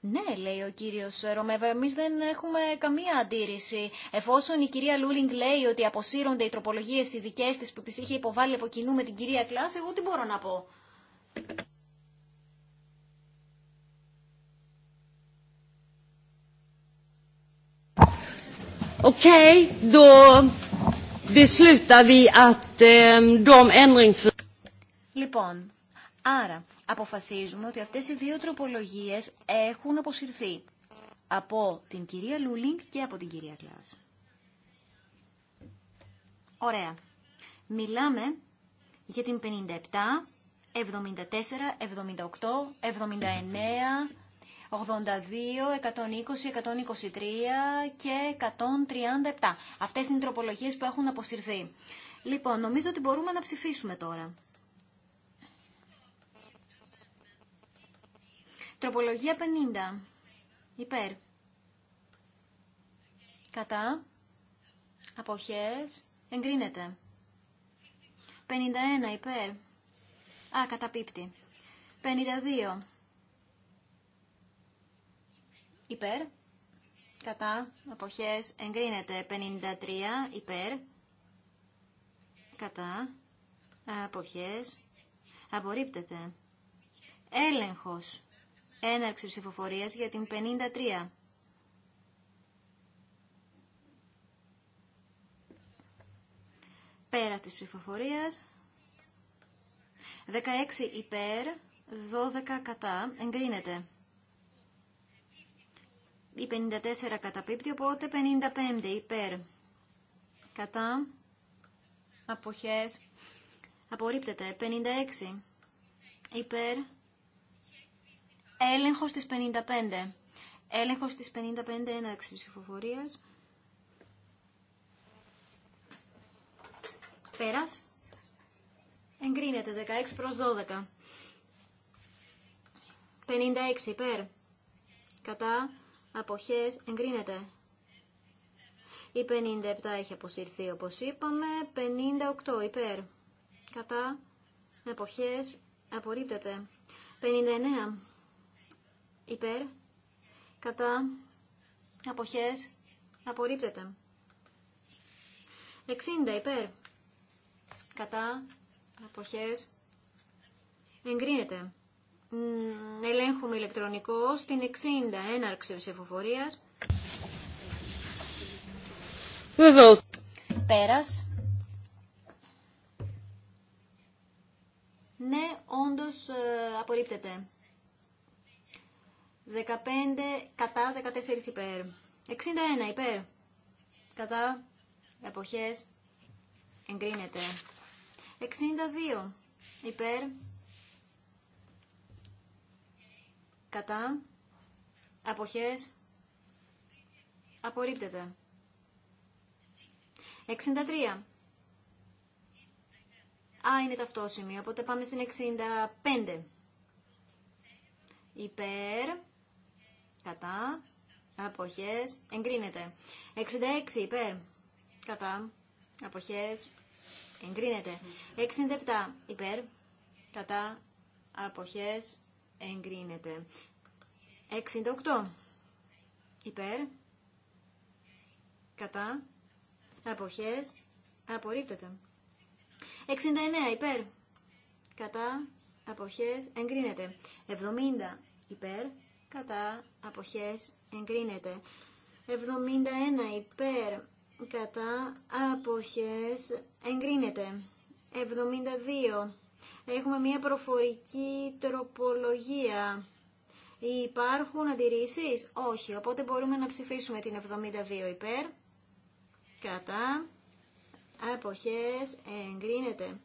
Ναι, λέει ο κύριος Ρωμέβα, εμεί δεν έχουμε καμία αντίρρηση. Εφόσον η κυρία Λούλινγκ λέει ότι αποσύρονται οι τροπολογίες οι δικέ τη που τι είχε υποβάλει από κοινού με την κυρία Κλάς, εγώ τι μπορώ να πω. okay, då beslutar vi att ehm, de ändringsförslag Λοιπόν, άρα αποφασίζουμε ότι αυτές οι δύο τροπολογίες έχουν αποσυρθεί από την κυρία Λούλινγκ και από την κυρία Κλάς. Ωραία. Μιλάμε για την 57, 74, 78, 79... 82, 120, 123 και 137. Αυτές είναι οι τροπολογίες που έχουν αποσυρθεί. Λοιπόν, νομίζω ότι μπορούμε να ψηφίσουμε τώρα. Τροπολογία 50. Υπέρ. Κατά. Αποχές. Εγκρίνεται. 51. Υπέρ. Α, καταπίπτει. 52. Υπέρ. Κατά. Αποχές. Εγκρίνεται. 53. Υπέρ. Κατά. Αποχές. Απορρίπτεται. Έλεγχος. Έναρξη ψηφοφορία για την 53. Πέρα της ψηφοφορία. 16 υπέρ, 12 κατά, εγκρίνεται. Η 54 καταπίπτει, οπότε 55 υπέρ. Κατά, αποχές, απορρίπτεται. 56 υπέρ, Έλεγχος της 55. Έλεγχος της 55 έναρξη ψηφοφορίας. Πέρας. Εγκρίνεται 16 προς 12. 56 υπέρ. Κατά. Αποχές. Εγκρίνεται. Η 57 έχει αποσυρθεί όπως είπαμε. 58 υπέρ. Κατά. Αποχές. Απορρίπτεται. 59 υπέρ, κατά, αποχές, απορρίπτεται. 60 υπέρ, κατά, αποχές, εγκρίνεται. Ελέγχουμε ηλεκτρονικό στην 60 έναρξη ψηφοφορίας. Εδώ. Πέρας. Ναι, όντως ε, απορρίπτεται. 15 κατά, 14 υπέρ. 61 υπέρ. Κατά εποχές εγκρίνεται. 62 υπέρ. Κατά εποχές απορρίπτεται. 63. Α, είναι ταυτόσημη, οπότε πάμε στην 65. Υπέρ κατά, αποχές, εγκρίνεται. 66 υπέρ, κατά, αποχές, εγκρίνεται. 67 υπέρ, κατά, αποχές, εγκρίνεται. 68 υπέρ, κατά, αποχές, απορρίπτεται. 69 υπέρ, κατά, αποχές, εγκρίνεται. 70 υπέρ, κατά αποχές εγκρίνεται. 71 υπέρ κατά αποχές εγκρίνεται. 72. Έχουμε μια προφορική τροπολογία. Υπάρχουν αντιρρήσεις? Όχι. Οπότε μπορούμε να ψηφίσουμε την 72 υπέρ. Κατά. Αποχές εγκρίνεται.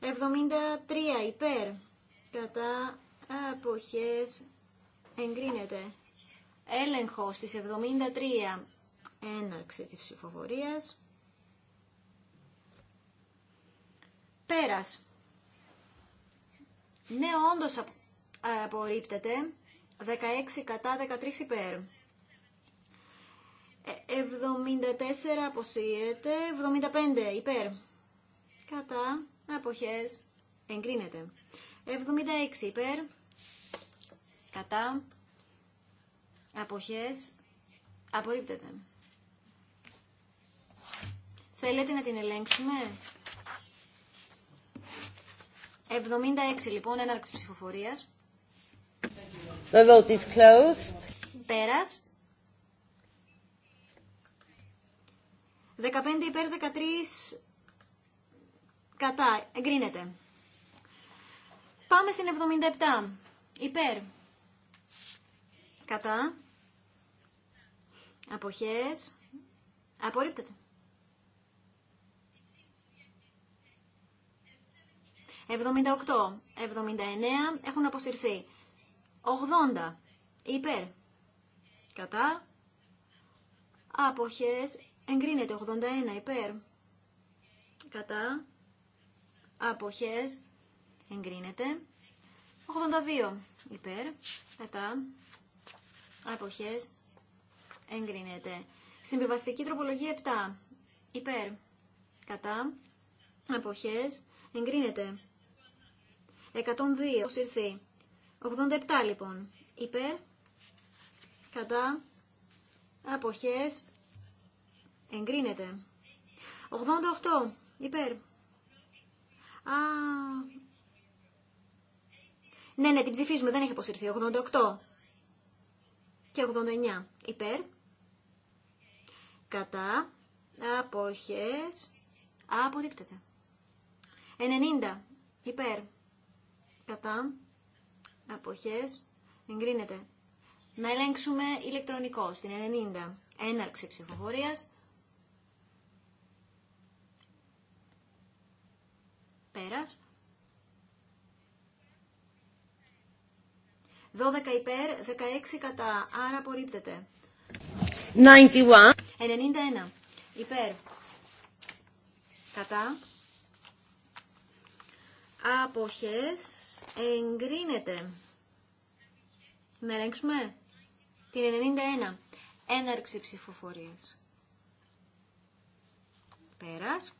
73 υπέρ. Κατά. Αποχές εγκρίνεται. Έλεγχο της 73 έναρξη της ψηφοφορίας. Πέρας. Ναι, όντως απορρίπτεται. 16 κατά 13 υπέρ. 74 ε, αποσύρεται. 75 υπέρ. Κατά. Αποχές. Εγκρίνεται. 76 υπέρ κατά αποχές απορρίπτεται. Θέλετε να την ελέγξουμε. 76 λοιπόν, έναρξη ψηφοφορίας. The vote is closed. Πέρας. 15 υπέρ 13 κατά. Εγκρίνεται. Πάμε στην 77. Υπέρ. Κατά. Αποχές. Απορρίπτεται. 78, 79 έχουν αποσυρθεί. 80 υπέρ. Κατά. Άποχες. Εγκρίνεται 81 υπέρ. Κατά. Άποχες. Εγκρίνεται. 82 υπέρ. Κατά. Αποχές. Εγκρίνεται. Συμβιβαστική τροπολογία 7. Υπέρ. Κατά. Αποχές. Εγκρίνεται. 102. ήρθε. 87 λοιπόν. Υπέρ. Κατά. Αποχές. Εγκρίνεται. 88. Υπέρ. Α. Ναι, ναι, την ψηφίζουμε. Δεν έχει αποσυρθεί. 88 και 89 υπέρ κατά αποχές απορρίπτεται. 90 υπέρ κατά αποχές εγκρίνεται. Να ελέγξουμε ηλεκτρονικό στην 90. Έναρξη ψηφοφορίας. Πέρας. 12 υπέρ, 16 κατά. Άρα απορρίπτεται. 91. 91. Υπέρ. Κατά. Αποχές. Εγκρίνεται. Να ελέγξουμε. Την 91. Έναρξη ψηφοφορίας. Πέρας.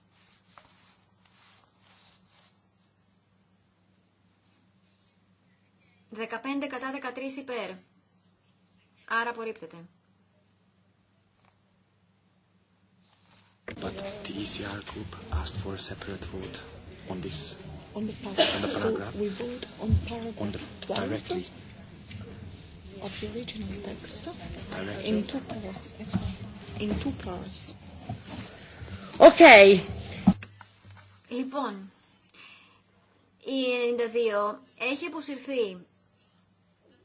15 κατά 13 υπέρ. Άρα απορρίπτεται. But the ECR group asked for a separate vote on this. On the paragraph. On the paragraph. So we vote on paragraph on the, directly. of the original text. Directly. In two parts. In two parts. Okay. Λοιπόν, η 92 έχει αποσυρθεί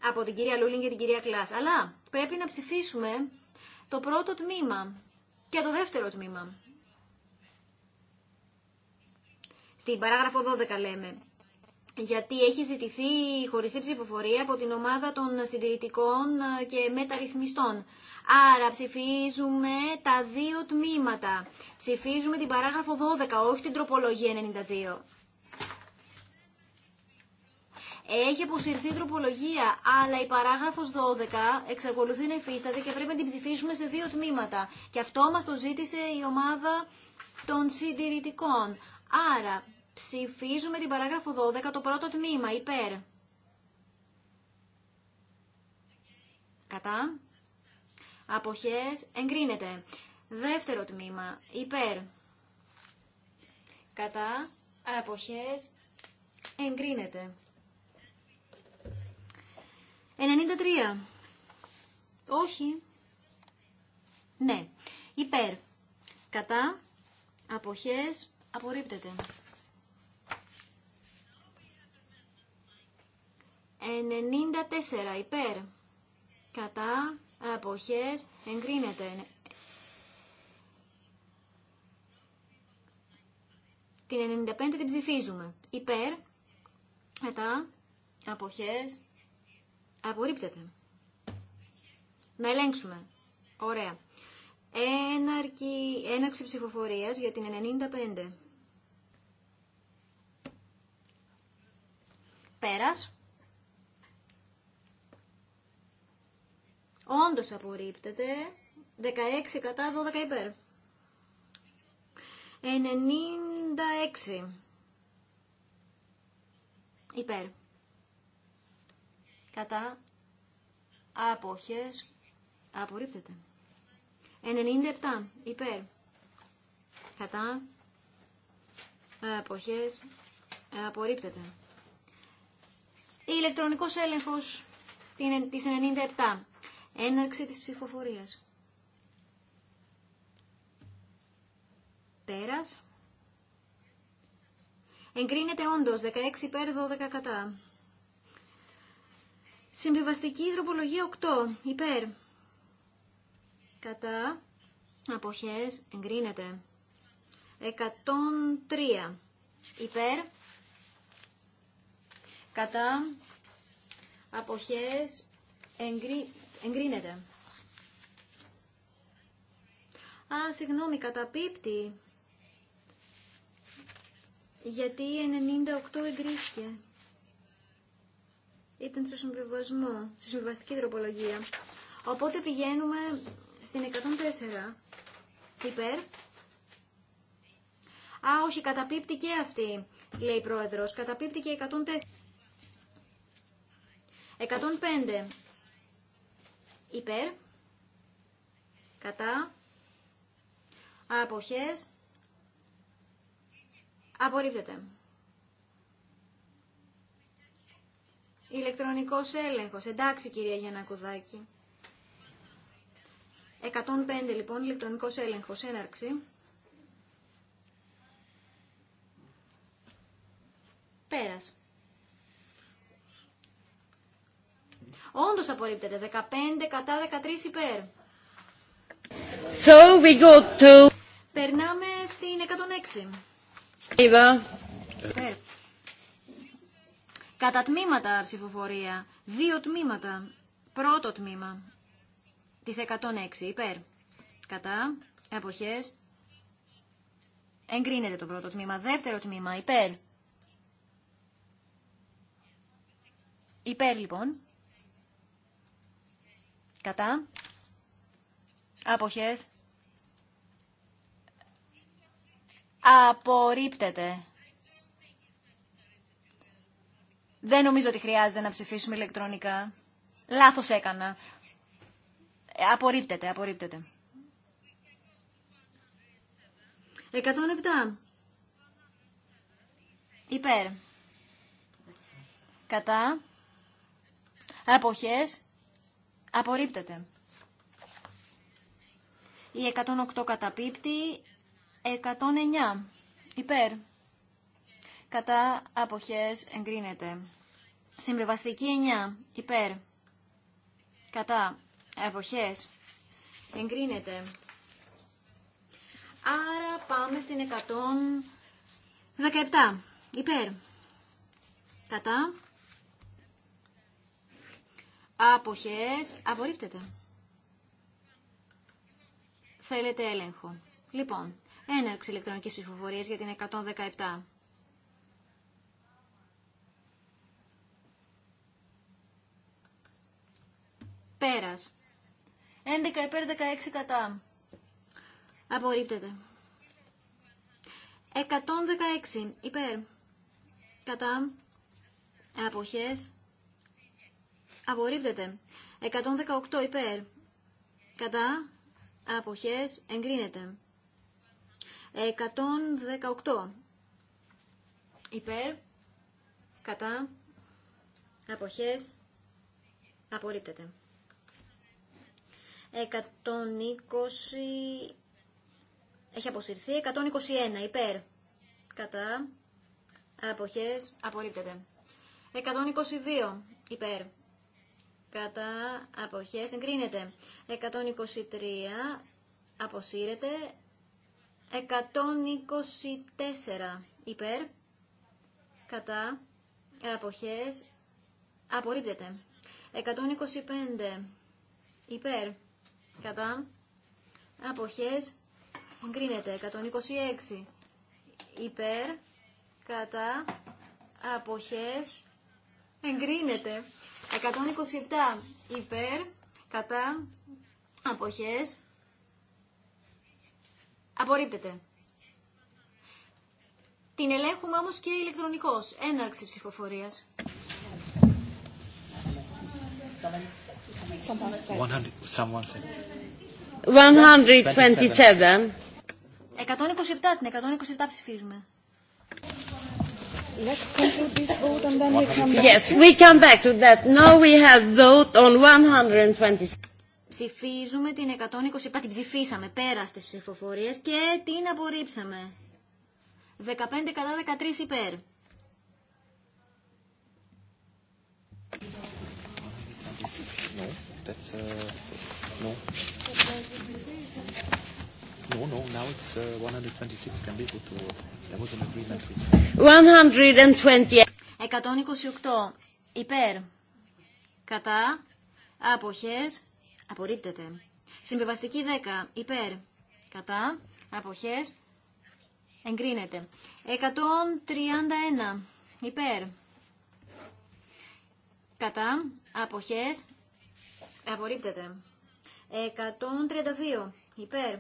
από την κυρία Λούλιν και την κυρία Κλάς. Αλλά πρέπει να ψηφίσουμε το πρώτο τμήμα και το δεύτερο τμήμα. Στην παράγραφο 12 λέμε. Γιατί έχει ζητηθεί χωριστή ψηφοφορία από την ομάδα των συντηρητικών και μεταρρυθμιστών. Άρα ψηφίζουμε τα δύο τμήματα. Ψηφίζουμε την παράγραφο 12, όχι την τροπολογία 92. Έχει αποσυρθεί η τροπολογία, αλλά η παράγραφος 12 εξακολουθεί να υφίσταται και πρέπει να την ψηφίσουμε σε δύο τμήματα. Και αυτό μας το ζήτησε η ομάδα των συντηρητικών. Άρα, ψηφίζουμε την παράγραφο 12, το πρώτο τμήμα, υπέρ. Κατά. Αποχές, εγκρίνεται. Δεύτερο τμήμα, υπέρ. Κατά. Αποχές, εγκρίνεται. 93. Όχι. Ναι. Υπέρ. Κατά. Αποχές. Απορρίπτεται. 94. Υπέρ. Κατά. Αποχές. Εγκρίνεται. Την 95 την ψηφίζουμε. Υπέρ. Κατά. Αποχές. Απορρίπτεται. Να ελέγξουμε. Ωραία. Έναρκη, έναρξη ψηφοφορίας για την 95. Πέρας. Όντως απορρίπτεται. 16 κατά 12 υπέρ. 96. Υπέρ κατά αποχές απορρίπτεται. 97 υπέρ κατά αποχές απορρίπτεται. Ηλεκτρονικός έλεγχος της 97. Έναρξη της ψηφοφορίας. Πέρας. Εγκρίνεται όντως 16 υπέρ 12 κατά. Συμβιβαστική υδροπολογία 8. Υπέρ. Κατά. Αποχές. Εγκρίνεται. 103. Υπέρ. Κατά. Αποχές. Εγκρι... Εγκρίνεται. Α, συγγνώμη, καταπίπτει. Γιατί 98 εγκρίθηκε ήταν στο συμβιβασμό, στη συμβιβαστική τροπολογία. Οπότε πηγαίνουμε στην 104 υπέρ. Α, όχι, καταπίπτει και αυτή, λέει η πρόεδρος. Καταπίπτει και 104. 105 υπέρ. Κατά. Αποχές. Απορρίπτεται. Ηλεκτρονικός έλεγχος. Εντάξει κυρία Γιανακουδάκη. 105 λοιπόν ηλεκτρονικός έλεγχος. Έναρξη. Πέρας. Όντως απορρίπτεται. 15 κατά 13 υπέρ. So we go to... Περνάμε στην 106. Είδα. Κατά τμήματα ψηφοφορία. Δύο τμήματα. Πρώτο τμήμα. Της 106. Υπέρ. Κατά. Εποχές. Εγκρίνεται το πρώτο τμήμα. Δεύτερο τμήμα. Υπέρ. Υπέρ λοιπόν. Κατά. Αποχές. Απορρίπτεται. Δεν νομίζω ότι χρειάζεται να ψηφίσουμε ηλεκτρονικά. Λάθος έκανα. Ε, απορρίπτεται, απορρίπτεται. 107. Υπέρ. Κατά. Αποχές. Απορρίπτεται. Η 108 καταπίπτει. 109. Υπέρ κατά αποχές εγκρίνεται. Συμβιβαστική 9 υπέρ κατά αποχές εγκρίνεται. Άρα πάμε στην 117 υπέρ κατά αποχές απορρίπτεται. Θέλετε έλεγχο. Λοιπόν, έναρξη ηλεκτρονικής ψηφοφορίας για την 117. Πέρα. 11 υπέρ 16 κατά. Απορρίπτεται. 116 υπέρ. Κατά. Αποχέ. Απορρίπτεται. 118 υπέρ. Κατά. αποχέ. Εγκρίνεται. 118 υπέρ. Κατά. Αποχέ. Απορρίπτεται. 120 έχει αποσυρθεί. 121 υπέρ. Κατά. Αποχές. Απορρίπτεται. 122 υπέρ. Κατά. Αποχές. Εγκρίνεται. 123 αποσύρεται. 124 υπέρ. Κατά. Αποχές. Απορρίπτεται. 125 υπέρ κατά αποχές εγκρίνεται 126 υπέρ κατά αποχές εγκρίνεται 127 υπέρ κατά αποχές απορρίπτεται την ελέγχουμε όμως και ηλεκτρονικός έναρξη ψηφοφορίας 127 την 127 ψηφίζουμε. Yes, we come back to that. Now we have vote on 127. Ψηφίζουμε την 127, την ψηφίσαμε πέρα τις ψηφοφορίες και την απορρίψαμε. 15 κατά 13 υπέρ. 56, no. That's, uh, no. No, no, now it's 126 uh, can be put to, there was an agreement with. 128. 128. Υπέρ. Κατά. Αποχές. Απορρίπτεται. Συμβιβαστική 10. Υπέρ. Κατά. Αποχές. Εγκρίνεται. 131. Υπέρ. Κατά. Αποχές. Απορρίπτεται. 132. Υπέρ.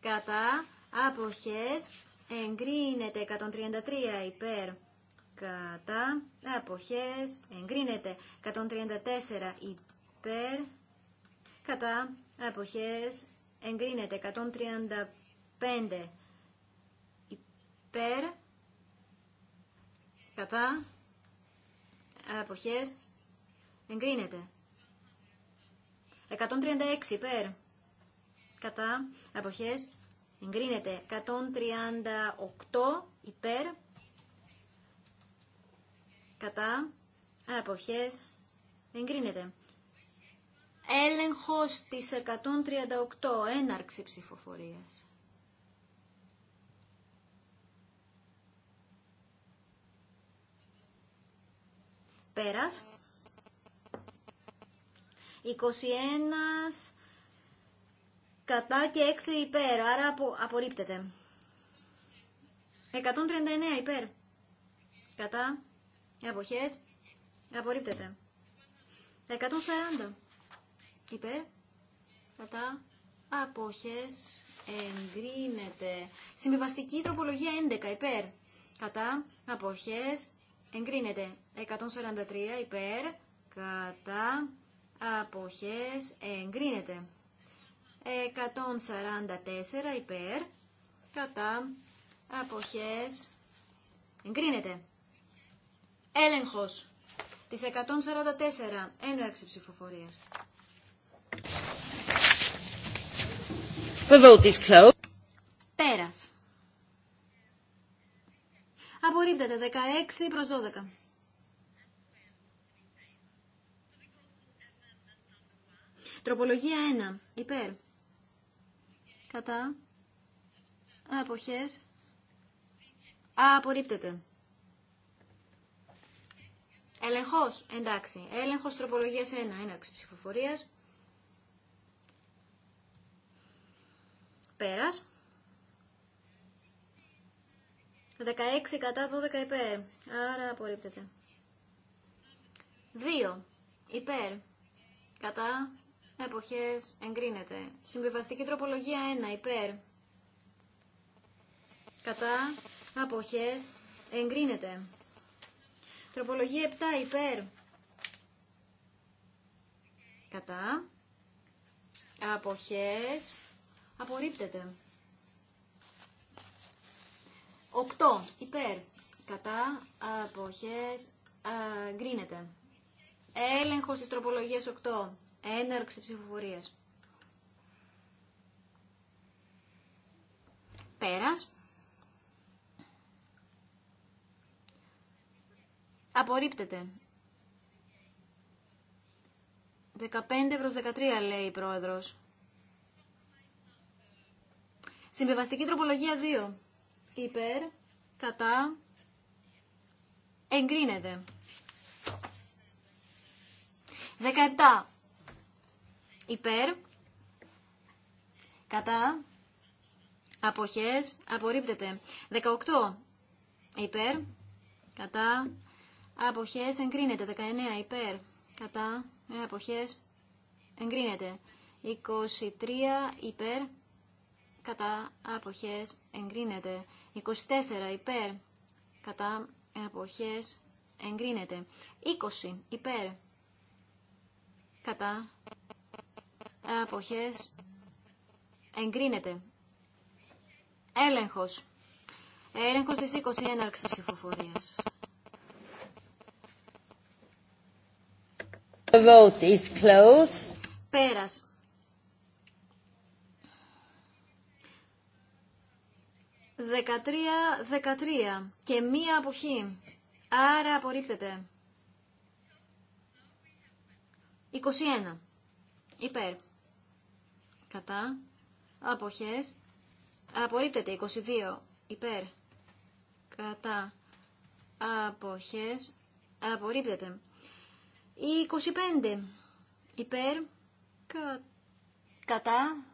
Κατά. Αποχές. Εγκρίνεται. 133. Υπέρ. Κατά. Αποχές. Εγκρίνεται. 134. Υπέρ. Κατά. Αποχές. Εγκρίνεται. 135. Υπέρ. Κατά. Αποχές Εγκρίνεται. 136 υπέρ. Κατά. Αποχές. Εγκρίνεται. 138 υπέρ. Κατά. Αποχές. Εγκρίνεται. Έλεγχος της 138. Έναρξη ψηφοφορίας. Πέρας. 21 κατά και 6 υπέρ, άρα απο, απορρίπτεται. 139 υπέρ, κατά, αποχές, απορρίπτεται. 140 υπέρ, κατά, αποχές, εγκρίνεται. Συμβιβαστική τροπολογία 11 υπέρ, κατά, αποχές, εγκρίνεται. 143 υπέρ, κατά, αποχές εγκρίνεται. 144 υπέρ, κατά, αποχές εγκρίνεται. Έλεγχος της 144, έναρξη ψηφοφορίας. The vote Πέρας. Απορρίπτεται 16 προς 12. Τροπολογία 1. Υπέρ. Κατά. Αποχές. Α, απορρίπτεται. Έλεγχος. Εντάξει. Έλεγχος τροπολογίας 1. Έναρξη ψηφοφορίας. Πέρας. 16 κατά 12 υπέρ. Άρα απορρίπτεται. 2. Υπέρ. Κατά εποχές εγκρίνεται. Συμβιβαστική τροπολογία 1 υπέρ. Κατά αποχές εγκρίνεται. Τροπολογία 7 υπέρ. Κατά αποχές απορρίπτεται. 8 υπέρ. Κατά αποχές εγκρίνεται. Έλεγχος της τροπολογίας 8. Έναρξη ψηφοφορία. Πέρας. Απορρίπτεται. 15 προς 13 λέει η πρόεδρος. Συμβιβαστική τροπολογία 2. Υπέρ, κατά, εγκρίνεται. 17 υπέρ, κατά, αποχές, απορρίπτεται. 18 υπέρ, κατά, αποχές, εγκρίνεται. 19 ε, υπέρ, κατά, αποχές, εγκρίνεται. 23 υπέρ, κατά, ε, αποχές, εγκρίνεται. 24 υπέρ, κατά, αποχές, εγκρίνεται. 20 υπέρ, κατά, αποχές εγκρίνεται. Έλεγχος. Έλεγχος της 20 έναρξης ψηφοφορίας. The vote is closed. Πέρας. Δεκατρία, δεκατρία και μία αποχή. Άρα απορρίπτεται. 21. Υπέρ κατά, αποχές, απορρίπτεται 22 υπέρ, κατά, αποχές, απορρίπτεται. 25 υπέρ, κα, κατά,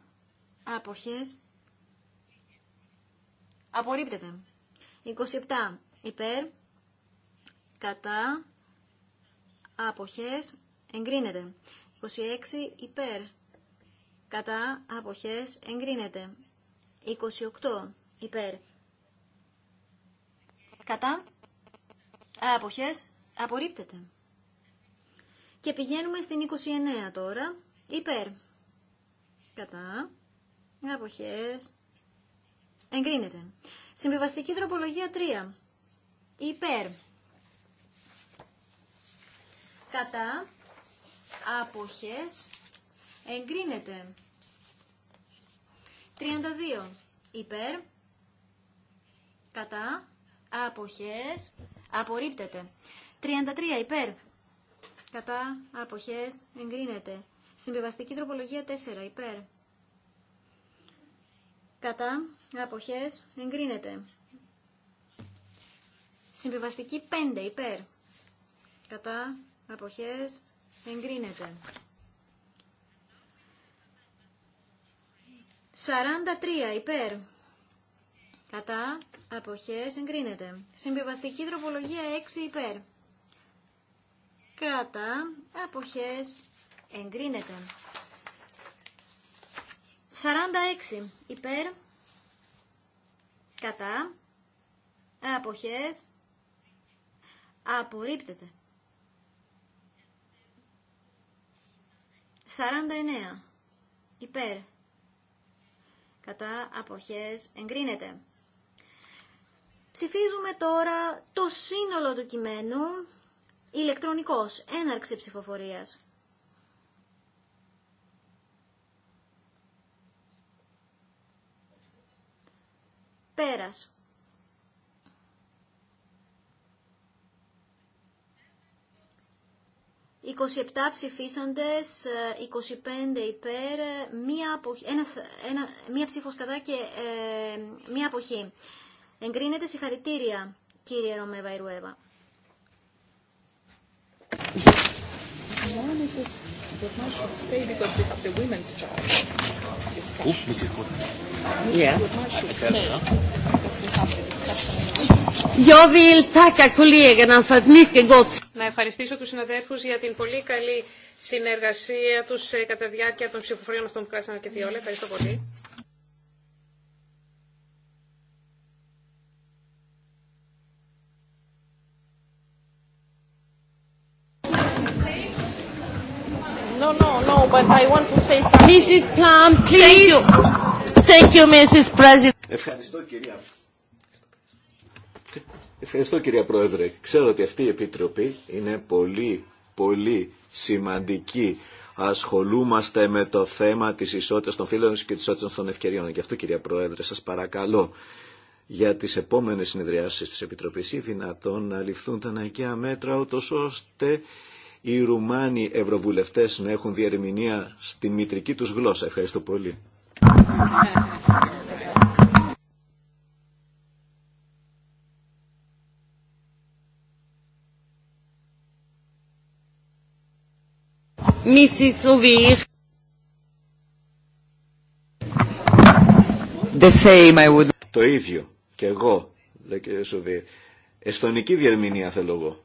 αποχές, απορρίπτεται. 27 υπέρ, κατά, αποχές, εγκρίνεται. 26 υπέρ, κατά αποχές εγκρίνεται. 28 υπέρ κατά ε, αποχές απορρίπτεται. Και πηγαίνουμε στην 29 τώρα υπέρ κατά αποχές εγκρίνεται. Συμβιβαστική τροπολογία 3 υπέρ κατά αποχές εγκρίνεται. 32 υπέρ, κατά, αποχές, απορρίπτεται. 33 υπέρ, κατά, αποχές, εγκρίνεται. Συμβιβαστική τροπολογία 4 υπέρ, κατά, αποχές, εγκρίνεται. Συμβιβαστική 5 υπέρ, κατά, αποχές, εγκρίνεται. 43 υπέρ. Κατά απόχέ, εγκρίνεται. Συμβιβαστική τροπολογία 6 υπέρ. Κατά απόχέ. εγκρίνεται. 46 υπέρ. Κατά απόχέ. απορρίπτεται. 49 υπέρ κατά αποχές εγκρίνεται. Ψηφίζουμε τώρα το σύνολο του κειμένου ηλεκτρονικός, έναρξη ψηφοφορίας. Πέρας. 27 ψηφίσαντες, 25 ε, υπέρ, ε, μία, αποχή, ένα, ένα, μία ψήφος κατά και ε, μία αποχή. Εγκρίνεται συγχαρητήρια, κύριε Ρωμέβα Ιρουέβα. Να ευχαριστήσω τους συναδέλφους για την πολύ καλή συνεργασία τους ε, κατά διάρκεια των ψηφοφορίων αυτών που κάτσαν αρκετή όλα. Ευχαριστώ πολύ. but I want to say Thank you. Thank you, Mrs. President. Ευχαριστώ, κυρία. Ευχαριστώ, κυρία Πρόεδρε. Ξέρω ότι αυτή η Επιτροπή είναι πολύ, πολύ σημαντική. Ασχολούμαστε με το θέμα της ισότητας των φίλων και της ισότητας των ευκαιριών. Γι' αυτό, κυρία Πρόεδρε, σας παρακαλώ για τις επόμενες συνεδριάσεις της Επιτροπής ή δυνατόν να ληφθούν τα αναγκαία μέτρα, ούτως ώστε οι Ρουμάνοι ευρωβουλευτές να έχουν διερμηνία στη μητρική τους γλώσσα. Ευχαριστώ πολύ. Το ίδιο και εγώ, λέει και Σουβίρ. Εστονική διερμηνία θέλω εγώ.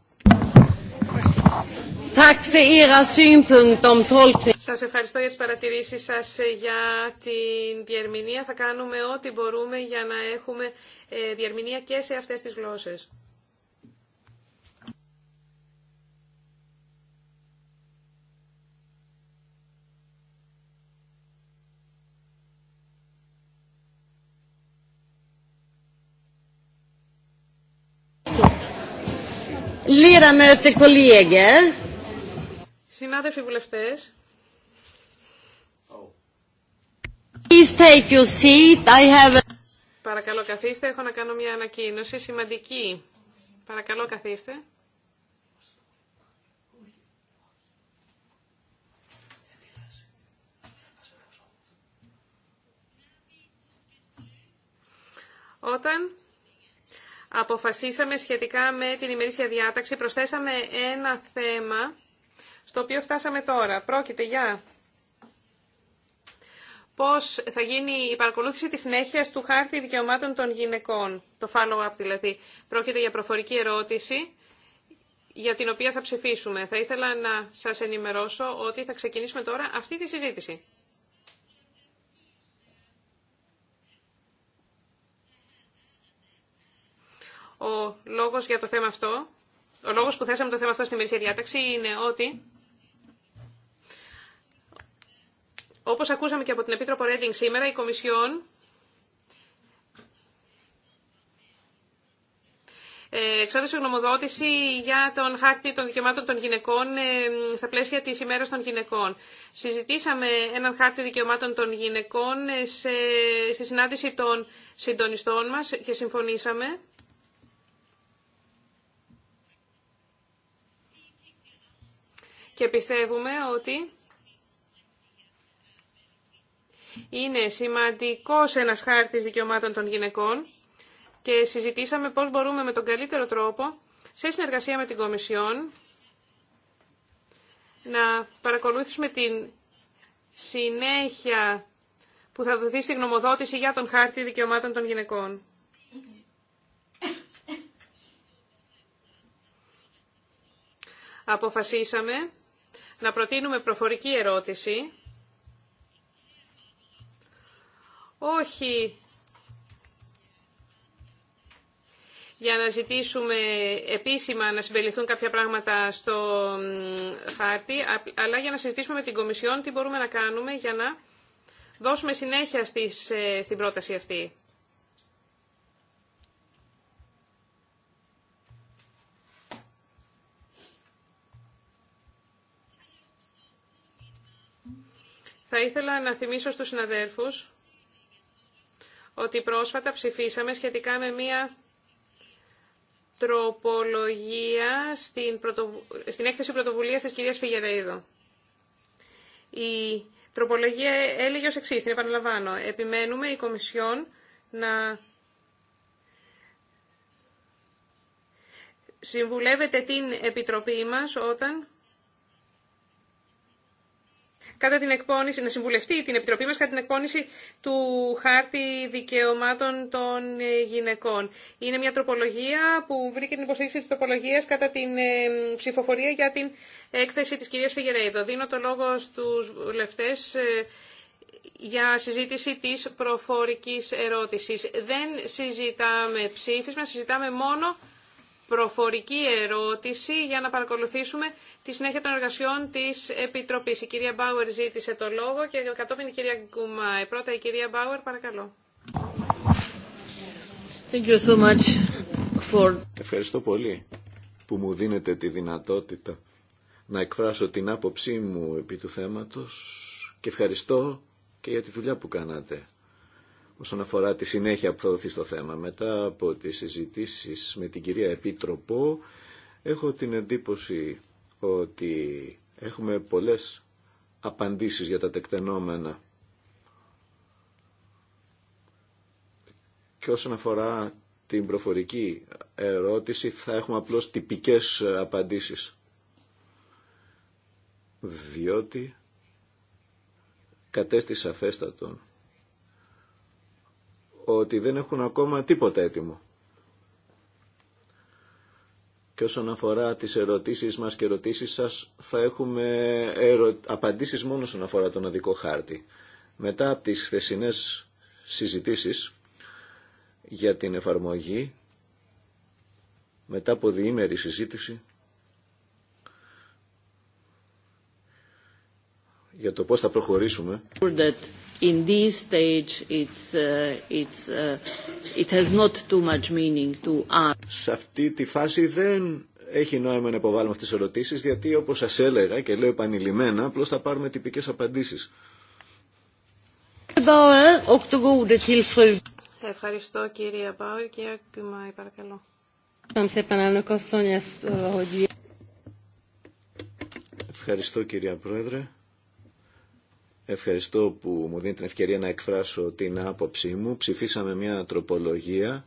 Σας ευχαριστώ για τις παρατηρήσεις σας ε, για την διερμηνία. Θα κάνουμε ό,τι μπορούμε για να έχουμε ε, διερμηνία και σε αυτές τις γλώσσες. Ledamöter, Συνάδελφοι βουλευτές. Please take your seat. I have Παρακαλώ καθίστε, έχω να κάνω μια ανακοίνωση σημαντική. Παρακαλώ καθίστε. Όταν αποφασίσαμε σχετικά με την ημερήσια διάταξη, προσθέσαμε ένα θέμα στο οποίο φτάσαμε τώρα. Πρόκειται για πώς θα γίνει η παρακολούθηση της συνέχειας του χάρτη δικαιωμάτων των γυναικών, το follow-up δηλαδή. Πρόκειται για προφορική ερώτηση για την οποία θα ψηφίσουμε. Θα ήθελα να σας ενημερώσω ότι θα ξεκινήσουμε τώρα αυτή τη συζήτηση. Ο λόγος για το θέμα αυτό, ο λόγος που θέσαμε το θέμα αυτό στην μερική διάταξη είναι ότι Όπως ακούσαμε και από την Επίτροπο Ρέντινγκ σήμερα, η Κομισιόν ε, εξόδου γνωμοδότηση για τον χάρτη των δικαιωμάτων των γυναικών ε, στα πλαίσια της ημέρας των γυναικών. Συζητήσαμε έναν χάρτη δικαιωμάτων των γυναικών ε, σε, στη συνάντηση των συντονιστών μας και συμφωνήσαμε. Και πιστεύουμε ότι είναι σημαντικός ένας χάρτης δικαιωμάτων των γυναικών και συζητήσαμε πώς μπορούμε με τον καλύτερο τρόπο, σε συνεργασία με την Κομισιόν, να παρακολουθήσουμε την συνέχεια που θα δοθεί στη γνωμοδότηση για τον χάρτη δικαιωμάτων των γυναικών. Αποφασίσαμε να προτείνουμε προφορική ερώτηση Όχι για να ζητήσουμε επίσημα να συμπεριληφθούν κάποια πράγματα στο χάρτη, αλλά για να συζητήσουμε με την Κομισιόν τι μπορούμε να κάνουμε για να δώσουμε συνέχεια στις, ε, στην πρόταση αυτή. Θα ήθελα να θυμίσω στους συναδέλφους ότι πρόσφατα ψηφίσαμε σχετικά με μία τροπολογία στην, στην έκθεση πρωτοβουλίας της κυρίας Φιγερέιδο. Η τροπολογία έλεγε ως εξής, την επαναλαμβάνω. Επιμένουμε η Κομισιόν να συμβουλεύεται την Επιτροπή μας όταν κατά την εκπόνηση, να συμβουλευτεί την Επιτροπή μας κατά την εκπόνηση του χάρτη δικαιωμάτων των ε, γυναικών. Είναι μια τροπολογία που βρήκε την υποστήριξη της τροπολογίας κατά την ε, ψηφοφορία για την έκθεση της κυρίας Φιγερέιδο. Δίνω το λόγο στους βουλευτές ε, για συζήτηση της προφορικής ερώτησης. Δεν συζητάμε ψήφισμα, συζητάμε μόνο προφορική ερώτηση για να παρακολουθήσουμε τη συνέχεια των εργασιών της Επιτροπής. Η κυρία Μπάουερ ζήτησε το λόγο και κατόπιν η κυρία Γκουμάη. Πρώτα η κυρία Μπάουερ, παρακαλώ. Ευχαριστώ πολύ που μου δίνετε τη δυνατότητα να εκφράσω την άποψή μου επί του θέματος και ευχαριστώ και για τη δουλειά που κάνατε όσον αφορά τη συνέχεια που θα δοθεί στο θέμα. Μετά από τις συζητήσεις με την κυρία Επίτροπο, έχω την εντύπωση ότι έχουμε πολλές απαντήσεις για τα τεκτενόμενα. Και όσον αφορά την προφορική ερώτηση, θα έχουμε απλώς τυπικές απαντήσεις. Διότι κατέστησα φέστατον ότι δεν έχουν ακόμα τίποτα έτοιμο. Και όσον αφορά τις ερωτήσεις μας και ερωτήσεις σας, θα έχουμε ερω... απαντήσεις μόνο όσον αφορά τον οδικό χάρτη. Μετά από τις θεσινές συζητήσεις για την εφαρμογή, μετά από διήμερη συζήτηση, για το πώς θα προχωρήσουμε, in this stage it's, uh, it's, uh, it has not too much meaning to ask. Σε αυτή τη φάση δεν έχει νόημα να υποβάλουμε αυτές τις ερωτήσεις γιατί όπως σας έλεγα και λέω επανειλημμένα απλώς θα πάρουμε τυπικές απαντήσεις. Ευχαριστώ κύριε Μπάουρ. και ακόμα παρακαλώ. Ευχαριστώ κυρία Πρόεδρε. Ευχαριστώ που μου δίνει την ευκαιρία να εκφράσω την άποψή μου. Ψηφίσαμε μια τροπολογία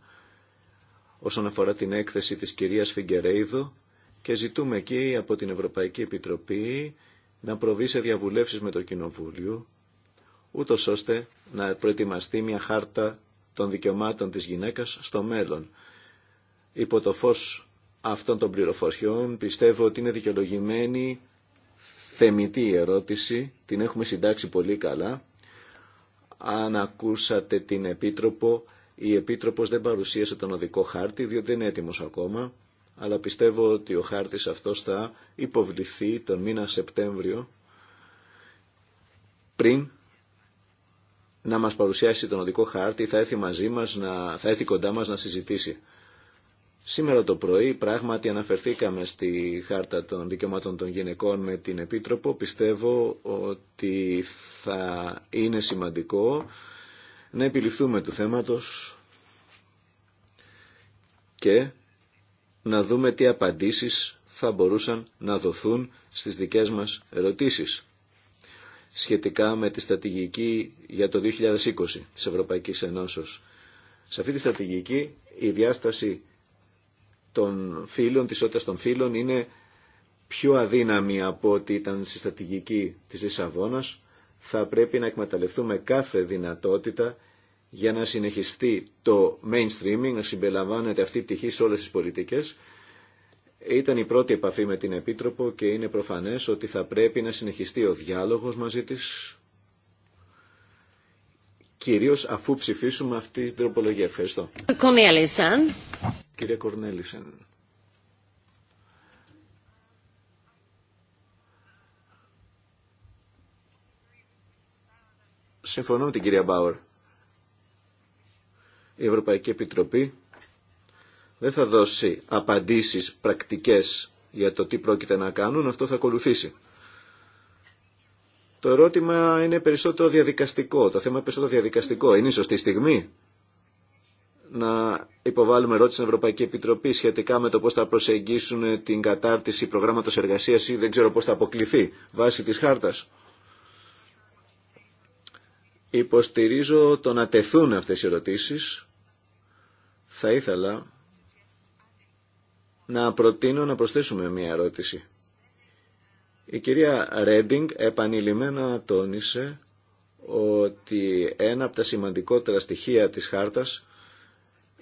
όσον αφορά την έκθεση της κυρίας Φιγκερέιδο και ζητούμε εκεί από την Ευρωπαϊκή Επιτροπή να προβεί σε διαβουλεύσεις με το Κοινοβούλιο, ούτω ώστε να προετοιμαστεί μια χάρτα των δικαιωμάτων της γυναίκας στο μέλλον. Υπό το φως αυτών των πληροφοριών πιστεύω ότι είναι δικαιολογημένη θεμητή ερώτηση, την έχουμε συντάξει πολύ καλά. Αν ακούσατε την Επίτροπο, η Επίτροπος δεν παρουσίασε τον οδικό χάρτη, διότι δεν είναι έτοιμος ακόμα, αλλά πιστεύω ότι ο χάρτης αυτός θα υποβληθεί τον μήνα Σεπτέμβριο, πριν να μας παρουσιάσει τον οδικό χάρτη, θα έρθει μαζί μας, να, θα έρθει κοντά μας να συζητήσει. Σήμερα το πρωί πράγματι αναφερθήκαμε στη Χάρτα των Δικαιωμάτων των Γυναικών με την Επίτροπο. Πιστεύω ότι θα είναι σημαντικό να επιληφθούμε του θέματος και να δούμε τι απαντήσεις θα μπορούσαν να δοθούν στις δικές μας ερωτήσεις σχετικά με τη στρατηγική για το 2020 της Ευρωπαϊκής Ενώσεως. Σε αυτή τη στρατηγική η διάσταση των φίλων, της ισότητας των φίλων είναι πιο αδύναμη από ό,τι ήταν στη στρατηγική της Λισαβόνας, θα πρέπει να εκμεταλλευτούμε κάθε δυνατότητα για να συνεχιστεί το mainstreaming, να συμπεριλαμβάνεται αυτή η πτυχή σε όλες τις πολιτικές. Ήταν η πρώτη επαφή με την Επίτροπο και είναι προφανές ότι θα πρέπει να συνεχιστεί ο διάλογος μαζί της, κυρίως αφού ψηφίσουμε αυτή την τροπολογία. Ευχαριστώ κυρία Κορνέλησεν. Συμφωνώ με την κυρία Μπάουερ. Η Ευρωπαϊκή Επιτροπή δεν θα δώσει απαντήσεις πρακτικές για το τι πρόκειται να κάνουν, αυτό θα ακολουθήσει. Το ερώτημα είναι περισσότερο διαδικαστικό, το θέμα είναι περισσότερο διαδικαστικό. Είναι η σωστή στιγμή να υποβάλουμε ερώτηση στην Ευρωπαϊκή Επιτροπή σχετικά με το πώς θα προσεγγίσουν την κατάρτιση προγράμματος ερωτήσει. Θα ήθελα να προτείνω να προσθέσουμε μία ερώτηση. ή δεν ξέρω πώς θα αποκληθεί βάσει τη χαρτα Υποστηρίζω το να τεθούν αυτές οι ερωτήσεις. Θα ήθελα να προτείνω να προσθέσουμε μία ερώτηση. Η κυρία Ρέντινγκ επανειλημμένα τόνισε ότι ένα από τα σημαντικότερα στοιχεία της χάρτας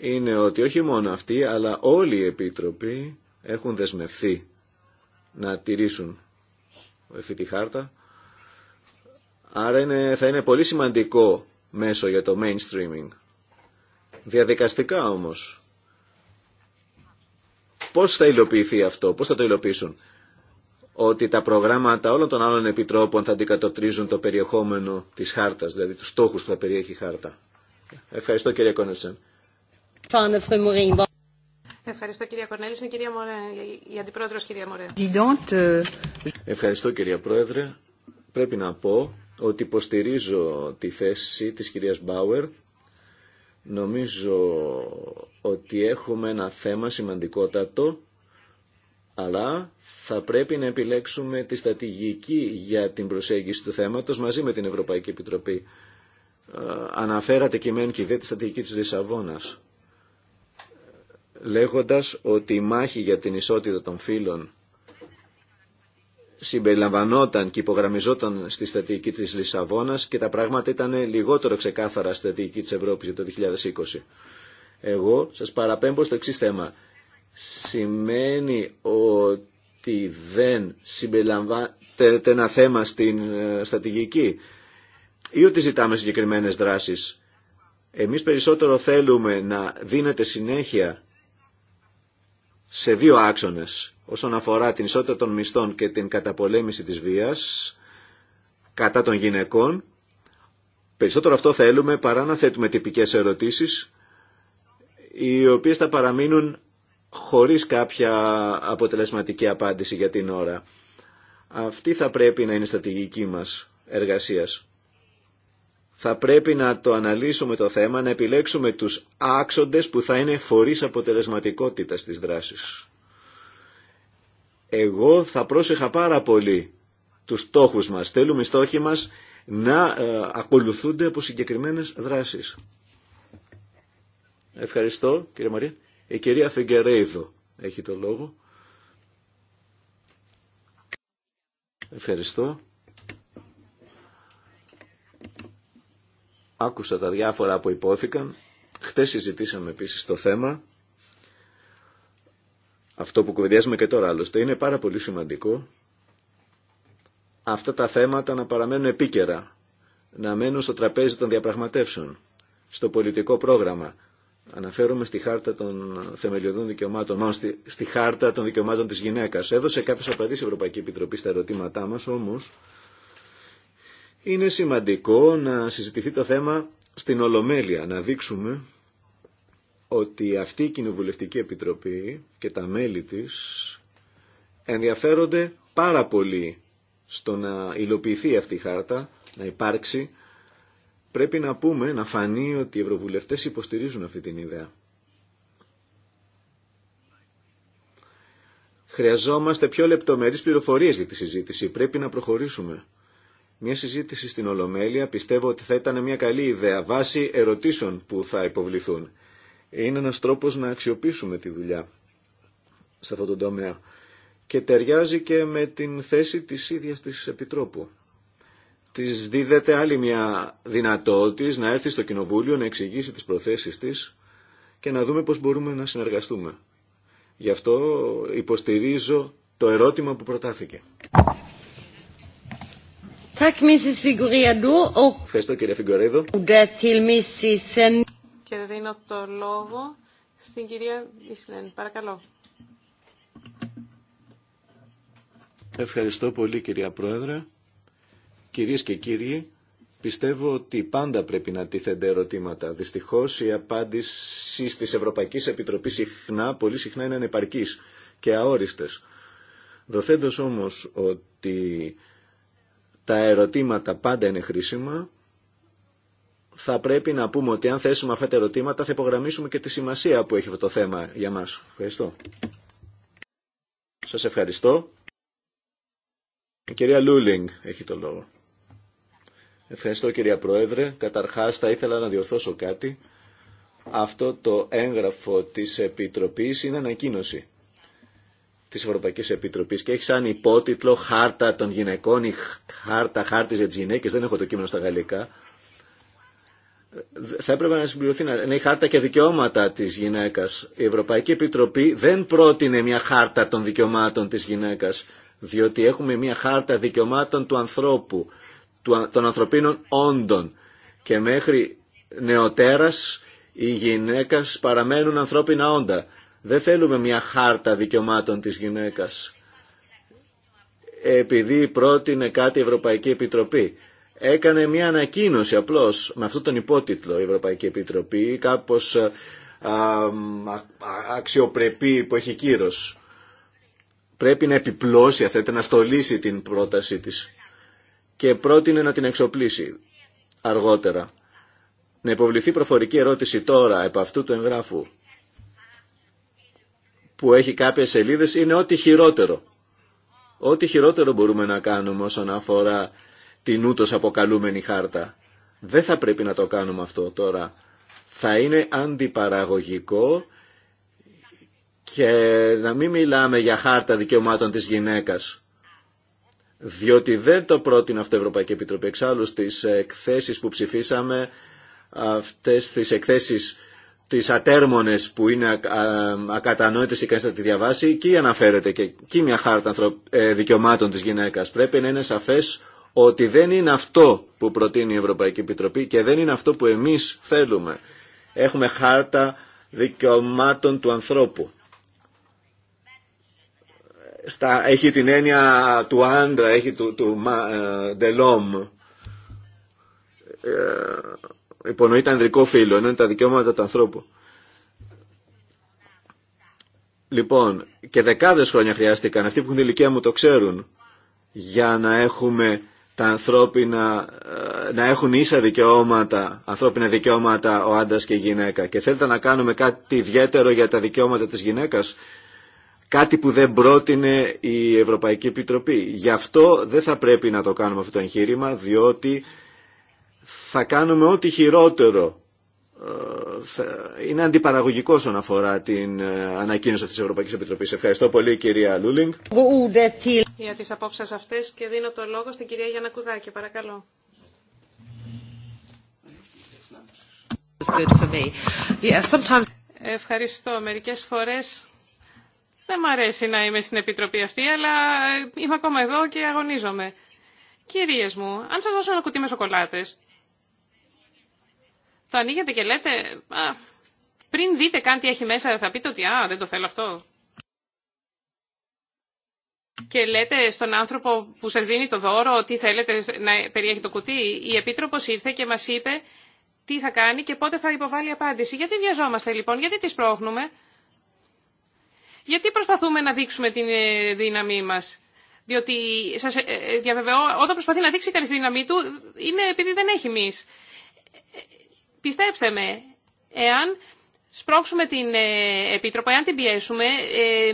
είναι ότι όχι μόνο αυτοί, αλλά όλοι οι επίτροποι έχουν δεσμευθεί να τηρήσουν αυτή τη χάρτα. Άρα είναι, θα είναι πολύ σημαντικό μέσο για το mainstreaming. Διαδικαστικά όμως, πώς θα υλοποιηθεί αυτό, πώς θα το υλοποιήσουν. Ότι τα προγράμματα όλων των άλλων επιτρόπων θα αντικατοπτρίζουν το περιεχόμενο της χάρτας, δηλαδή τους στόχους που θα περιέχει η χάρτα. Ευχαριστώ κύριε Κόνετσεν. Ευχαριστώ κυρία Κορνέλης. Είναι κυρία Μωρέ, η αντιπρόεδρος κυρία Μωρέ. Euh, Ευχαριστώ κυρία Πρόεδρε. Πρέπει να πω ότι υποστηρίζω τη θέση της κυρίας Μπάουερ. Νομίζω ότι έχουμε ένα θέμα σημαντικότατο, αλλά θα πρέπει να επιλέξουμε τη στατηγική για την προσέγγιση του θέματος μαζί με την Ευρωπαϊκή Επιτροπή. Αναφέρατε και μεν και δε τη στρατηγική της Λισαβόνας λέγοντας ότι η μάχη για την ισότητα των φύλων συμπεριλαμβανόταν και υπογραμμιζόταν στη στρατηγική της Λισαβόνας και τα πράγματα ήταν λιγότερο ξεκάθαρα στη στρατηγική της Ευρώπης για το 2020. Εγώ σας παραπέμπω στο εξή θέμα. Σημαίνει ότι δεν συμπεριλαμβάνεται ένα θέμα στην ε, στρατηγική ή ότι ζητάμε συγκεκριμένες δράσεις. Εμείς περισσότερο θέλουμε να δίνετε συνέχεια σε δύο άξονες όσον αφορά την ισότητα των μισθών και την καταπολέμηση της βίας κατά των γυναικών. Περισσότερο αυτό θέλουμε παρά να θέτουμε τυπικές ερωτήσεις οι οποίες θα παραμείνουν χωρίς κάποια αποτελεσματική απάντηση για την ώρα. Αυτή θα πρέπει να είναι η στρατηγική μας εργασίας θα πρέπει να το αναλύσουμε το θέμα, να επιλέξουμε τους άξοντες που θα είναι φορείς αποτελεσματικότητας της δράσης. Εγώ θα πρόσεχα πάρα πολύ τους στόχους μας. Θέλουμε οι στόχοι μας να ε, ακολουθούνται από συγκεκριμένες δράσεις. Ευχαριστώ κύριε Μαρία. Η κυρία Φεγκερέιδο έχει το λόγο. Ευχαριστώ. Άκουσα τα διάφορα που υπόθηκαν. Χτες συζητήσαμε επίσης το θέμα. Αυτό που κουβεντιάζουμε και τώρα άλλωστε είναι πάρα πολύ σημαντικό αυτά τα θέματα να παραμένουν επίκαιρα, να μένουν στο τραπέζι των διαπραγματεύσεων, στο πολιτικό πρόγραμμα. Αναφέρομαι στη χάρτα των θεμελιωδών δικαιωμάτων, μάλλον στη, χάρτα των δικαιωμάτων της γυναίκας. Έδωσε κάποιε απαντήσει η Ευρωπαϊκή Επιτροπή στα ερωτήματά μας, όμως είναι σημαντικό να συζητηθεί το θέμα στην Ολομέλεια, να δείξουμε ότι αυτή η Κοινοβουλευτική Επιτροπή και τα μέλη της ενδιαφέρονται πάρα πολύ στο να υλοποιηθεί αυτή η χάρτα, να υπάρξει. Πρέπει να πούμε, να φανεί ότι οι Ευρωβουλευτές υποστηρίζουν αυτή την ιδέα. Χρειαζόμαστε πιο λεπτομερείς πληροφορίες για τη συζήτηση. Πρέπει να προχωρήσουμε. Μια συζήτηση στην Ολομέλεια πιστεύω ότι θα ήταν μια καλή ιδέα βάσει ερωτήσεων που θα υποβληθούν. Είναι ένας τρόπος να αξιοποιήσουμε τη δουλειά σε αυτόν τον τομέα και ταιριάζει και με την θέση της ίδιας της Επιτρόπου. Της δίδεται άλλη μια δυνατότητα να έρθει στο Κοινοβούλιο να εξηγήσει τις προθέσεις της και να δούμε πώς μπορούμε να συνεργαστούμε. Γι' αυτό υποστηρίζω το ερώτημα που προτάθηκε. Ευχαριστώ κύριε Φιγκορέδο. Και δίνω το λόγο στην κυρία Ισλέν. Παρακαλώ. Ευχαριστώ πολύ κυρία Πρόεδρε. Κυρίες και κύριοι, πιστεύω ότι πάντα πρέπει να τίθενται ερωτήματα. Δυστυχώς η απάντηση της Ευρωπαϊκής Επιτροπής συχνά, πολύ συχνά είναι ανεπαρκής και αόριστες. Δοθέντως όμως ότι τα ερωτήματα πάντα είναι χρήσιμα. Θα πρέπει να πούμε ότι αν θέσουμε αυτά τα ερωτήματα θα υπογραμμίσουμε και τη σημασία που έχει αυτό το θέμα για μας. Ευχαριστώ. Σας ευχαριστώ. Η κυρία Λούλινγκ έχει το λόγο. Ευχαριστώ κυρία Πρόεδρε. Καταρχάς θα ήθελα να διορθώσω κάτι. Αυτό το έγγραφο της Επιτροπής είναι ανακοίνωση. Τη Ευρωπαϊκή Επιτροπής και έχει σαν υπότιτλο «Χάρτα των γυναικών» ή «Χάρτα χάρτης για τι Γυναίκε. Δεν έχω το κείμενο στα γαλλικά. Θα έπρεπε να συμπληρωθεί να είναι η χάρτα και δικαιώματα της γυναίκας. Η Ευρωπαϊκή Επιτροπή δεν πρότεινε μια χάρτα των δικαιωμάτων της γυναίκας, διότι έχουμε μια χάρτα δικαιωμάτων του ανθρώπου, των ανθρωπίνων όντων. Και μέχρι νεοτέρας οι γυναίκες παραμένουν ανθρώπινα όντα δεν θέλουμε μια χάρτα δικαιωμάτων της γυναίκας. Επειδή πρότεινε κάτι η Ευρωπαϊκή Επιτροπή. Έκανε μια ανακοίνωση απλώς με αυτόν τον υπότιτλο η Ευρωπαϊκή Επιτροπή, κάπως α, α, αξιοπρεπή που έχει κύρος. Πρέπει να επιπλώσει, να στολίσει την πρότασή της. Και πρότεινε να την εξοπλίσει αργότερα. Να υποβληθεί προφορική ερώτηση τώρα επ' αυτού του εγγράφου που έχει κάποιες σελίδες είναι ό,τι χειρότερο. Ό,τι χειρότερο μπορούμε να κάνουμε όσον αφορά την ούτως αποκαλούμενη χάρτα. Δεν θα πρέπει να το κάνουμε αυτό τώρα. Θα είναι αντιπαραγωγικό και να μην μιλάμε για χάρτα δικαιωμάτων της γυναίκας. Διότι δεν το πρότεινε αυτό η Ευρωπαϊκή Επιτροπή. Εξάλλου στις εκθέσεις που ψηφίσαμε, αυτές τις εκθέσεις τις ατέρμονες που είναι ακατανόητες και κανείς θα τη διαβάσει, και αναφέρεται και εκεί μια χάρτα ε, δικαιωμάτων της γυναίκας. Πρέπει να είναι σαφές ότι δεν είναι αυτό που προτείνει η Ευρωπαϊκή Επιτροπή και δεν είναι αυτό που εμείς θέλουμε. Έχουμε χάρτα δικαιωμάτων του ανθρώπου. Στα, έχει την έννοια του άντρα, έχει του, του, ε, του υπονοεί ανδρικό φύλλο, ενώ είναι τα δικαιώματα του ανθρώπου. Λοιπόν, και δεκάδες χρόνια χρειάστηκαν, αυτοί που έχουν ηλικία μου το ξέρουν, για να έχουμε τα ανθρώπινα, ε, να έχουν ίσα δικαιώματα, ανθρώπινα δικαιώματα ο άντρας και η γυναίκα. Και θέλετε να κάνουμε κάτι ιδιαίτερο για τα δικαιώματα της γυναίκα, κάτι που δεν πρότεινε η Ευρωπαϊκή Επιτροπή. Γι' αυτό δεν θα πρέπει να το κάνουμε αυτό το εγχείρημα, διότι θα κάνουμε ό,τι χειρότερο ε, είναι αντιπαραγωγικό όσον αφορά την ε, ανακοίνωση της Ευρωπαϊκής Επιτροπής. Ευχαριστώ πολύ κυρία Λούλινγκ. Για τις απόψεις αυτές και δίνω το λόγο στην κυρία Γιάννα Κουδάκη. Παρακαλώ. Ευχαριστώ. Μερικές φορές δεν μ' αρέσει να είμαι στην Επιτροπή αυτή, αλλά είμαι ακόμα εδώ και αγωνίζομαι. Κυρίες μου, αν σας δώσω ένα κουτί με σοκολάτες, το ανοίγετε και λέτε, πριν δείτε καν τι έχει μέσα, θα πείτε ότι α, δεν το θέλω αυτό. Και λέτε στον άνθρωπο που σας δίνει το δώρο τι θέλετε να περιέχει το κουτί. Η Επίτροπος ήρθε και μας είπε τι θα κάνει και πότε θα υποβάλει απάντηση. Γιατί βιαζόμαστε λοιπόν, γιατί τις πρόχνουμε. Γιατί προσπαθούμε να δείξουμε την ε, δύναμή μας. Διότι σας ε, ε, διαβεβαιώ, όταν προσπαθεί να δείξει κανείς τη δύναμή του, είναι επειδή δεν έχει μυς. Πιστέψτε με, εάν σπρώξουμε την ε, Επίτροπο, εάν την πιέσουμε, ε,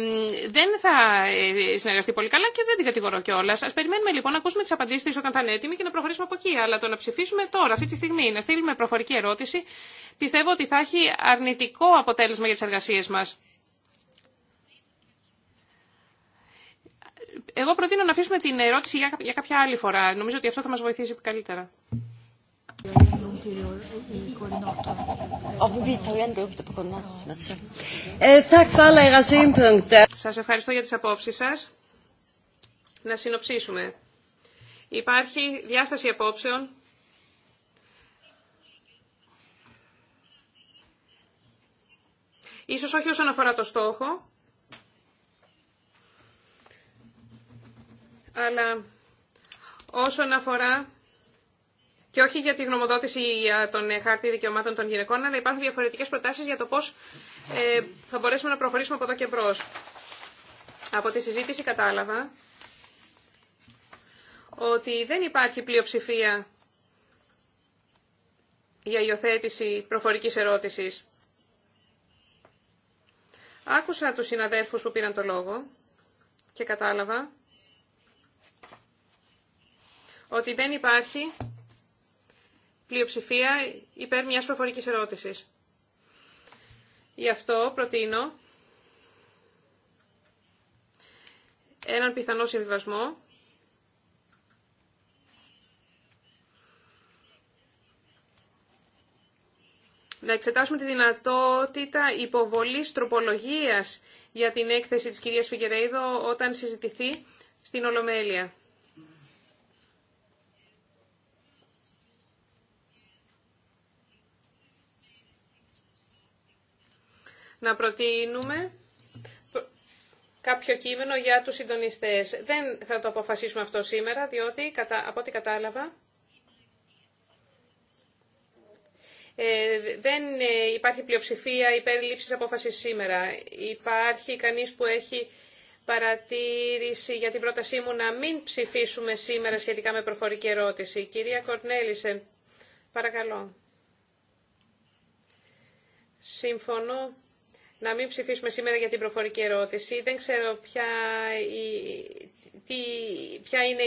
δεν θα ε, συνεργαστεί πολύ καλά και δεν την κατηγορώ κιόλα. Α περιμένουμε λοιπόν να ακούσουμε τι απαντήσει τη όταν θα είναι έτοιμη και να προχωρήσουμε από εκεί. Αλλά το να ψηφίσουμε τώρα, αυτή τη στιγμή, να στείλουμε προφορική ερώτηση, πιστεύω ότι θα έχει αρνητικό αποτέλεσμα για τι εργασίε μα. Εγώ προτείνω να αφήσουμε την ερώτηση για κάποια άλλη φορά. Νομίζω ότι αυτό θα μας βοηθήσει καλύτερα. Σας ευχαριστώ για τις απόψεις σας. Να συνοψίσουμε. Υπάρχει διάσταση απόψεων Ίσως όχι όσον αφορά το στόχο, αλλά όσον αφορά και όχι για τη γνωμοδότηση για ε, τον ε, χάρτη δικαιωμάτων των γυναικών, αλλά υπάρχουν διαφορετικές προτάσεις για το πώς ε, θα μπορέσουμε να προχωρήσουμε από εδώ και μπρος. Από τη συζήτηση κατάλαβα ότι δεν υπάρχει πλειοψηφία για υιοθέτηση προφορικής ερώτησης. Άκουσα τους συναδέλφους που πήραν το λόγο και κατάλαβα ότι δεν υπάρχει πλειοψηφία υπέρ μια προφορική ερώτηση. Γι' αυτό προτείνω έναν πιθανό συμβιβασμό να εξετάσουμε τη δυνατότητα υποβολής τροπολογίας για την έκθεση της κυρίας Φιγερέιδο όταν συζητηθεί στην Ολομέλεια. να προτείνουμε κάποιο κείμενο για τους συντονιστές. Δεν θα το αποφασίσουμε αυτό σήμερα, διότι από ό,τι κατάλαβα ε, δεν ε, υπάρχει πλειοψηφία υπέρ λήψης απόφασης σήμερα. Υπάρχει κανείς που έχει παρατήρηση για την πρότασή μου να μην ψηφίσουμε σήμερα σχετικά με προφορική ερώτηση. Κυρία Κορνέλησεν, παρακαλώ. Συμφωνώ να μην ψηφίσουμε σήμερα για την προφορική ερώτηση. Δεν ξέρω ποια, η, τι, ποια είναι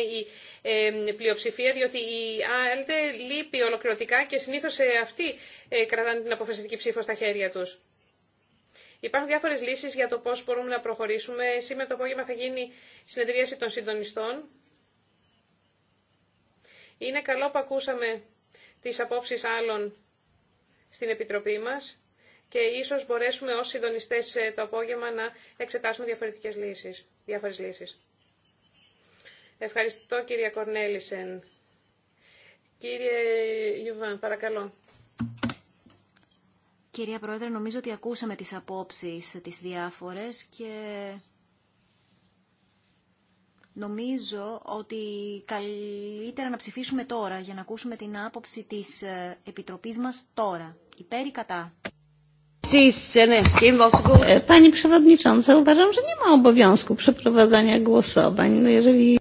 η πλειοψηφία, διότι η ΑΕΛΤΕ λείπει ολοκληρωτικά και συνήθως ε, αυτοί ε, κρατάνε την αποφασιστική ψήφο στα χέρια τους. Υπάρχουν διάφορες λύσεις για το πώς μπορούμε να προχωρήσουμε. Σήμερα το απόγευμα θα γίνει συνεδρίαση των συντονιστών. Είναι καλό που ακούσαμε τις απόψεις άλλων στην Επιτροπή μας και ίσως μπορέσουμε ως συντονιστές ε, το απόγευμα να εξετάσουμε διαφορετικές λύσεις, διάφορες λύσεις. Ευχαριστώ κυρία Κορνέλησεν. Κύριε Ιουβάν, παρακαλώ. Κυρία Πρόεδρε, νομίζω ότι ακούσαμε τις απόψεις τις διάφορες και νομίζω ότι καλύτερα να ψηφίσουμε τώρα για να ακούσουμε την άποψη της ε, Επιτροπής μας τώρα. Υπέρ κατά. E, pani Przewodnicząca, uważam, że nie ma obowiązku przeprowadzania głosowań. No jeżeli...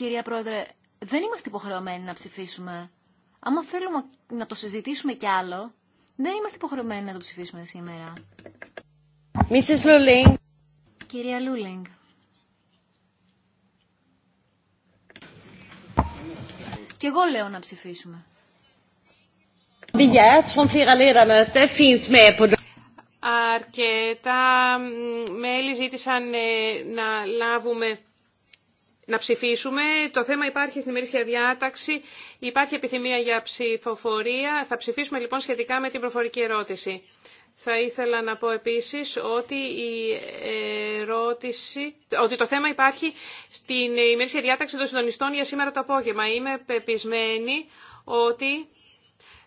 Κυρία Πρόεδρε, δεν είμαστε υποχρεωμένοι να ψηφίσουμε. Άμα θέλουμε να το συζητήσουμε κι άλλο, δεν είμαστε υποχρεωμένοι να το ψηφίσουμε σήμερα. Mrs. Κυρία Λούλινγκ. Και εγώ λέω να ψηφίσουμε. Αρκετά μέλη ζήτησαν ε, να λάβουμε να ψηφίσουμε. Το θέμα υπάρχει στην ημερήσια διάταξη. Υπάρχει επιθυμία για ψηφοφορία. Θα ψηφίσουμε λοιπόν σχετικά με την προφορική ερώτηση. Θα ήθελα να πω επίσης ότι, η ερώτηση, ότι το θέμα υπάρχει στην ημερήσια διάταξη των συντονιστών για σήμερα το απόγευμα. Είμαι πεπισμένη ότι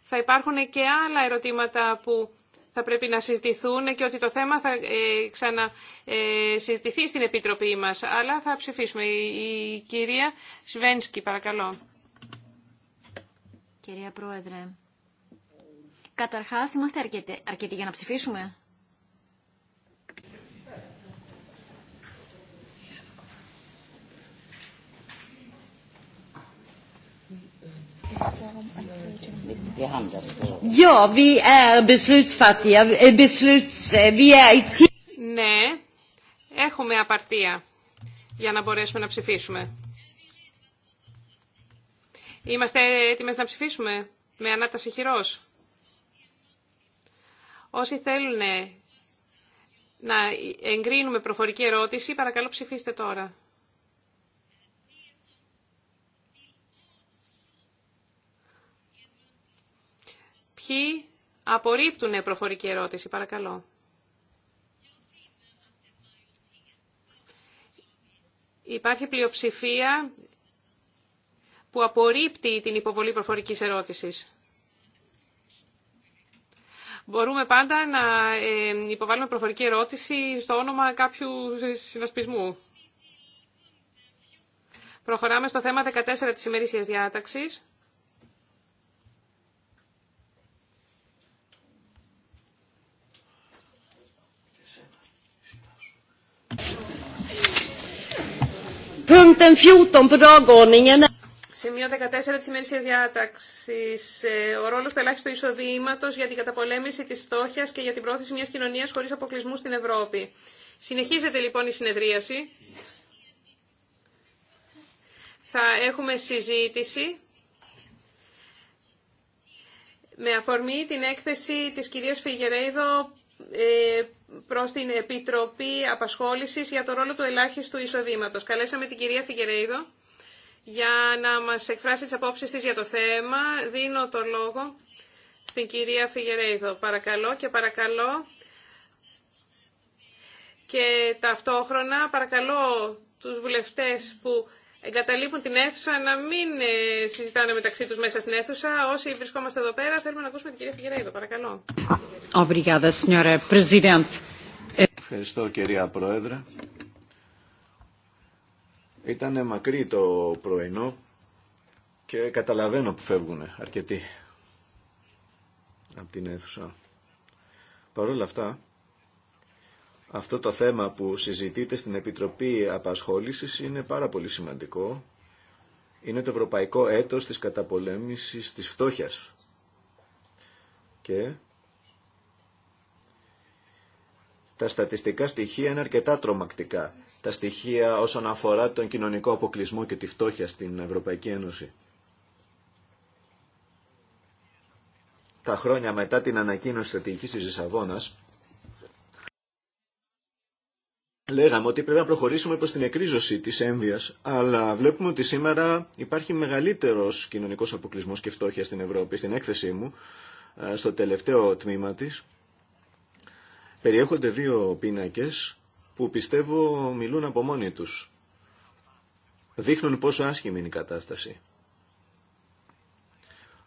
θα υπάρχουν και άλλα ερωτήματα που θα πρέπει να συζητηθούν και ότι το θέμα θα ε, ξανασυζητηθεί ε, στην Επιτροπή μας. Αλλά θα ψηφίσουμε. Η κυρία Σβένσκι, παρακαλώ. Κυρία Πρόεδρε, καταρχάς είμαστε αρκετοί για να ψηφίσουμε. Ναι, έχουμε απαρτία για να μπορέσουμε να ψηφίσουμε. Είμαστε έτοιμες να ψηφίσουμε με ανάταση χειρός. Όσοι θέλουν να εγκρίνουμε προφορική ερώτηση, παρακαλώ ψηφίστε τώρα. ποιοι απορρίπτουν προφορική ερώτηση. Παρακαλώ. Υπάρχει πλειοψηφία που απορρίπτει την υποβολή προφορικής ερώτησης. Μπορούμε πάντα να ε, υποβάλουμε προφορική ερώτηση στο όνομα κάποιου συνασπισμού. Προχωράμε στο θέμα 14 της ημερήσιας διάταξης. Punkten 14 Σημείο 14 της ημερησίας διάταξης. Ε, ο ρόλος του ελάχιστου εισοδήματος για την καταπολέμηση της στόχιας και για την πρόθεση μιας κοινωνίας χωρίς αποκλεισμού στην Ευρώπη. Συνεχίζεται λοιπόν η συνεδρίαση. Θα έχουμε συζήτηση με αφορμή την έκθεση της κυρίας Φιγερέιδο ε, προς την Επιτροπή Απασχόλησης για το ρόλο του ελάχιστου εισοδήματος. Καλέσαμε την κυρία Φιγερέιδο για να μας εκφράσει τις απόψεις της για το θέμα. Δίνω το λόγο στην κυρία Φιγερέιδο. Παρακαλώ και παρακαλώ και ταυτόχρονα παρακαλώ τους βουλευτές που εγκαταλείπουν την αίθουσα, να μην ε, συζητάνε μεταξύ τους μέσα στην αίθουσα. Όσοι βρισκόμαστε εδώ πέρα, θέλουμε να ακούσουμε την κυρία Φιγεράιδο. Παρακαλώ. Ευχαριστώ, κυρία Πρόεδρε. Ήταν μακρύ το πρωινό και καταλαβαίνω που φεύγουν αρκετοί από την αίθουσα. Παρ' όλα αυτά, αυτό το θέμα που συζητείται στην Επιτροπή Απασχόλησης είναι πάρα πολύ σημαντικό. Είναι το ευρωπαϊκό έτος της καταπολέμησης της φτώχειας. Και τα στατιστικά στοιχεία είναι αρκετά τρομακτικά. Τα στοιχεία όσον αφορά τον κοινωνικό αποκλεισμό και τη φτώχεια στην Ευρωπαϊκή Ένωση. Τα χρόνια μετά την ανακοίνωση στρατηγικής της Λέγαμε ότι πρέπει να προχωρήσουμε προς την εκρίζωση της ένδυας, αλλά βλέπουμε ότι σήμερα υπάρχει μεγαλύτερος κοινωνικός αποκλεισμός και φτώχεια στην Ευρώπη. Στην έκθεσή μου, ε, στο τελευταίο τμήμα της, περιέχονται δύο πίνακες που πιστεύω μιλούν από μόνοι τους. Δείχνουν πόσο άσχημη είναι η κατάσταση.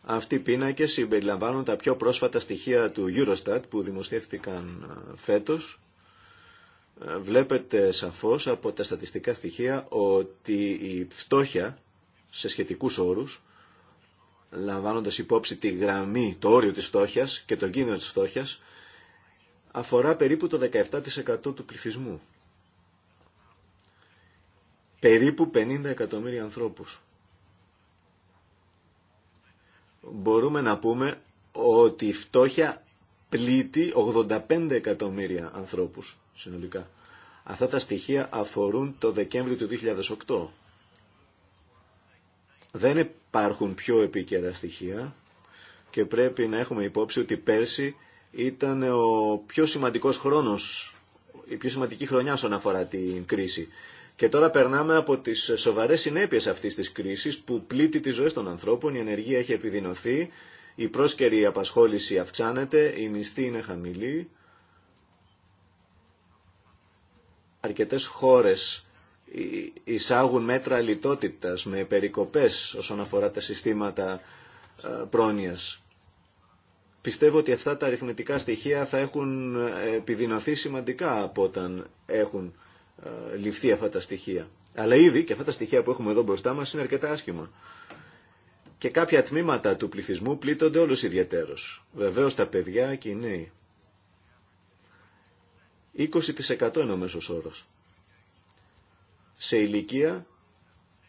Αυτοί οι πίνακες συμπεριλαμβάνουν τα πιο πρόσφατα στοιχεία του Eurostat που δημοσιεύτηκαν ε, φέτος βλέπετε σαφώς από τα στατιστικά στοιχεία ότι η φτώχεια σε σχετικούς όρους, λαμβάνοντας υπόψη τη γραμμή, το όριο της φτώχειας και το κίνδυνο της φτώχειας, αφορά περίπου το 17% του πληθυσμού. Περίπου 50 εκατομμύρια ανθρώπους. Μπορούμε να πούμε ότι η φτώχεια πλήττει 85 εκατομμύρια ανθρώπους συνολικά. Αυτά τα στοιχεία αφορούν το Δεκέμβριο του 2008. Δεν υπάρχουν πιο επίκαιρα στοιχεία και πρέπει να έχουμε υπόψη ότι πέρσι ήταν ο πιο σημαντικός χρόνος, η πιο σημαντική χρονιά όσον αφορά την κρίση. Και τώρα περνάμε από τις σοβαρές συνέπειες αυτής της κρίσης που πλήττει τη ζωή των ανθρώπων, η ενεργία έχει επιδεινωθεί, η πρόσκαιρη απασχόληση αυξάνεται, η μισθή είναι χαμηλή αρκετές χώρες ε, εισάγουν μέτρα λιτότητας με περικοπές όσον αφορά τα συστήματα ε, πρόνοιας. Πιστεύω ότι αυτά τα αριθμητικά στοιχεία θα έχουν ε, επιδεινωθεί σημαντικά από όταν έχουν ληφθεί αυτά τα στοιχεία. Αλλά ήδη και αυτά τα στοιχεία που έχουμε εδώ μπροστά μας είναι αρκετά άσχημα. Και κάποια τμήματα του πληθυσμού πλήττονται όλους ιδιαίτερως. Βεβαίως τα παιδιά και οι νέοι. 20% είναι ο μέσος όρος. Σε ηλικία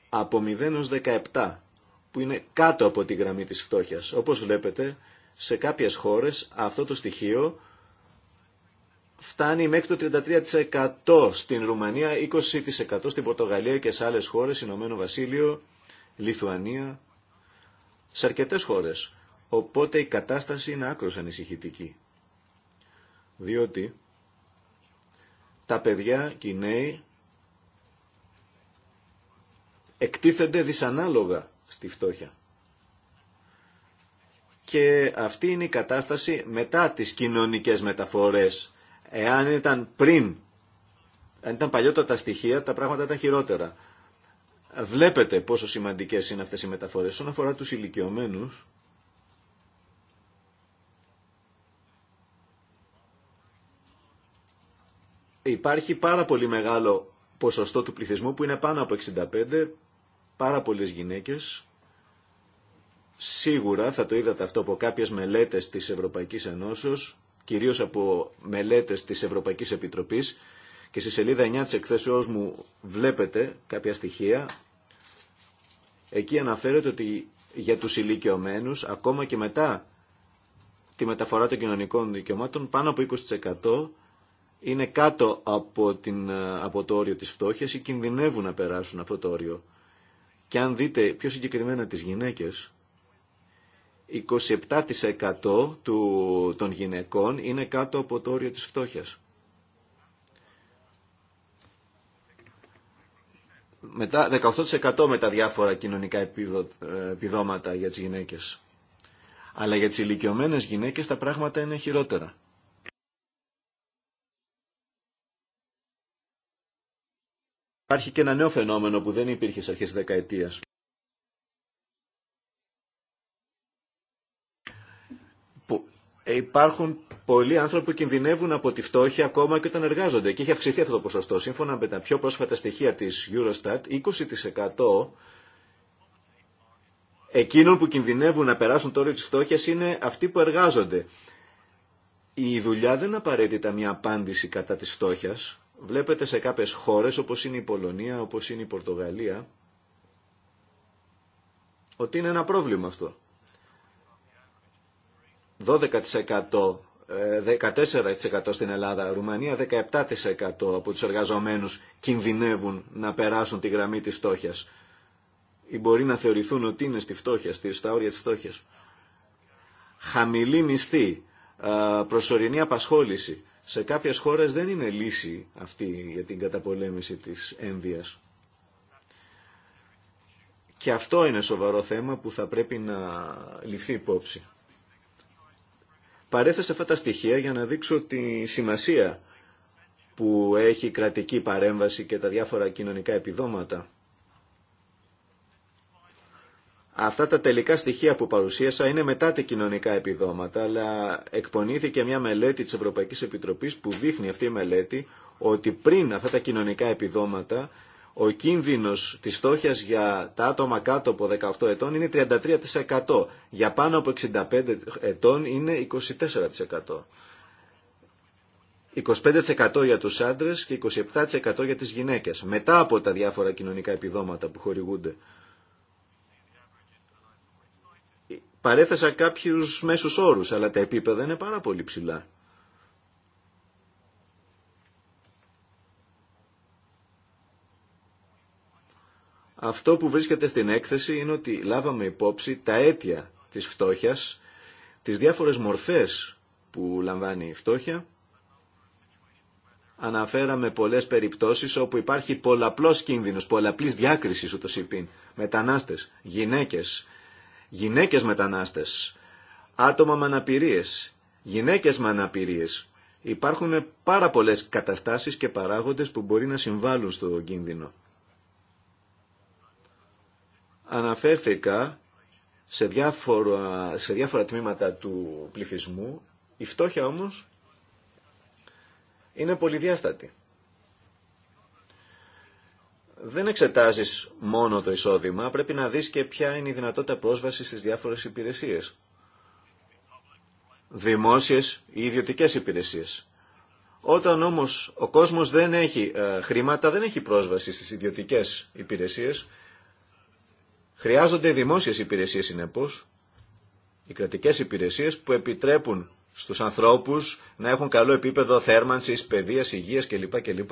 από 0 έως 17, που είναι κάτω από τη γραμμή της φτώχειας. Όπως βλέπετε, σε κάποιες χώρες αυτό το στοιχείο φτάνει μέχρι το 33% στην Ρουμανία, 20% στην Πορτογαλία και σε άλλες χώρες, Ηνωμένο Βασίλειο, Λιθουανία, σε αρκετές χώρες. Οπότε η κατάσταση είναι άκρως ανησυχητική. Διότι τα παιδιά και οι νέοι εκτίθενται δυσανάλογα στη φτώχεια. Και αυτή είναι η κατάσταση μετά τις κοινωνικές μεταφορές. Εάν ήταν πριν, αν ήταν παλιότερα τα στοιχεία, τα πράγματα ήταν χειρότερα. Βλέπετε πόσο σημαντικές είναι αυτές οι μεταφορές. Όσον αφορά τους ηλικιωμένους, Υπάρχει πάρα πολύ μεγάλο ποσοστό του πληθυσμού που είναι πάνω από 65, πάρα πολλές γυναίκες. Σίγουρα θα το είδατε αυτό από κάποιες μελέτες της Ευρωπαϊκής Ενώσεως, κυρίως από μελέτες της Ευρωπαϊκής Επιτροπής και στη σελίδα 9 της εκθέσεώς μου βλέπετε κάποια στοιχεία. Εκεί αναφέρεται ότι για τους ηλικιωμένου, ακόμα και μετά τη μεταφορά των κοινωνικών δικαιωμάτων, πάνω από 20% είναι κάτω από, την, το όριο της φτώχειας ή κινδυνεύουν να περάσουν αυτό το όριο. Και αν δείτε πιο συγκεκριμένα τις γυναίκες, 27% του, των γυναικών είναι κάτω από το όριο της φτώχειας. Μετά 18% με τα διάφορα κοινωνικά επιδόματα για τις γυναίκες. Αλλά για τις ηλικιωμένες γυναίκες τα πράγματα είναι χειρότερα. Υπάρχει και ένα νέο φαινόμενο που δεν υπήρχε στις αρχές της δεκαετίας. Ε, υπάρχουν πολλοί άνθρωποι που κινδυνεύουν από τη φτώχεια ακόμα και όταν εργάζονται και έχει αυξηθεί αυτό το ποσοστό. Σύμφωνα με τα πιο πρόσφατα στοιχεία της Eurostat, 20% εκείνων που κινδυνεύουν να περάσουν τώρα όριο της είναι αυτοί που εργάζονται. Η δουλειά δεν απαραίτητα μια απάντηση κατά της φτώχειας. Βλέπετε σε κάποιες χώρες όπως είναι η Πολωνία, όπως είναι η Πορτογαλία, ότι είναι ένα πρόβλημα αυτό. 12%, 14% ε, στην Ελλάδα, Ρουμανία 17% από τους εργαζομένους κινδυνεύουν να περάσουν τη γραμμή της φτώχειας ή μπορεί να θεωρηθούν ότι είναι στη φτώχεια, στα όρια της φτώχειας. Χαμηλή μισθή, ε, προσωρινή απασχόληση, σε κάποιες χώρες δεν είναι λύση αυτή για την καταπολέμηση της ένδυας. Και αυτό είναι σοβαρό θέμα που θα πρέπει να ληφθεί υπόψη. Παρέθεσα αυτά τα στοιχεία για να δείξω τη σημασία που έχει κρατική παρέμβαση και τα διάφορα κοινωνικά επιδόματα Αυτά τα τελικά στοιχεία που παρουσίασα είναι μετά τα κοινωνικά επιδόματα, αλλά εκπονήθηκε μια μελέτη της Ευρωπαϊκής Επιτροπής που δείχνει αυτή η μελέτη ότι πριν αυτά τα κοινωνικά επιδόματα ο κίνδυνος της φτώχειας για τα άτομα κάτω από 18 ετών είναι 33%. Για πάνω από 65 ετών είναι 24%. 25% για τους άντρες και 27% για τις γυναίκες, μετά από τα διάφορα κοινωνικά επιδόματα που χορηγούνται. παρέθεσα κάποιους μέσους όρους, αλλά τα επίπεδα είναι πάρα πολύ ψηλά. Αυτό που βρίσκεται στην έκθεση είναι ότι λάβαμε υπόψη τα αίτια της φτώχειας, τις διάφορες μορφές που λαμβάνει η φτώχεια. Αναφέραμε πολλές περιπτώσεις όπου υπάρχει πολλαπλός κίνδυνος, πολλαπλής διάκρισης ούτως υπήν, μετανάστες, γυναίκες, γυναίκες μετανάστες, άτομα με αναπηρίες, γυναίκες με αναπηρίες. Υπάρχουν πάρα πολλές καταστάσεις και παράγοντες που μπορεί να συμβάλλουν στο κίνδυνο. Αναφέρθηκα σε διάφορα, σε διάφορα τμήματα του πληθυσμού, η φτώχεια όμως είναι πολυδιάστατη δεν εξετάζεις μόνο το εισόδημα, πρέπει να δεις και ποια είναι η δυνατότητα πρόσβασης στις διάφορες υπηρεσίες. Δημόσιες ή ιδιωτικές υπηρεσίες. Όταν όμως ο κόσμος δεν έχει ε, χρήματα, δεν έχει πρόσβαση στις ιδιωτικές υπηρεσίες, χρειάζονται δημόσιες υπηρεσίες συνεπώ. οι κρατικές υπηρεσίε που επιτρέπουν στου ανθρώπου να έχουν καλό επίπεδο θέρμανση, παιδεία, υγεία κλπ.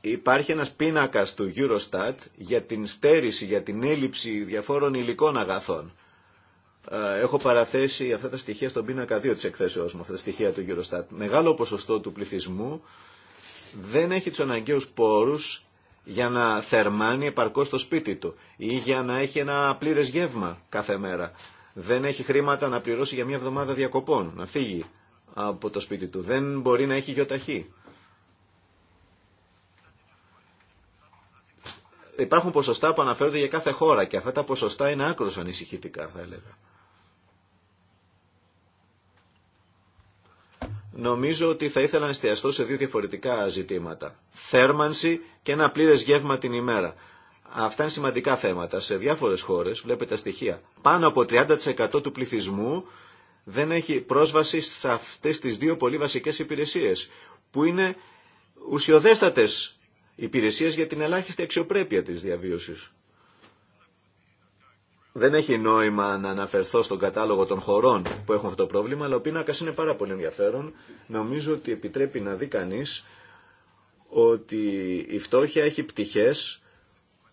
Υπάρχει ένας πίνακας του Eurostat για την στέρηση, για την έλλειψη διαφόρων υλικών αγαθών. Ε, έχω παραθέσει αυτά τα στοιχεία στον πίνακα 2 της εκθέσεώς μου, αυτά τα στοιχεία του Eurostat. Μεγάλο ποσοστό του πληθυσμού δεν έχει τους αναγκαίους πόρους για να θερμάνει επαρκώς το σπίτι του ή για να έχει ένα πλήρες γεύμα κάθε μέρα. Δεν έχει χρήματα να πληρώσει για μια εβδομάδα διακοπών, να φύγει από το σπίτι του. Δεν μπορεί να έχει γιοταχή. υπάρχουν ποσοστά που αναφέρονται για κάθε χώρα και αυτά τα ποσοστά είναι άκρως ανησυχητικά θα έλεγα. Νομίζω ότι θα ήθελα να εστιαστώ σε δύο διαφορετικά ζητήματα. Θέρμανση και ένα πλήρες γεύμα την ημέρα. Αυτά είναι σημαντικά θέματα. Σε διάφορες χώρες, βλέπετε τα στοιχεία, πάνω από 30% του πληθυσμού δεν έχει πρόσβαση σε αυτές τις δύο πολύ βασικές υπηρεσίες, που είναι ουσιοδέστατες υπηρεσίες για την ελάχιστη αξιοπρέπεια της διαβίωσης. Δεν έχει νόημα να αναφερθώ στον κατάλογο των χωρών που έχουν αυτό το πρόβλημα, αλλά ο πίνακα είναι πάρα πολύ ενδιαφέρον. Νομίζω ότι επιτρέπει να δει κανεί ότι η φτώχεια έχει πτυχές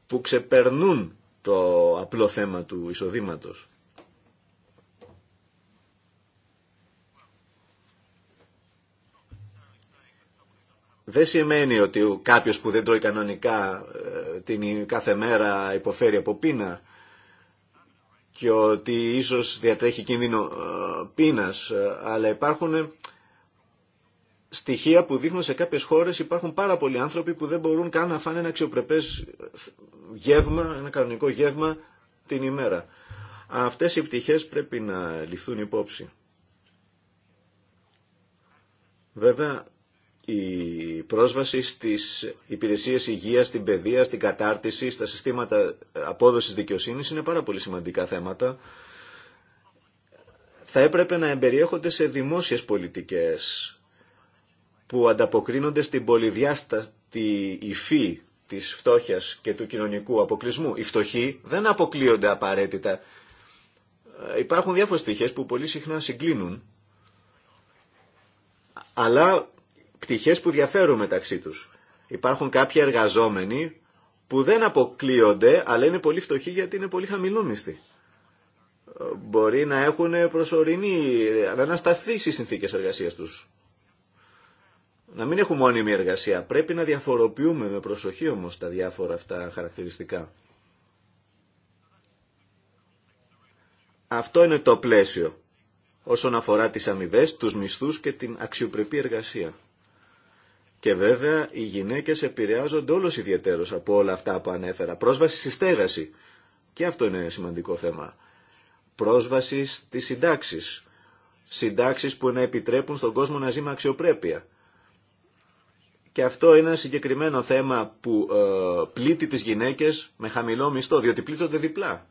που ξεπερνούν το απλό θέμα του εισοδήματος. δεν σημαίνει ότι κάποιος που δεν τρώει κανονικά ε, την κάθε μέρα υποφέρει από πείνα και ότι ίσως διατρέχει κίνδυνο ε, πείνας, ε, αλλά υπάρχουν στοιχεία που δείχνουν σε κάποιες χώρες υπάρχουν πάρα πολλοί άνθρωποι που δεν μπορούν καν να φάνε ένα αξιοπρεπές γεύμα, ένα κανονικό γεύμα την ημέρα. Αυτές οι πτυχές πρέπει να ληφθούν υπόψη. Βέβαια, η πρόσβαση στις υπηρεσίες υγείας, στην παιδεία, στην κατάρτιση, στα συστήματα απόδοσης δικαιοσύνης είναι πάρα πολύ σημαντικά θέματα. Θα έπρεπε να εμπεριέχονται σε δημόσιες πολιτικές που ανταποκρίνονται στην πολυδιάστατη υφή της φτώχειας και του κοινωνικού αποκλεισμού. Οι φτωχοί δεν αποκλείονται απαραίτητα. Υπάρχουν διάφορες στοιχές που πολύ συχνά συγκλίνουν αλλά πτυχές που διαφέρουν μεταξύ τους. Υπάρχουν κάποιοι εργαζόμενοι που δεν αποκλείονται, αλλά είναι πολύ φτωχοί γιατί είναι πολύ χαμηλόμιστοι. Ε, μπορεί να έχουν προσωρινή, να ανασταθεί οι συνθήκες εργασίας τους. Να μην έχουν μόνιμη εργασία. Πρέπει να διαφοροποιούμε με προσοχή όμως τα διάφορα αυτά χαρακτηριστικά. Αυτό είναι το πλαίσιο όσον αφορά τις αμοιβέ, τους μισθούς και την αξιοπρεπή εργασία. Και βέβαια οι γυναίκες επηρεάζονται όλο ιδιαίτερω από όλα αυτά που ανέφερα. Πρόσβαση στη στέγαση. Και αυτό είναι σημαντικό θέμα. Πρόσβαση στι συντάξει. Συντάξει που να επιτρέπουν στον κόσμο να ζει με αξιοπρέπεια. Και αυτό είναι ένα συγκεκριμένο θέμα που ε, πλήττει τις γυναίκες με χαμηλό μισθό, διότι πλήττονται διπλά.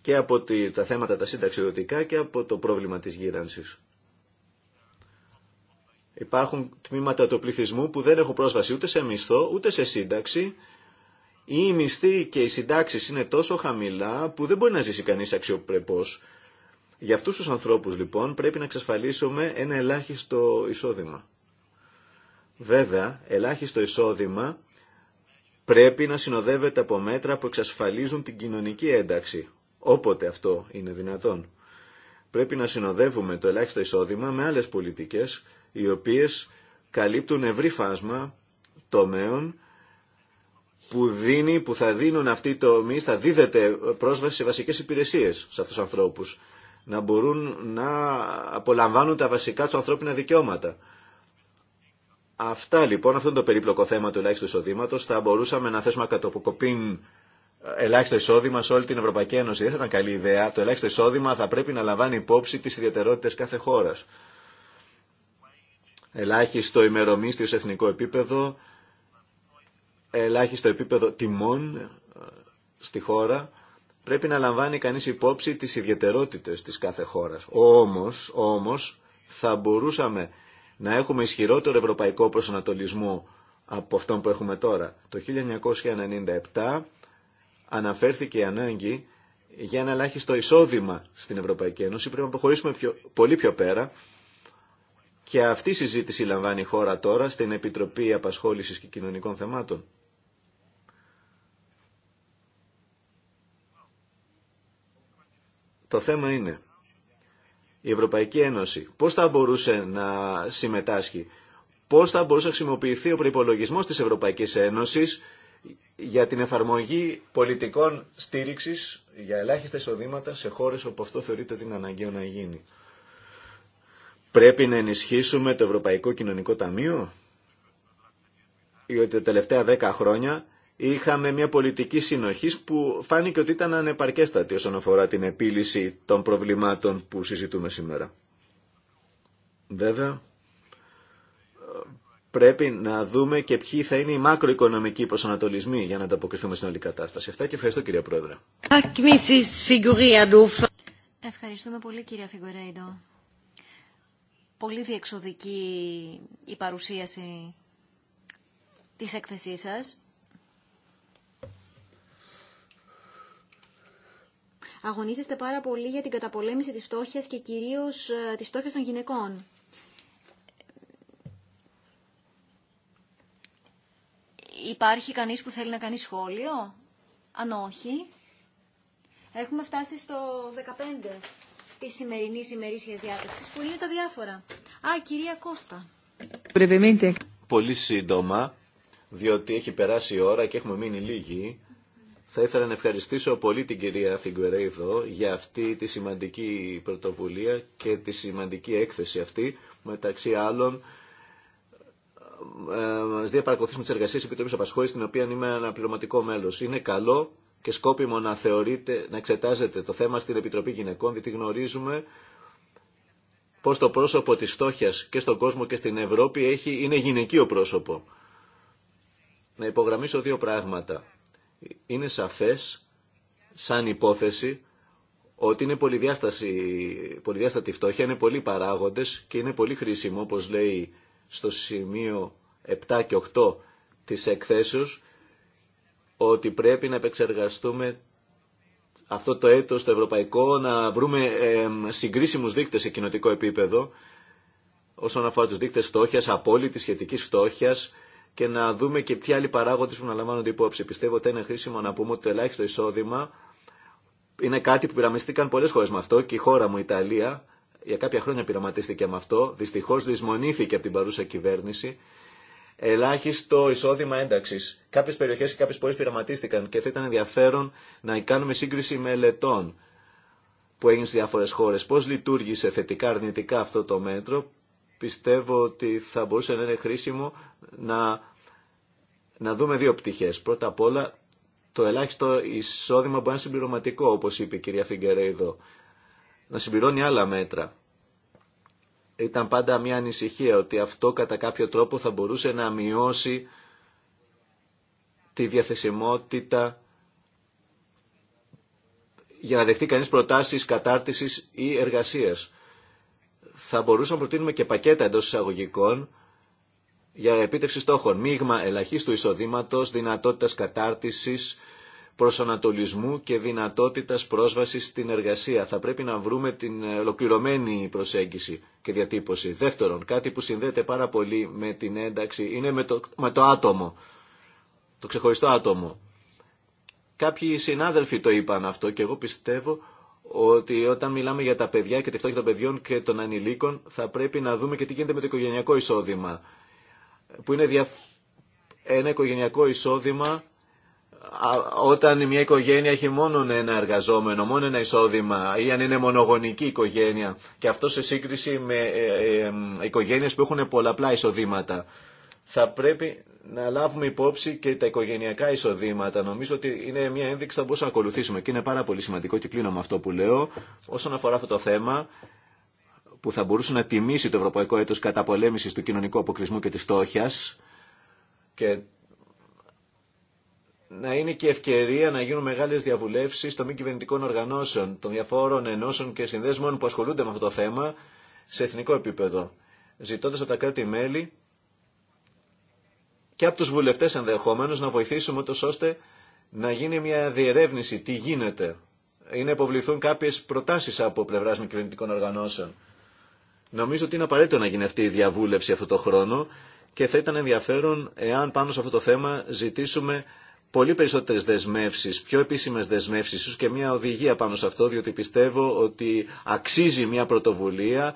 Και από τα θέματα τα συνταξιδοτικά και από το πρόβλημα της γύρανσης. Υπάρχουν τμήματα του πληθυσμού που δεν έχουν πρόσβαση ούτε σε μισθό ούτε σε σύνταξη. Οι μισθοί και οι συντάξει είναι τόσο χαμηλά που δεν μπορεί να ζήσει κανεί αξιοπρεπώ. Για αυτού του ανθρώπου λοιπόν πρέπει να εξασφαλίσουμε ένα ελάχιστο εισόδημα. Βέβαια, ελάχιστο εισόδημα πρέπει να συνοδεύεται από μέτρα που εξασφαλίζουν την κοινωνική ένταξη, όποτε αυτό είναι δυνατόν. Πρέπει να συνοδεύουμε το ελάχιστο εισόδημα με άλλες πολιτικές οι οποίες καλύπτουν ευρύ φάσμα τομέων που, δίνει, που θα δίνουν αυτοί οι τομείς, θα δίδεται πρόσβαση σε βασικές υπηρεσίες σε αυτούς τους ανθρώπους. Να μπορούν να απολαμβάνουν τα βασικά του ανθρώπινα δικαιώματα. Αυτά λοιπόν, αυτό είναι το περίπλοκο θέμα του ελάχιστου εισοδήματο. Θα μπορούσαμε να θέσουμε κατοποκοπήν ε, ελάχιστο εισόδημα σε όλη την Ευρωπαϊκή Ένωση. Δεν θα ήταν καλή ιδέα. Το ελάχιστο εισόδημα θα πρέπει να λαμβάνει υπόψη τι ιδιαιτερότητε κάθε χώρα ελάχιστο ημερομίσθιο σε εθνικό επίπεδο, ελάχιστο επίπεδο τιμών ε, στη χώρα, πρέπει να λαμβάνει κανείς υπόψη τις ιδιαιτερότητες της κάθε χώρας. Όμως, όμως θα μπορούσαμε να έχουμε ισχυρότερο ευρωπαϊκό προσανατολισμό από αυτόν που έχουμε τώρα. Το 1997 αναφέρθηκε η ανάγκη για ένα ελάχιστο εισόδημα στην Ευρωπαϊκή Ένωση. Πρέπει να προχωρήσουμε πολύ πιο πέρα και αυτή η συζήτηση λαμβάνει η χώρα τώρα στην Επιτροπή Απασχόλησης και Κοινωνικών Θεμάτων. Το θέμα είναι η Ευρωπαϊκή Ένωση πώς θα μπορούσε να συμμετάσχει, πώς θα μπορούσε να χρησιμοποιηθεί ο προϋπολογισμός της Ευρωπαϊκής Ένωσης για την εφαρμογή πολιτικών στήριξης για ελάχιστα εισοδήματα σε χώρες όπου αυτό θεωρείται ότι είναι αναγκαίο να γίνει. Πρέπει να ενισχύσουμε το Ευρωπαϊκό Κοινωνικό Ταμείο, γιατί τα τελευταία δέκα χρόνια είχαμε μια πολιτική συνοχή που φάνηκε ότι ήταν ανεπαρκέστατη όσον αφορά την επίλυση των προβλημάτων που συζητούμε σήμερα. Βέβαια, πρέπει να δούμε και ποιοι θα είναι οι μακροοικονομικοί προσανατολισμοί για να ανταποκριθούμε στην όλη κατάσταση. Αυτά και ευχαριστώ κύριε Πρόεδρε. Ευχαριστούμε πολύ κύριε Φιγουρέιντο πολύ διεξοδική η παρουσίαση της έκθεσής σας. Αγωνίζεστε πάρα πολύ για την καταπολέμηση της φτώχειας και κυρίως ε, της φτώχειας των γυναικών. Υπάρχει κανείς που θέλει να κάνει σχόλιο? Αν όχι, έχουμε φτάσει στο 15. Τη σημερινή ημερήσια διάταξη που είναι τα διάφορα. Α, κυρία Κώστα. Πολύ σύντομα, διότι έχει περάσει η ώρα και έχουμε μείνει λίγοι, θα ήθελα να ευχαριστήσω πολύ την κυρία Φιγκουερέιδο για αυτή τη σημαντική πρωτοβουλία και τη σημαντική έκθεση αυτή, μεταξύ άλλων, ε, ε, μα διαπαρακολουθήσουμε τι εργασίε τη Επιτροπή Απασχόληση, στην οποία είμαι αναπληρωματικό μέλο. Είναι καλό και σκόπιμο να θεωρείτε, να εξετάζετε το θέμα στην Επιτροπή Γυναικών, διότι γνωρίζουμε πως το πρόσωπο της φτώχειας και στον κόσμο και στην Ευρώπη έχει, είναι γυναικείο πρόσωπο. Να υπογραμμίσω δύο πράγματα. Είναι σαφές, σαν υπόθεση, ότι είναι πολυδιάστατη φτώχεια, είναι πολλοί παράγοντες και είναι πολύ χρήσιμο, όπως λέει στο σημείο 7 και 8 της εκθέσεως, ότι πρέπει να επεξεργαστούμε αυτό το έτος το ευρωπαϊκό, να βρούμε ε, συγκρίσιμους δείκτες σε κοινοτικό επίπεδο όσον αφορά τους δείκτες φτώχειας, απόλυτης σχετικής φτώχειας και να δούμε και ποιοι άλλοι παράγοντες που να λαμβάνονται υπόψη. Πιστεύω ότι είναι χρήσιμο να πούμε ότι το ελάχιστο εισόδημα είναι κάτι που πειραμιστήκαν πολλές χώρες με αυτό και η χώρα μου η Ιταλία για κάποια χρόνια πειραματίστηκε με αυτό. Δυστυχώς δυσμονήθηκε από την παρούσα κυβέρνηση ελάχιστο εισόδημα ένταξη. Κάποιε περιοχέ και κάποιε πόλει πειραματίστηκαν και θα ήταν ενδιαφέρον να κάνουμε σύγκριση μελετών που έγινε σε διάφορε χώρε. Πώ λειτουργήσε θετικά, αρνητικά αυτό το μέτρο. Πιστεύω ότι θα μπορούσε να είναι χρήσιμο να, να δούμε δύο πτυχέ. Πρώτα απ' όλα, το ελάχιστο εισόδημα μπορεί να είναι συμπληρωματικό, όπω είπε η κυρία Φιγκερέιδο. Να συμπληρώνει άλλα μέτρα ήταν πάντα μια ανησυχία ότι αυτό κατά κάποιο τρόπο θα μπορούσε να μειώσει τη διαθεσιμότητα για να δεχτεί κανείς προτάσεις κατάρτισης ή εργασίας. Θα μπορούσαμε να προτείνουμε και πακέτα εντός εισαγωγικών για επίτευξη στόχων. Μείγμα ελαχίστου εισοδήματος, δυνατότητας κατάρτισης, προσανατολισμού και δυνατότητας πρόσβασης στην εργασία. Θα πρέπει να βρούμε την ολοκληρωμένη προσέγγιση και διατύπωση. Δεύτερον, κάτι που συνδέεται πάρα πολύ με την ένταξη είναι με το, άτομο, το ξεχωριστό άτομο. Κάποιοι συνάδελφοι το είπαν αυτό και εγώ πιστεύω ότι όταν μιλάμε για τα παιδιά και τη φτώχεια των παιδιών και των ανηλίκων θα πρέπει να δούμε και τι γίνεται με το οικογενειακό εισόδημα. Που είναι ένα οικογενειακό εισόδημα όταν μια οικογένεια έχει μόνο ένα εργαζόμενο, μόνο ένα εισόδημα ή αν είναι μονογονική οικογένεια και αυτό σε σύγκριση με ε, ε, οικογένειες που έχουν πολλαπλά εισοδήματα. Θα πρέπει να λάβουμε υπόψη και τα οικογενειακά εισοδήματα. Νομίζω ότι είναι μια ένδειξη που θα να ακολουθήσουμε και είναι πάρα πολύ σημαντικό και κλείνω με αυτό που λέω όσον αφορά αυτό το θέμα που θα μπορούσε να τιμήσει το Ευρωπαϊκό Έτος καταπολέμησης του κοινωνικού αποκλεισμού και της φτώχειας και να είναι και ευκαιρία να γίνουν μεγάλε διαβουλεύσει των μη κυβερνητικών οργανώσεων, των διαφόρων ενώσεων και συνδέσμων που ασχολούνται με αυτό το θέμα σε εθνικό επίπεδο, ζητώντα από τα κράτη-μέλη και από του βουλευτέ ενδεχομένω να βοηθήσουμε τόσο ώστε να γίνει μια διερεύνηση τι γίνεται ή να υποβληθούν κάποιε προτάσει από πλευρά μη κυβερνητικών οργανώσεων. Νομίζω ότι είναι απαραίτητο να γίνει αυτή η διαβούλευση αυτό το χρόνο και θα ήταν ενδιαφέρον εάν πάνω σε αυτό το θέμα ζητήσουμε πολύ περισσότερες δεσμεύσεις, πιο επίσημες δεσμεύσεις, ίσως και μια οδηγία πάνω σε αυτό, διότι πιστεύω ότι αξίζει μια πρωτοβουλία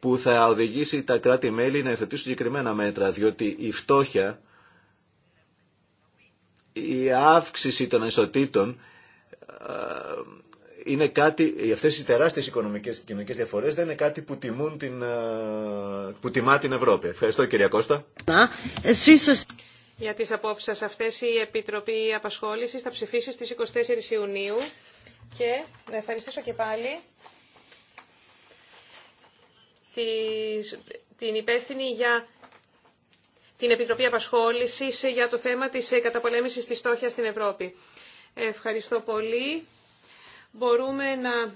που θα οδηγήσει τα κράτη-μέλη να εθετήσουν συγκεκριμένα μέτρα, διότι η φτώχεια, η αύξηση των ανισοτήτων, ε, είναι κάτι, αυτές οι τεράστιες οικονομικές και κοινωνικές διαφορές δεν είναι κάτι που, την, ε, που τιμά την Ευρώπη. Ευχαριστώ κυρία Κώστα για τις απόψεις σας αυτές. Η Επιτροπή Απασχόλησης θα ψηφίσει στις 24 Ιουνίου και να ευχαριστήσω και πάλι την υπεύθυνη για την Επιτροπή Απασχόλησης για το θέμα της καταπολέμησης της στόχιας στην Ευρώπη. Ευχαριστώ πολύ. Μπορούμε να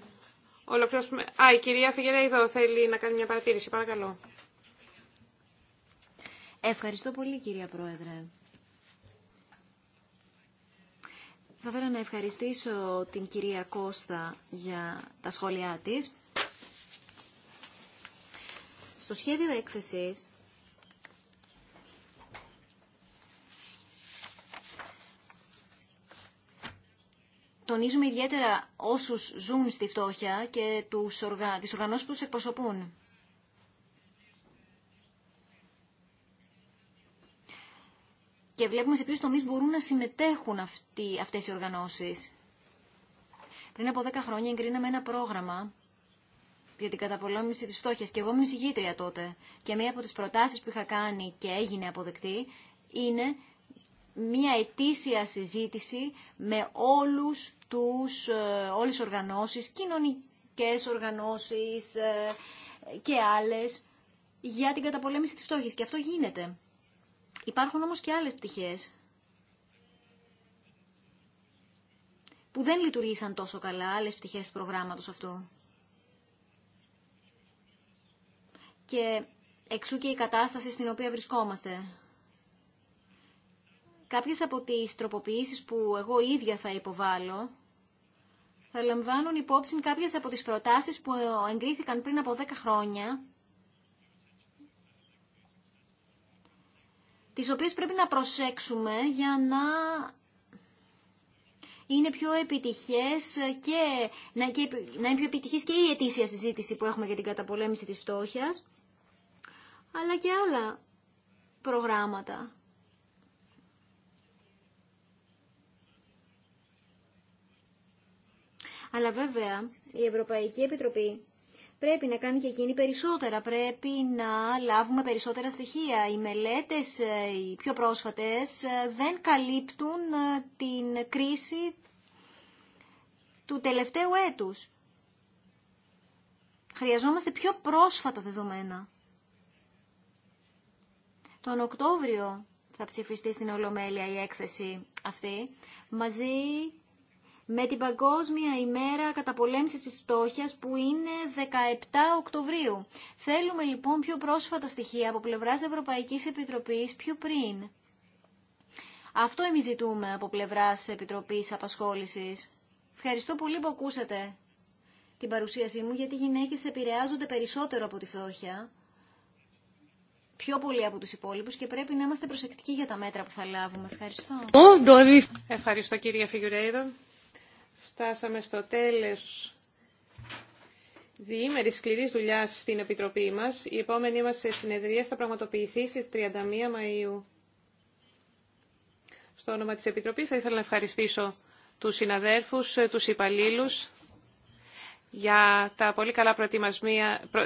ολοκληρώσουμε... Α, η κυρία Φιγερέιδο θέλει να κάνει μια παρατήρηση. Παρακαλώ. Ευχαριστώ πολύ κυρία Πρόεδρε. Θα ήθελα να ευχαριστήσω την κυρία Κώστα για τα σχόλιά της. Στο σχέδιο έκθεσης τονίζουμε ιδιαίτερα όσους ζουν στη φτώχεια και τους οργα... τις οργανώσεις που τους εκπροσωπούν. και βλέπουμε σε ποιου τομεί μπορούν να συμμετέχουν αυτοί, αυτές οι οργανώσεις. Πριν από 10 χρόνια εγκρίναμε ένα πρόγραμμα για την καταπολέμηση της φτώχειας και εγώ ήμουν συγγήτρια τότε και μία από τις προτάσεις που είχα κάνει και έγινε αποδεκτή είναι μία ετήσια συζήτηση με όλους τους, ε, όλες τις οργανώσεις, κοινωνικές οργανώσεις ε, και άλλες για την καταπολέμηση της φτώχειας και αυτό γίνεται. Υπάρχουν όμως και άλλες πτυχές που δεν λειτουργήσαν τόσο καλά, άλλες πτυχές του προγράμματος αυτού. Και εξού και η κατάσταση στην οποία βρισκόμαστε. Κάποιες από τις τροποποιήσεις που εγώ ίδια θα υποβάλω, θα λαμβάνουν υπόψη κάποιες από τις προτάσεις που εγκρίθηκαν πριν από 10 χρόνια τις οποίες πρέπει να προσέξουμε για να είναι πιο επιτυχές και να, και, να είναι πιο επιτυχής και η ετήσια συζήτηση που έχουμε για την καταπολέμηση της φτώχειας, αλλά και άλλα προγράμματα. Αλλά βέβαια η Ευρωπαϊκή Επιτροπή πρέπει να κάνει και εκείνη περισσότερα. Πρέπει να λάβουμε περισσότερα στοιχεία. Οι μελέτες, ε, οι πιο πρόσφατες, ε, δεν καλύπτουν ε, την κρίση του τελευταίου έτους. Χρειαζόμαστε πιο πρόσφατα δεδομένα. Τον Οκτώβριο θα ψηφιστεί στην Ολομέλεια η έκθεση αυτή, μαζί με την Παγκόσμια ημέρα καταπολέμησης της φτώχειας που είναι 17 Οκτωβρίου. Θέλουμε λοιπόν πιο πρόσφατα στοιχεία από πλευράς Ευρωπαϊκής Επιτροπής πιο πριν. Αυτό εμείς ζητούμε από πλευράς Επιτροπής Απασχόλησης. Ευχαριστώ πολύ που ακούσατε την παρουσίασή μου, γιατί οι γυναίκες επηρεάζονται περισσότερο από τη φτώχεια, πιο πολύ από τους υπόλοιπους και πρέπει να είμαστε προσεκτικοί για τα μέτρα που θα λάβουμε. Ευχαριστώ. Ευχαριστώ κυρία Φιγουρέιδο. Φτάσαμε στο τέλος διήμερης σκληρή δουλειά στην Επιτροπή μας. Η επόμενη μας συνεδρία θα πραγματοποιηθεί στις 31 Μαΐου. Στο όνομα της Επιτροπής θα ήθελα να ευχαριστήσω τους συναδέρφους, τους υπαλλήλους για τα πολύ καλά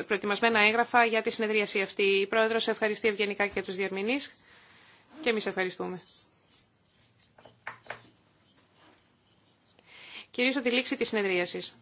προετοιμασμένα έγγραφα για τη συνεδρίαση αυτή. Η Πρόεδρος ευχαριστεί ευγενικά και τους διερμηνείς και εμείς ευχαριστούμε. Κυρίω τη λήξη της συνεδρίασης.